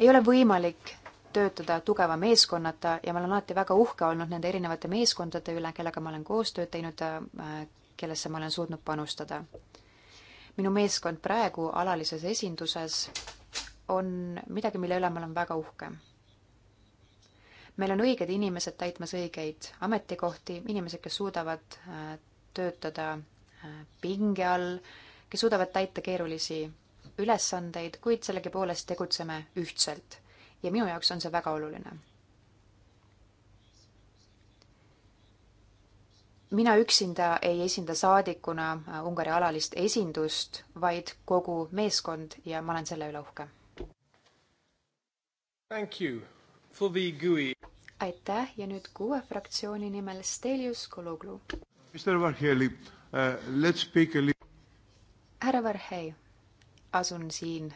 ei ole võimalik töötada tugeva meeskonnata ja ma olen alati väga uhke olnud nende erinevate meeskondade üle, kellega ma olen koostööd teinud, äh, kellesse ma olen suutnud panustada. minu meeskond praegu alalises esinduses on midagi, mille üle ma olen väga uhke meil on õiged inimesed täitmas õigeid ametikohti, inimesed, kes suudavad äh, töötada äh, pinge all, kes suudavad täita keerulisi ülesandeid, kuid sellegipoolest tegutseme ühtselt. ja minu jaoks on see väga oluline. mina üksinda ei esinda saadikuna äh, Ungari alalist esindust, vaid kogu meeskond ja ma olen selle üle uhke. Thank you aitäh ja nüüd kuue fraktsiooni nimel Stelius Kologlu. Uh, härra Varhei, asun siin.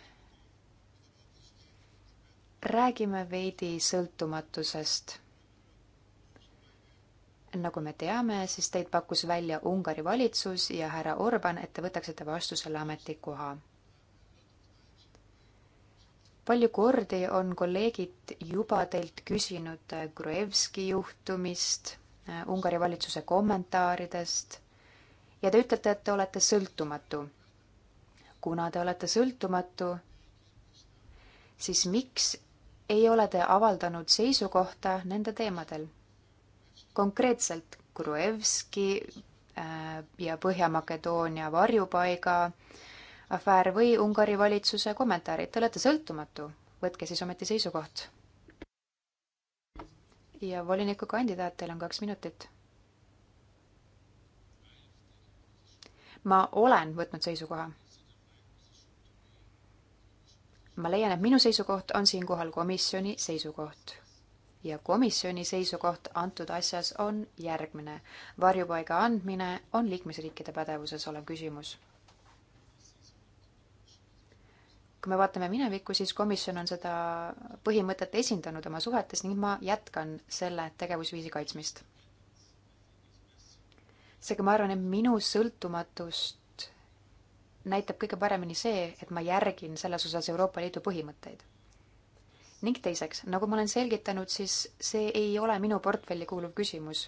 räägime veidi sõltumatusest. nagu me teame, siis teid pakkus välja Ungari valitsus ja härra Orban, et te võtaksite vastu selle ametikoha palju kordi on kolleegid juba teilt küsinud äh, Gruevski juhtumist, äh, Ungari valitsuse kommentaaridest ja te ütlete, et te olete sõltumatu. kuna te olete sõltumatu, siis miks ei ole te avaldanud seisukohta nende teemadel? konkreetselt Gruevski äh, ja Põhja-Makedoonia varjupaiga äh, afäär või Ungari valitsuse kommentaarid. Te olete sõltumatu, võtke siis ometi seisukoht. ja volinikukandidaat, teil on kaks minutit. ma olen võtnud seisukoha. ma leian, et minu seisukoht on siinkohal komisjoni seisukoht ja komisjoni seisukoht antud asjas on järgmine. varjupaiga andmine on liikmesriikide pädevuses olev küsimus kui me vaatame minevikku, siis komisjon on seda põhimõtet esindanud oma suhetes ning ma jätkan selle tegevusviisi kaitsmist. seega ma arvan, et minu sõltumatust näitab kõige paremini see, et ma järgin selles osas Euroopa Liidu põhimõtteid. ning teiseks, nagu ma olen selgitanud, siis see ei ole minu portfelli kuuluv küsimus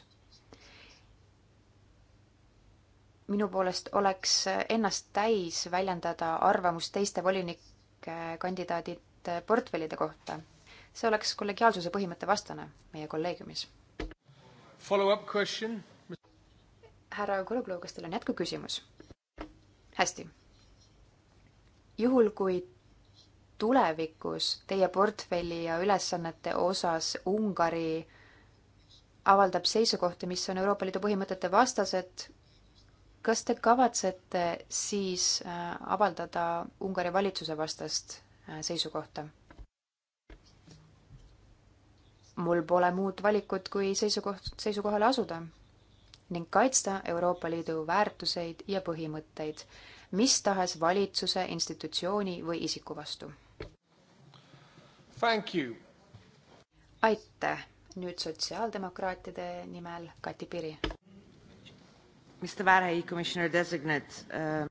minu poolest oleks ennast täis väljendada arvamust teiste volinik, Äh, kandidaadid äh, portfellide kohta. see oleks kollegiaalsuse põhimõtte vastane meie kolleegiumis. Follow-up question? härra Kuluklu, kas teil on jätkuküsimus? hästi. juhul, kui tulevikus teie portfelli ja ülesannete osas Ungari avaldab seisukohti, mis on Euroopa Liidu põhimõtete vastased, kas te kavatsete siis äh, avaldada Ungari valitsuse vastast äh, seisukohta? mul pole muud valikut, kui seisukoht, seisukohale asuda ning kaitsta Euroopa Liidu väärtuseid ja põhimõtteid mis tahes valitsuse, institutsiooni või isiku vastu. aitäh, nüüd sotsiaaldemokraatide nimel Kati Piri Mr Värhei, commissioner designate uh....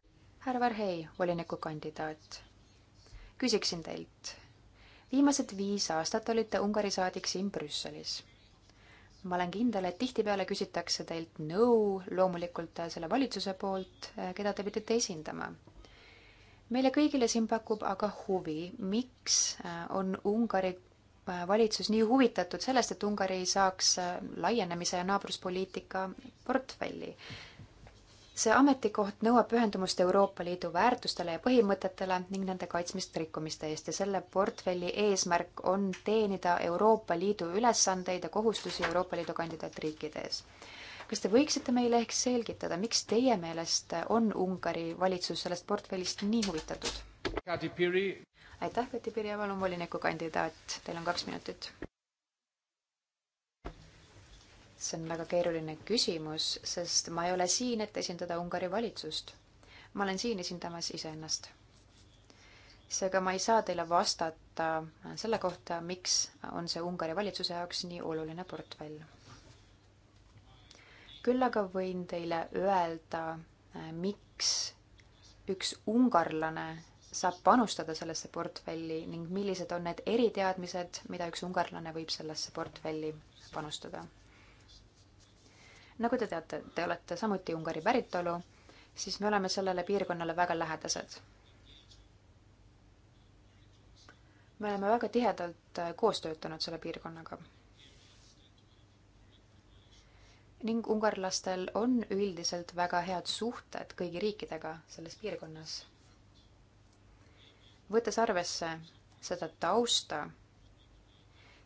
härra Värhei, volinikukandidaat. küsiksin teilt. viimased viis aastat olite Ungari saadik siin Brüsselis ma olen kindel, et tihtipeale küsitakse teilt nõu loomulikult selle valitsuse poolt, eh, keda te pidite esindama. meile kõigile siin pakub aga huvi, miks eh, on Ungari eh, valitsus nii huvitatud sellest, et Ungari saaks laienemise ja naabruspoliitika portfelli see ametikoht nõuab pühendumust Euroopa Liidu väärtustele ja põhimõtetele ning nende kaitsmist rikkumiste eest ja selle portfelli eesmärk on teenida Euroopa Liidu ülesandeid ja kohustusi Euroopa Liidu kandidaatriikide ees. kas te võiksite meile ehk selgitada, miks teie meelest on Ungari valitsus sellest portfellist nii huvitatud? aitäh, Kati Pirje, palun volinikukandidaat, teil on kaks minutit see on väga keeruline küsimus, sest ma ei ole siin, et esindada Ungari valitsust. ma olen siin esindamas iseennast. seega ma ei saa teile vastata selle kohta, miks on see Ungari valitsuse jaoks nii oluline portfell. küll aga võin teile öelda, miks üks ungarlane saab panustada sellesse portfelli ning millised on need eriteadmised, mida üks ungarlane võib sellesse portfelli panustada nagu te teate, te olete samuti Ungari päritolu, siis me oleme sellele piirkonnale väga lähedased. me oleme väga tihedalt äh, koos töötanud selle piirkonnaga. ning ungarlastel on üldiselt väga head suhted kõigi riikidega selles piirkonnas. võttes arvesse seda tausta,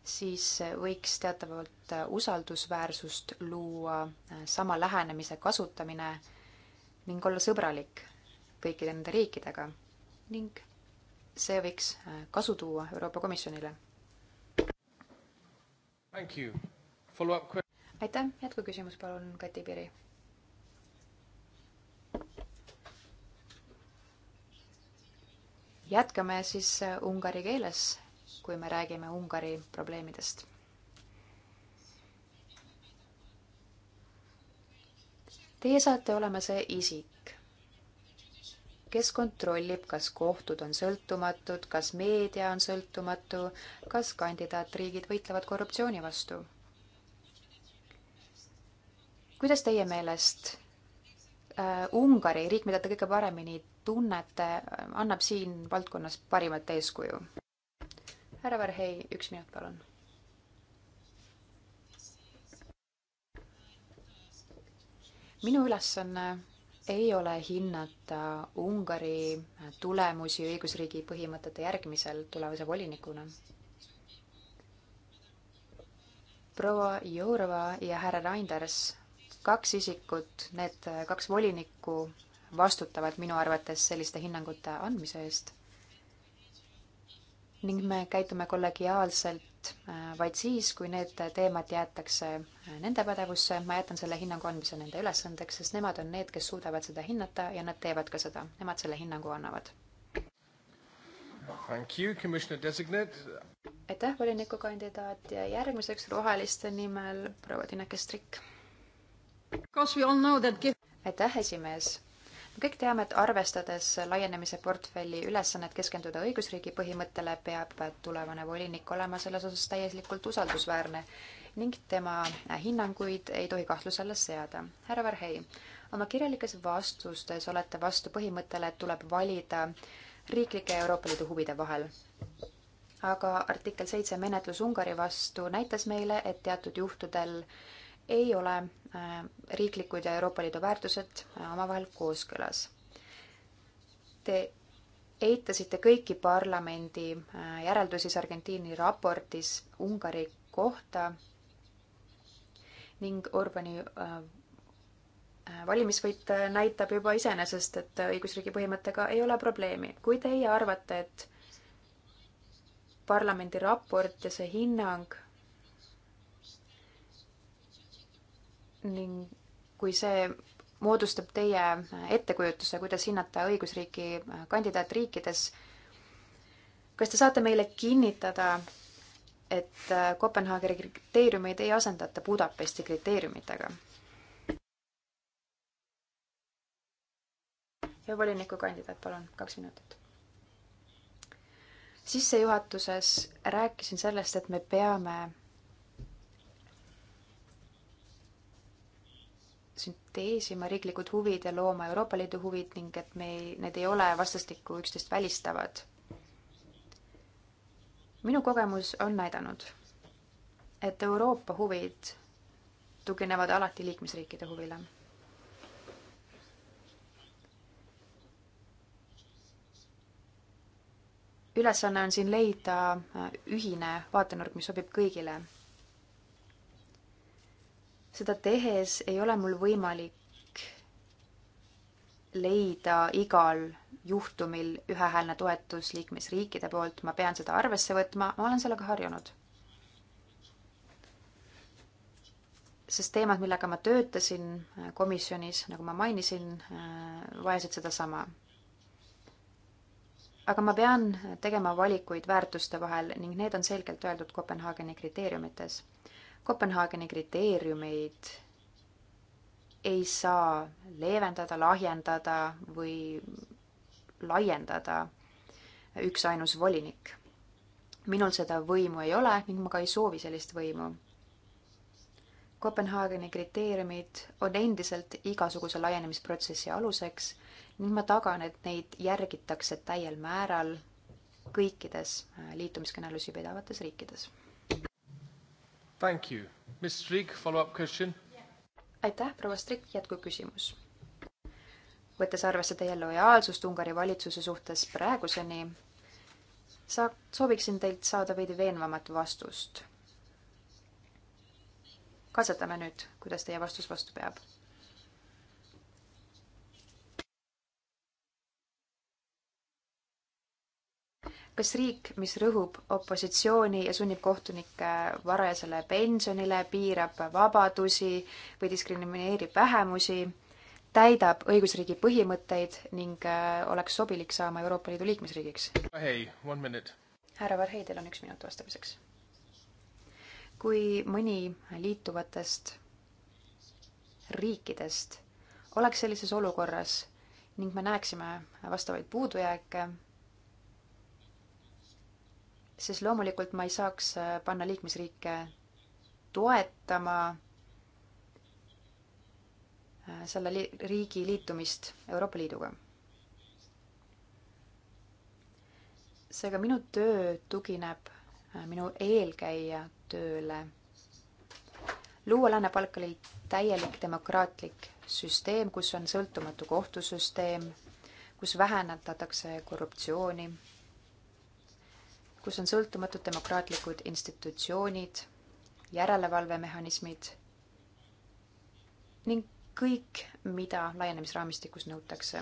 siis võiks teatavalt usaldusväärsust luua äh, sama lähenemise kasutamine ning olla sõbralik kõikide nende riikidega ning see võiks äh, kasu tuua Euroopa Komisjonile. aitäh, jätkuküsimus palun, Kati Piri. jätkame siis äh, ungari keeles kui me räägime Ungari probleemidest. Teie saate olema see isik, kes kontrollib, kas kohtud on sõltumatud, kas meedia on sõltumatu, kas kandidaatriigid võitlevad korruptsiooni vastu. kuidas teie meelest äh, Ungari, riik, mida te kõige paremini tunnete, annab siin valdkonnas parimat eeskuju? härra Verhey, üks minut, palun. minu ülesanne ei ole hinnata Ungari tulemusi õigusriigi põhimõtete järgimisel tulevase volinikuna. proua Jourova ja härra Reinders, kaks isikut, need kaks volinikku vastutavad minu arvates selliste hinnangute andmise eest ning me käitume kollegiaalselt äh, vaid siis, kui need teemad jäetakse äh, nende pädevusse, ma jätan selle hinnangu andmise nende ülesandeks, sest nemad on need, kes suudavad seda hinnata ja nad teevad ka seda, nemad selle hinnangu annavad. aitäh, volinikukandidaat ja järgmiseks roheliste nimel proua Tiina Kestrik. aitäh, esimees me kõik teame, et arvestades laienemise portfelli ülesannet keskenduda õigusriigi põhimõttele, peab tulevane volinik olema selles osas täielikult usaldusväärne ning tema hinnanguid ei tohi kahtluse alla seada. härra Verhey, oma kirjalikes vastustes olete vastu põhimõttele, et tuleb valida riiklike ja Euroopa Liidu huvide vahel. aga artikkel seitse menetlus Ungari vastu näitas meile, et teatud juhtudel ei ole Äh, riiklikud ja Euroopa Liidu väärtused äh, omavahel kooskõlas. Te eitasite kõiki parlamendi äh, järeldusi Argentiini raportis Ungari kohta ning Orbani valimisvõit näitab juba iseenesest, et õigusriigi põhimõttega ei ole probleemi. kui teie arvate, et parlamendi raport ja see hinnang ning kui see moodustab teie ettekujutuse, kuidas hinnata õigusriiki kandidaatriikides, kas te saate meile kinnitada, et Kopenhaageni kriteeriumeid ei asendata Budapesti kriteeriumitega? ja volinikukandidaat, palun, kaks minutit. sissejuhatuses rääkisin sellest, et me peame sünteesima riiklikud huvid ja looma Euroopa Liidu huvid ning et me ei, need ei ole vastastikku üksteist välistavad. minu kogemus on näidanud, et Euroopa huvid tuginevad alati liikmesriikide huvile. ülesanne on siin leida ühine vaatenurk, mis sobib kõigile seda tehes ei ole mul võimalik leida igal juhtumil ühehäälne toetus liikmesriikide poolt, ma pean seda arvesse võtma, ma olen sellega harjunud. sest teemad, millega ma töötasin komisjonis, nagu ma mainisin, vajasid sedasama aga ma pean tegema valikuid väärtuste vahel ning need on selgelt öeldud Kopenhaageni kriteeriumites. Kopenhaageni kriteeriumeid ei saa leevendada, lahjendada või laiendada üksainus volinik. minul seda võimu ei ole ning ma ka ei soovi sellist võimu. Kopenhaageni kriteeriumid on endiselt igasuguse laienemisprotsessi aluseks ning ma tagan, et neid järgitakse täiel määral kõikides äh, liitumiskõnelusi pidavates riikides Thank you. Miss Strik, follow-up question. aitäh, proua Strik, jätkuküsimus. võttes arvesse teie lojaalsust Ungari valitsuse suhtes praeguseni, sa-, sooviksin teilt saada veidi veenvamat vastust. katsetame nüüd, kuidas teie vastus vastu peab kas riik, mis rõhub opositsiooni ja sunnib kohtunikke varajasele pensionile, piirab vabadusi või diskrimineerib vähemusi, täidab õigusriigi põhimõtteid ning äh, oleks sobilik saama Euroopa Liidu liikmesriigiks? härra Varhei, teil on üks minut vastamiseks. kui mõni liituvatest riikidest oleks sellises olukorras ning me näeksime vastavaid puudujääke, siis loomulikult ma ei saaks äh, panna liikmesriike toetama äh, selle li riigi liitumist Euroopa Liiduga. seega minu töö tugineb äh, minu eelkäija tööle luua Lääne-Balkanil täielik demokraatlik süsteem, kus on sõltumatu kohtusüsteem, kus vähendatakse korruptsiooni kus on sõltumatud demokraatlikud institutsioonid, järelevalvemehhanismid ning kõik, mida laienemisraamistikus nõutakse.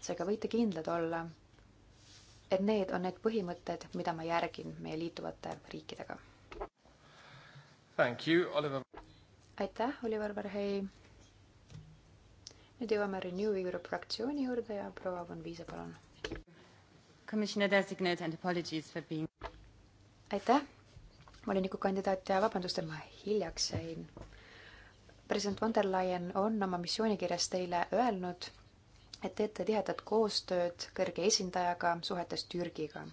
seega võite kindlad olla, et need on need põhimõtted, mida ma järgin meie liituvate riikidega. aitäh, Oliver Verhey. nüüd jõuame Renew Europe fraktsiooni juurde ja proua Von Viise, palun Being... aitäh, volinikukandidaat ja vabandust, et ma hiljaks jäin. president von der Leyen on oma missioonikirjas teile öelnud, et teete tihedat koostööd kõrge esindajaga suhetes Türgiga.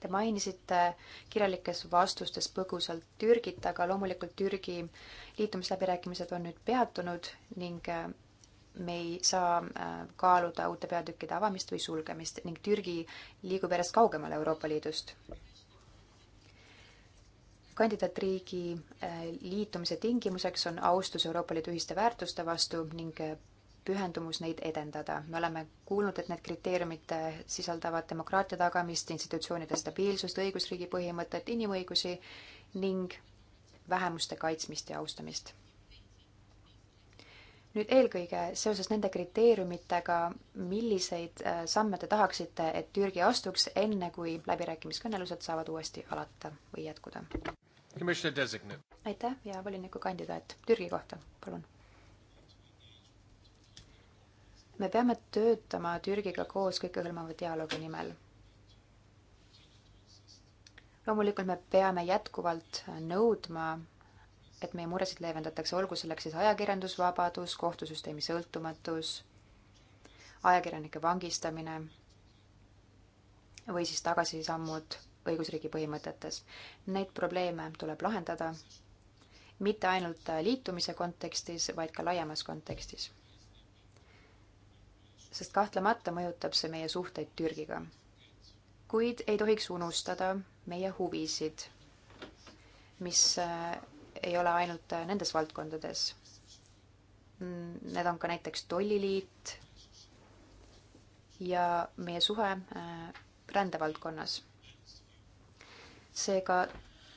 Te mainisite kirjalikes vastustes põgusalt Türgit, aga loomulikult Türgi liitumisläbirääkimised on nüüd peatunud ning me ei saa äh, kaaluda uute peatükkide avamist või sulgemist ning Türgi liigub järjest kaugemale Euroopa Liidust. kandidaatriigi äh, liitumise tingimuseks on austus Euroopa Liidu ühiste väärtuste vastu ning äh, pühendumus neid edendada. me oleme kuulnud, et need kriteeriumid sisaldavad demokraatia tagamist, institutsioonide stabiilsust, õigusriigi põhimõtet, inimõigusi ning vähemuste kaitsmist ja austamist nüüd eelkõige seoses nende kriteeriumitega, milliseid äh, samme te tahaksite, et Türgi astuks, enne kui läbirääkimiskõnelused saavad uuesti alata või jätkuda? aitäh ja volinikukandidaat Türgi kohta, palun. me peame töötama Türgiga koos kõikehõlmava dialoogi nimel. loomulikult me peame jätkuvalt nõudma et meie muresid leevendatakse, olgu selleks siis ajakirjandusvabadus, kohtusüsteemi sõltumatus, ajakirjanike vangistamine või siis tagasisammud õigusriigi põhimõtetes. Neid probleeme tuleb lahendada mitte ainult liitumise kontekstis, vaid ka laiemas kontekstis. sest kahtlemata mõjutab see meie suhteid Türgiga. kuid ei tohiks unustada meie huvisid, mis ei ole ainult äh, nendes valdkondades. Need on ka näiteks tolliliit ja meie suhe äh, rändevaldkonnas. seega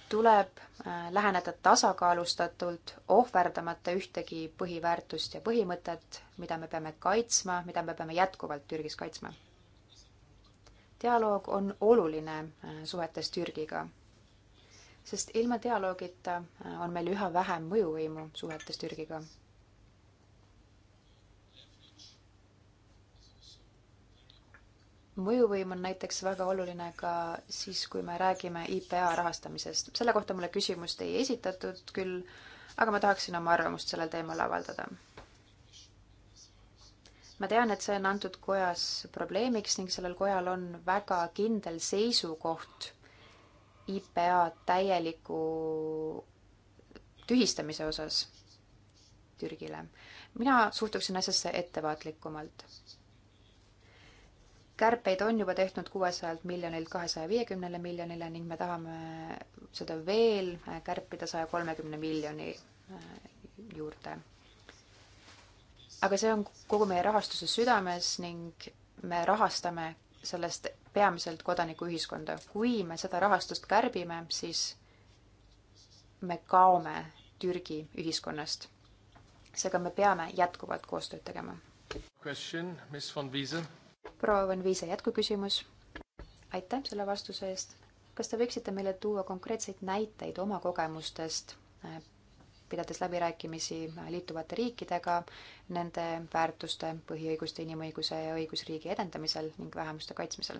tuleb äh, läheneda tasakaalustatult, ohverdamata ühtegi põhiväärtust ja põhimõtet, mida me peame kaitsma, mida me peame jätkuvalt Türgis kaitsma. dialoog on oluline suhetes Türgiga sest ilma dialoogita äh, on meil üha vähem mõjuvõimu suhetes Türgiga. mõjuvõim on näiteks väga oluline ka siis, kui me räägime IPA rahastamisest. selle kohta mulle küsimust ei esitatud küll, aga ma tahaksin oma arvamust sellel teemal avaldada. ma tean, et see on antud kojas probleemiks ning sellel kojal on väga kindel seisukoht IPA täieliku tühistamise osas Türgile. mina suhtuksin asjasse ettevaatlikumalt. kärpeid on juba tehtud kuuesajalt miljonilt kahesaja viiekümnele miljonile ning me tahame seda veel kärpida saja kolmekümne miljoni äh, juurde. aga see on kogu meie rahastuse südames ning me rahastame sellest peamiselt kodanikuühiskonda. kui me seda rahastust kärbime, siis me kaome Türgi ühiskonnast. seega me peame jätkuvalt koostööd tegema. proua Van Viise jätkuküsimus. aitäh selle vastuse eest. kas te võiksite meile tuua konkreetseid näiteid oma kogemustest pidades läbirääkimisi liituvate riikidega nende väärtuste, põhiõiguste, inimõiguse ja õigusriigi edendamisel ning vähemuste kaitsmisel.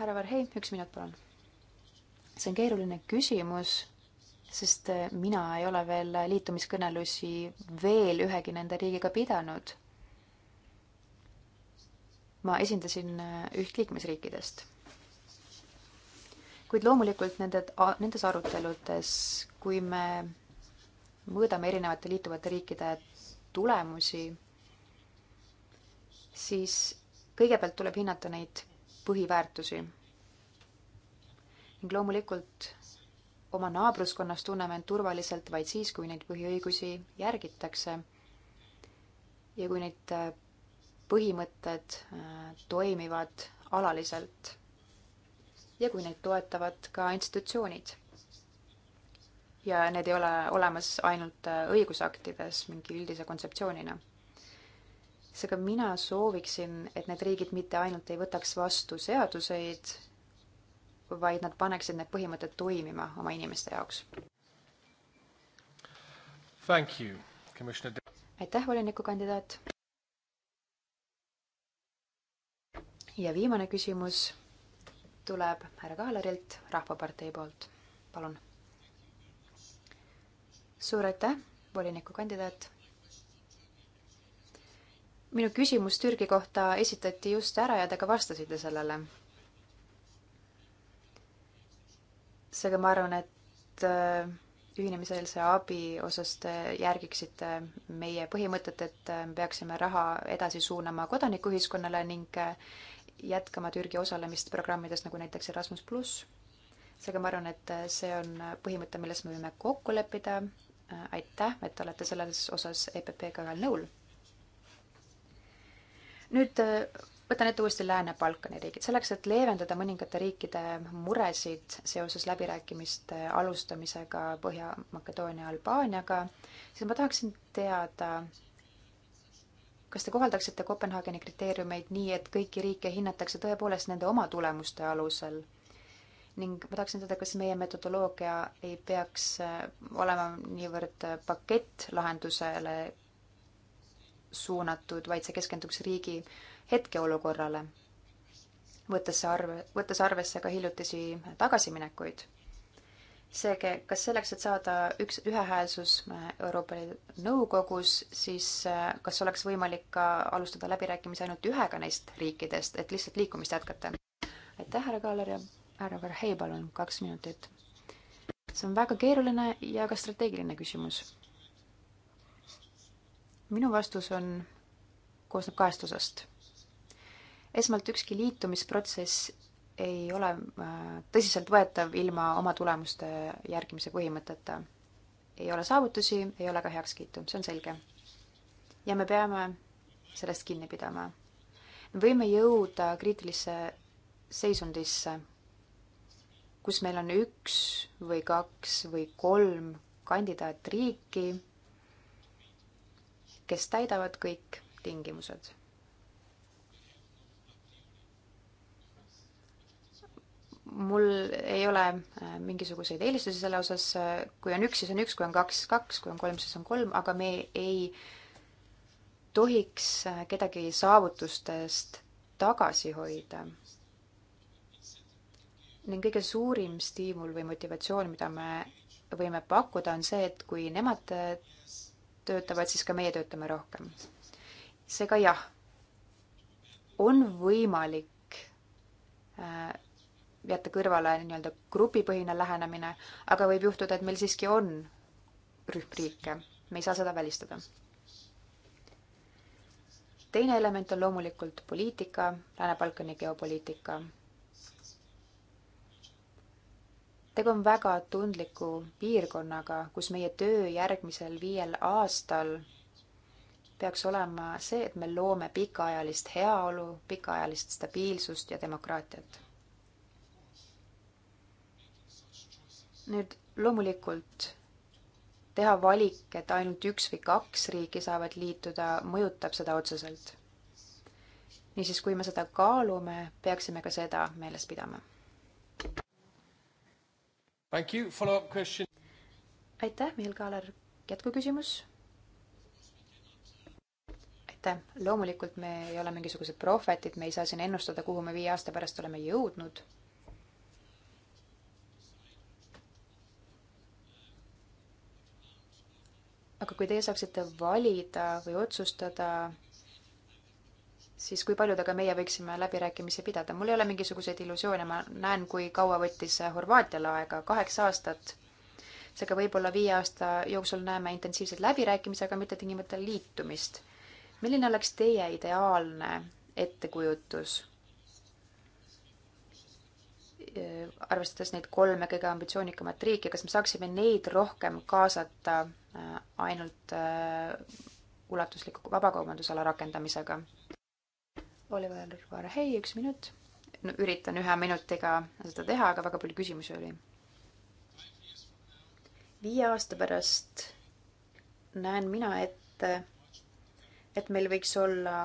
härra Verhey, üks minut, palun. see on keeruline küsimus, sest eh, mina ei ole veel liitumiskõnelusi veel ühegi nende riigiga pidanud. ma esindasin eh, üht liikmesriikidest kuid loomulikult nende, nendes aruteludes, kui me mõõdame erinevate liituvate riikide tulemusi, siis kõigepealt tuleb hinnata neid põhiväärtusi. ning loomulikult oma naabruskonnas tunneme end turvaliselt vaid siis, kui neid põhiõigusi järgitakse ja kui need äh, põhimõtted äh, toimivad alaliselt ja kui neid toetavad ka institutsioonid. ja need ei ole olemas ainult äh, õigusaktides mingi üldise kontseptsioonina. seega mina sooviksin, et need riigid mitte ainult ei võtaks vastu seaduseid, vaid nad paneksid need põhimõtted toimima oma inimeste jaoks. aitäh, volinikukandidaat. ja viimane küsimus tuleb härra Kaalerilt Rahvapartei poolt. palun. suur aitäh, volinikukandidaat. minu küsimus Türgi kohta esitati just ära ja te ka vastasite sellele. seega ma arvan, et äh, ühinemiseelse abi osas te järgiksite meie põhimõtet, et äh, peaksime raha edasi suunama kodanikuühiskonnale ning äh, jätkama Türgi osalemist programmides, nagu näiteks Erasmus pluss. seega ma arvan, et see on põhimõte, milles me võime kokku leppida. aitäh, et olete selles osas EPP-ga ühel nõul. nüüd äh, võtan ette uuesti Lääne-Balkani riigid. selleks, et leevendada mõningate riikide muresid seoses läbirääkimiste alustamisega Põhja-Makedoonia Albaaniaga, siis ma tahaksin teada, kas te kohaldaksite Kopenhaageni kriteeriumeid nii, et kõiki riike hinnatakse tõepoolest nende oma tulemuste alusel? ning ma tahaksin teada, kas meie metodoloogia ei peaks äh, olema niivõrd äh, pakettlahendusele suunatud, vaid see keskenduks riigi hetkeolukorrale, võttes arve, võttes arvesse ka hiljutisi tagasiminekuid seega, kas selleks, et saada üks, ühehäälsus äh, Euroopa Liidu Nõukogus, siis äh, kas oleks võimalik ka alustada läbirääkimisi ainult ühega neist riikidest, et lihtsalt liikumist jätkata? aitäh, härra Kaaler ja härra Verhey, palun, kaks minutit. see on väga keeruline ja ka strateegiline küsimus. minu vastus on, koosneb kahest osast. esmalt ükski liitumisprotsess ei ole äh, tõsiseltvõetav ilma oma tulemuste järgimise põhimõteta. ei ole saavutusi, ei ole ka heakskiitu, see on selge. ja me peame sellest kinni pidama. me võime jõuda kriitilisse seisundisse, kus meil on üks või kaks või kolm kandidaatriiki, kes täidavad kõik tingimused mul ei ole äh, mingisuguseid eelistusi selle osas, äh, kui on üks, siis on üks, kui on kaks, kaks, kui on kolm, siis on kolm, aga me ei tohiks äh, kedagi saavutustest tagasi hoida. ning kõige suurim stiimul või motivatsioon, mida me võime pakkuda, on see, et kui nemad töötavad, siis ka meie töötame rohkem. seega jah, on võimalik jätta kõrvale nii-öelda grupipõhine lähenemine, aga võib juhtuda, et meil siiski on rühm riike, me ei saa seda välistada. teine element on loomulikult poliitika, Lääne-Balkani geopoliitika. tegu on väga tundliku piirkonnaga, kus meie töö järgmisel viiel aastal peaks olema see, et me loome pikaajalist heaolu, pikaajalist stabiilsust ja demokraatiat nüüd loomulikult teha valik, et ainult üks või kaks riiki saavad liituda, mõjutab seda otseselt. niisiis, kui me seda kaalume, peaksime ka seda meeles pidama. aitäh, Mihhail Kaaler, jätkuküsimus? aitäh, loomulikult me ei ole mingisugused prohvetid, me ei saa siin ennustada, kuhu me viie aasta pärast oleme jõudnud aga kui teie saaksite valida või otsustada, siis kui paljudega meie võiksime läbirääkimisi pidada? mul ei ole mingisuguseid illusioone, ma näen, kui kaua võttis Horvaatial aega, kaheksa aastat. seega võib-olla viie aasta jooksul näeme intensiivseid läbirääkimisi, aga mitte tingimata liitumist. milline oleks teie ideaalne ettekujutus? Äh, arvestades neid kolme kõige ambitsioonikamat riiki, kas me saaksime neid rohkem kaasata äh, ainult äh, ulatusliku vabakaubandusala rakendamisega? Oliver Varhei, üks minut. no üritan ühe minutiga seda teha, aga väga palju küsimusi oli. viie aasta pärast näen mina ette, et meil võiks olla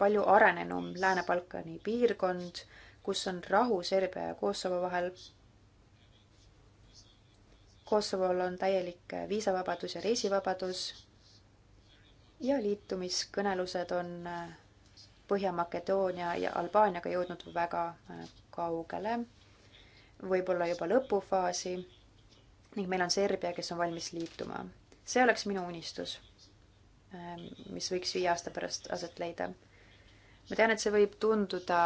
palju arenenum Lääne-Balkani piirkond kus on rahu Serbia ja Kosovo vahel. Kosovol on täielik viisavabadus ja reisivabadus ja liitumiskõnelused on äh, Põhja-Makedoonia ja Albaaniaga jõudnud väga äh, kaugele, võib-olla juba lõpufaasi ning meil on Serbia, kes on valmis liituma. see oleks minu unistus, äh, mis võiks viie aasta pärast aset leida ma tean, et see võib tunduda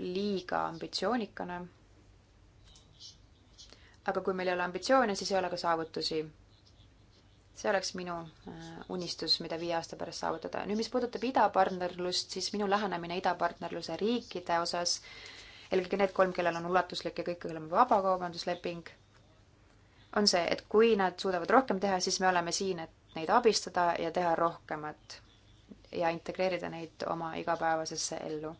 liiga ambitsioonikana. aga kui meil ei ole ambitsioone, siis ei ole ka saavutusi. see oleks minu äh, unistus, mida viie aasta pärast saavutada. nüüd, mis puudutab idapartnerlust, siis minu lähenemine idapartnerluse riikide osas, eelkõige need kolm, kellel on ulatuslik ja kõikehõlmav vabakaubandusleping, on see, et kui nad suudavad rohkem teha, siis me oleme siin, et neid abistada ja teha rohkemat ja integreerida neid oma igapäevasesse ellu.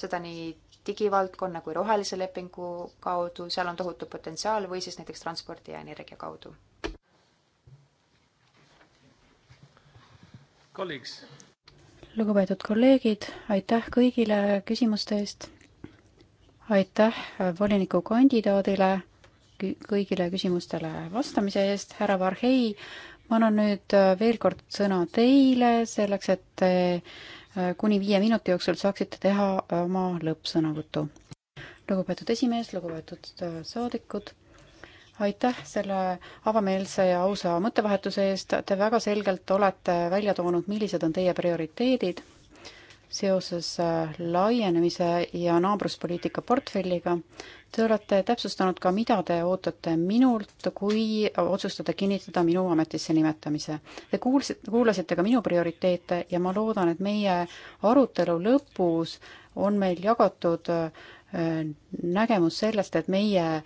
seda nii digivaldkonna kui rohelise lepingu kaudu, seal on tohutu potentsiaal, või siis näiteks transpordi ja energia kaudu. lugupeetud kolleegid, aitäh kõigile küsimuste eest. aitäh volinikukandidaadile kõigile küsimustele vastamise eest, härra Varhei ma annan nüüd äh, veel kord sõna teile selleks, et te äh, kuni viie minuti jooksul saaksite teha äh, oma lõppsõnavõtu. lugupeetud esimees, lugupeetud saadikud aitäh selle avameelse ja ausa mõttevahetuse eest, te väga selgelt olete välja toonud, millised on teie prioriteedid seoses äh, laienemise ja naabruspoliitika portfelliga. Te olete täpsustanud ka, mida te ootate minult, kui otsustate kinnitada minu ametisse nimetamise. Te kuulsite, kuulasite ka minu prioriteete ja ma loodan, et meie arutelu lõpus on meil jagatud äh, nägemus sellest, et meie äh,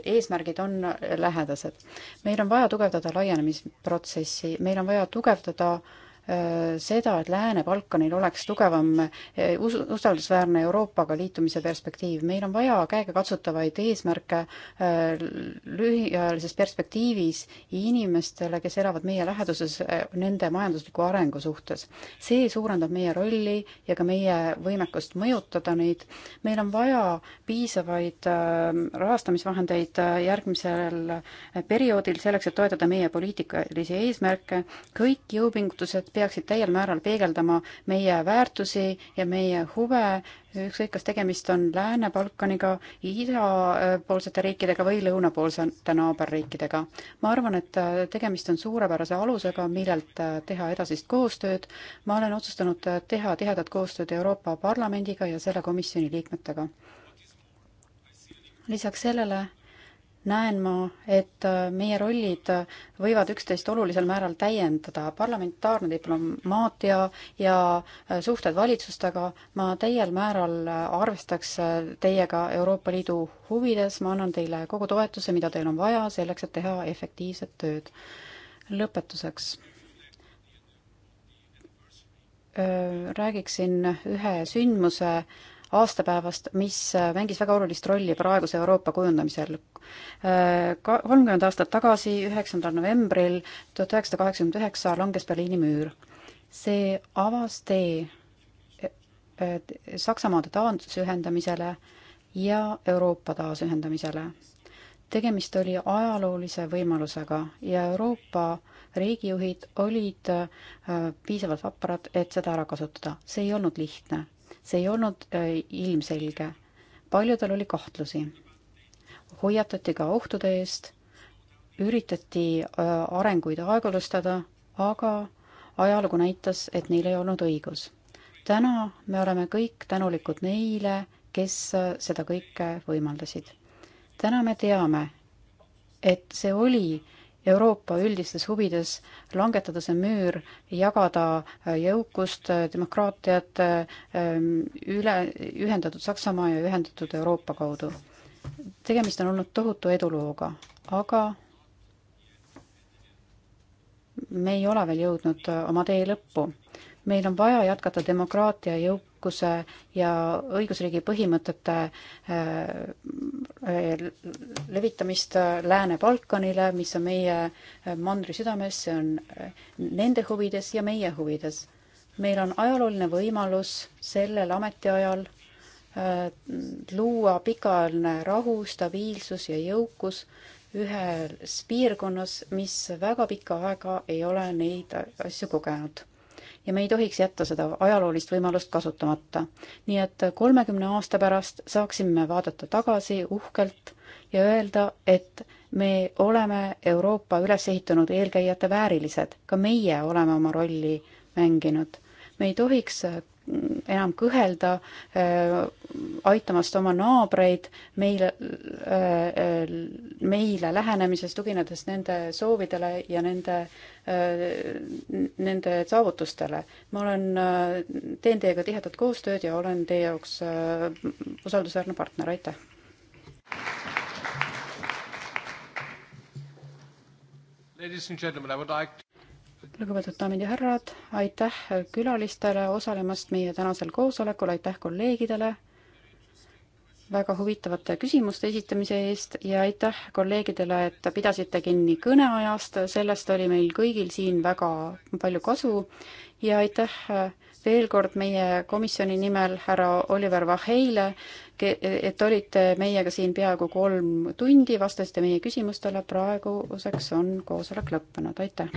eesmärgid on lähedased. meil on vaja tugevdada laienemisprotsessi, meil on vaja tugevdada äh, Äh, seda, et Lääne-Balkanil oleks tugevam äh, usaldusväärne Euroopaga liitumise perspektiiv. meil on vaja käegakatsutavaid eesmärke äh, lühiajalises perspektiivis inimestele, kes elavad meie läheduses, nende majandusliku arengu suhtes. see suurendab meie rolli ja ka meie võimekust mõjutada neid. meil on vaja piisavaid rahastamisvahendeid järgmisel perioodil selleks, et toetada meie poliitikalisi eesmärke, kõik jõupingutused peaksid täiel määral peegeldama meie väärtusi ja meie huve, ükskõik, kas tegemist on Lääne-Balkaniga, idapoolsete riikidega või lõunapoolsete naaberriikidega. ma arvan, et äh, tegemist on suurepärase alusega, millelt äh, teha edasist koostööd. ma olen otsustanud äh, teha tihedat koostööd Euroopa Parlamendiga ja selle komisjoni liikmetega. lisaks sellele näen ma, et äh, meie rollid äh, võivad üksteist olulisel määral täiendada. parlamentaarne diplomaatia ja äh, suhted valitsustega, ma täiel määral arvestaks teiega Euroopa Liidu huvides, ma annan teile kogu toetuse, mida teil on vaja selleks, et teha efektiivset tööd. lõpetuseks räägiksin ühe sündmuse aastapäevast, mis äh, mängis väga olulist rolli praeguse Euroopa kujundamisel. Äh, ka-, kolmkümmend aastat tagasi, üheksandal novembril tuhat üheksasada kaheksakümmend üheksa langes Berliini müür. see avas tee e, e, Saksamaade taasühendamisele ja Euroopa taasühendamisele. tegemist oli ajaloolise võimalusega ja Euroopa riigijuhid olid äh, piisavalt vaprad, et seda ära kasutada. see ei olnud lihtne see ei olnud äh, ilmselge. paljudel oli kahtlusi. hoiatati ka ohtude eest, üritati äh, arenguid aeglustada, aga ajalugu näitas, et neil ei olnud õigus. täna me oleme kõik tänulikud neile, kes äh, seda kõike võimaldasid. täna me teame, et see oli Euroopa üldistes huvides langetada see müür, jagada äh, jõukust, äh, demokraatiat ähm, üle, ühendatud Saksamaa ja ühendatud Euroopa kaudu. tegemist on olnud tohutu edulooga, aga me ei ole veel jõudnud äh, oma tee lõppu. meil on vaja jätkata demokraatia jõuk-, õiguse ja õigusriigi põhimõtete äh, äh, levitamist Lääne-Balkanile, mis on meie äh, mandri südames, see on nende huvides ja meie huvides. meil on ajalooline võimalus sellel ametiajal luua pikaajaline rahu, stabiilsus ja jõukus ühes piirkonnas, mis väga pikka aega ei ole neid asju kogenud ja me ei tohiks jätta seda ajaloolist võimalust kasutamata. nii et kolmekümne aasta pärast saaksime vaadata tagasi uhkelt ja öelda, et me oleme Euroopa üles ehitanud eelkäijate väärilised, ka meie oleme oma rolli mänginud. me ei tohiks enam kõhelda, äh, aitamast oma naabreid meile, äh, äh, meile lähenemises, tuginedes nende soovidele ja nende, nende saavutustele. ma olen, teen teiega tihedat koostööd ja olen teie jaoks usaldusväärne partner, aitäh! Ladies and gentlemen, I would like lugupeetud daamid ja härrad, aitäh külalistele osalemast meie tänasel koosolekul, aitäh kolleegidele väga huvitavate küsimuste esitamise eest ja aitäh kolleegidele, et pidasite kinni kõneajast, sellest oli meil kõigil siin väga palju kasu ja aitäh veel kord meie komisjoni nimel härra Oliver Vaheile, et olite meiega siin peaaegu kolm tundi, vastasite meie küsimustele, praeguseks on koosolek lõppenud, aitäh!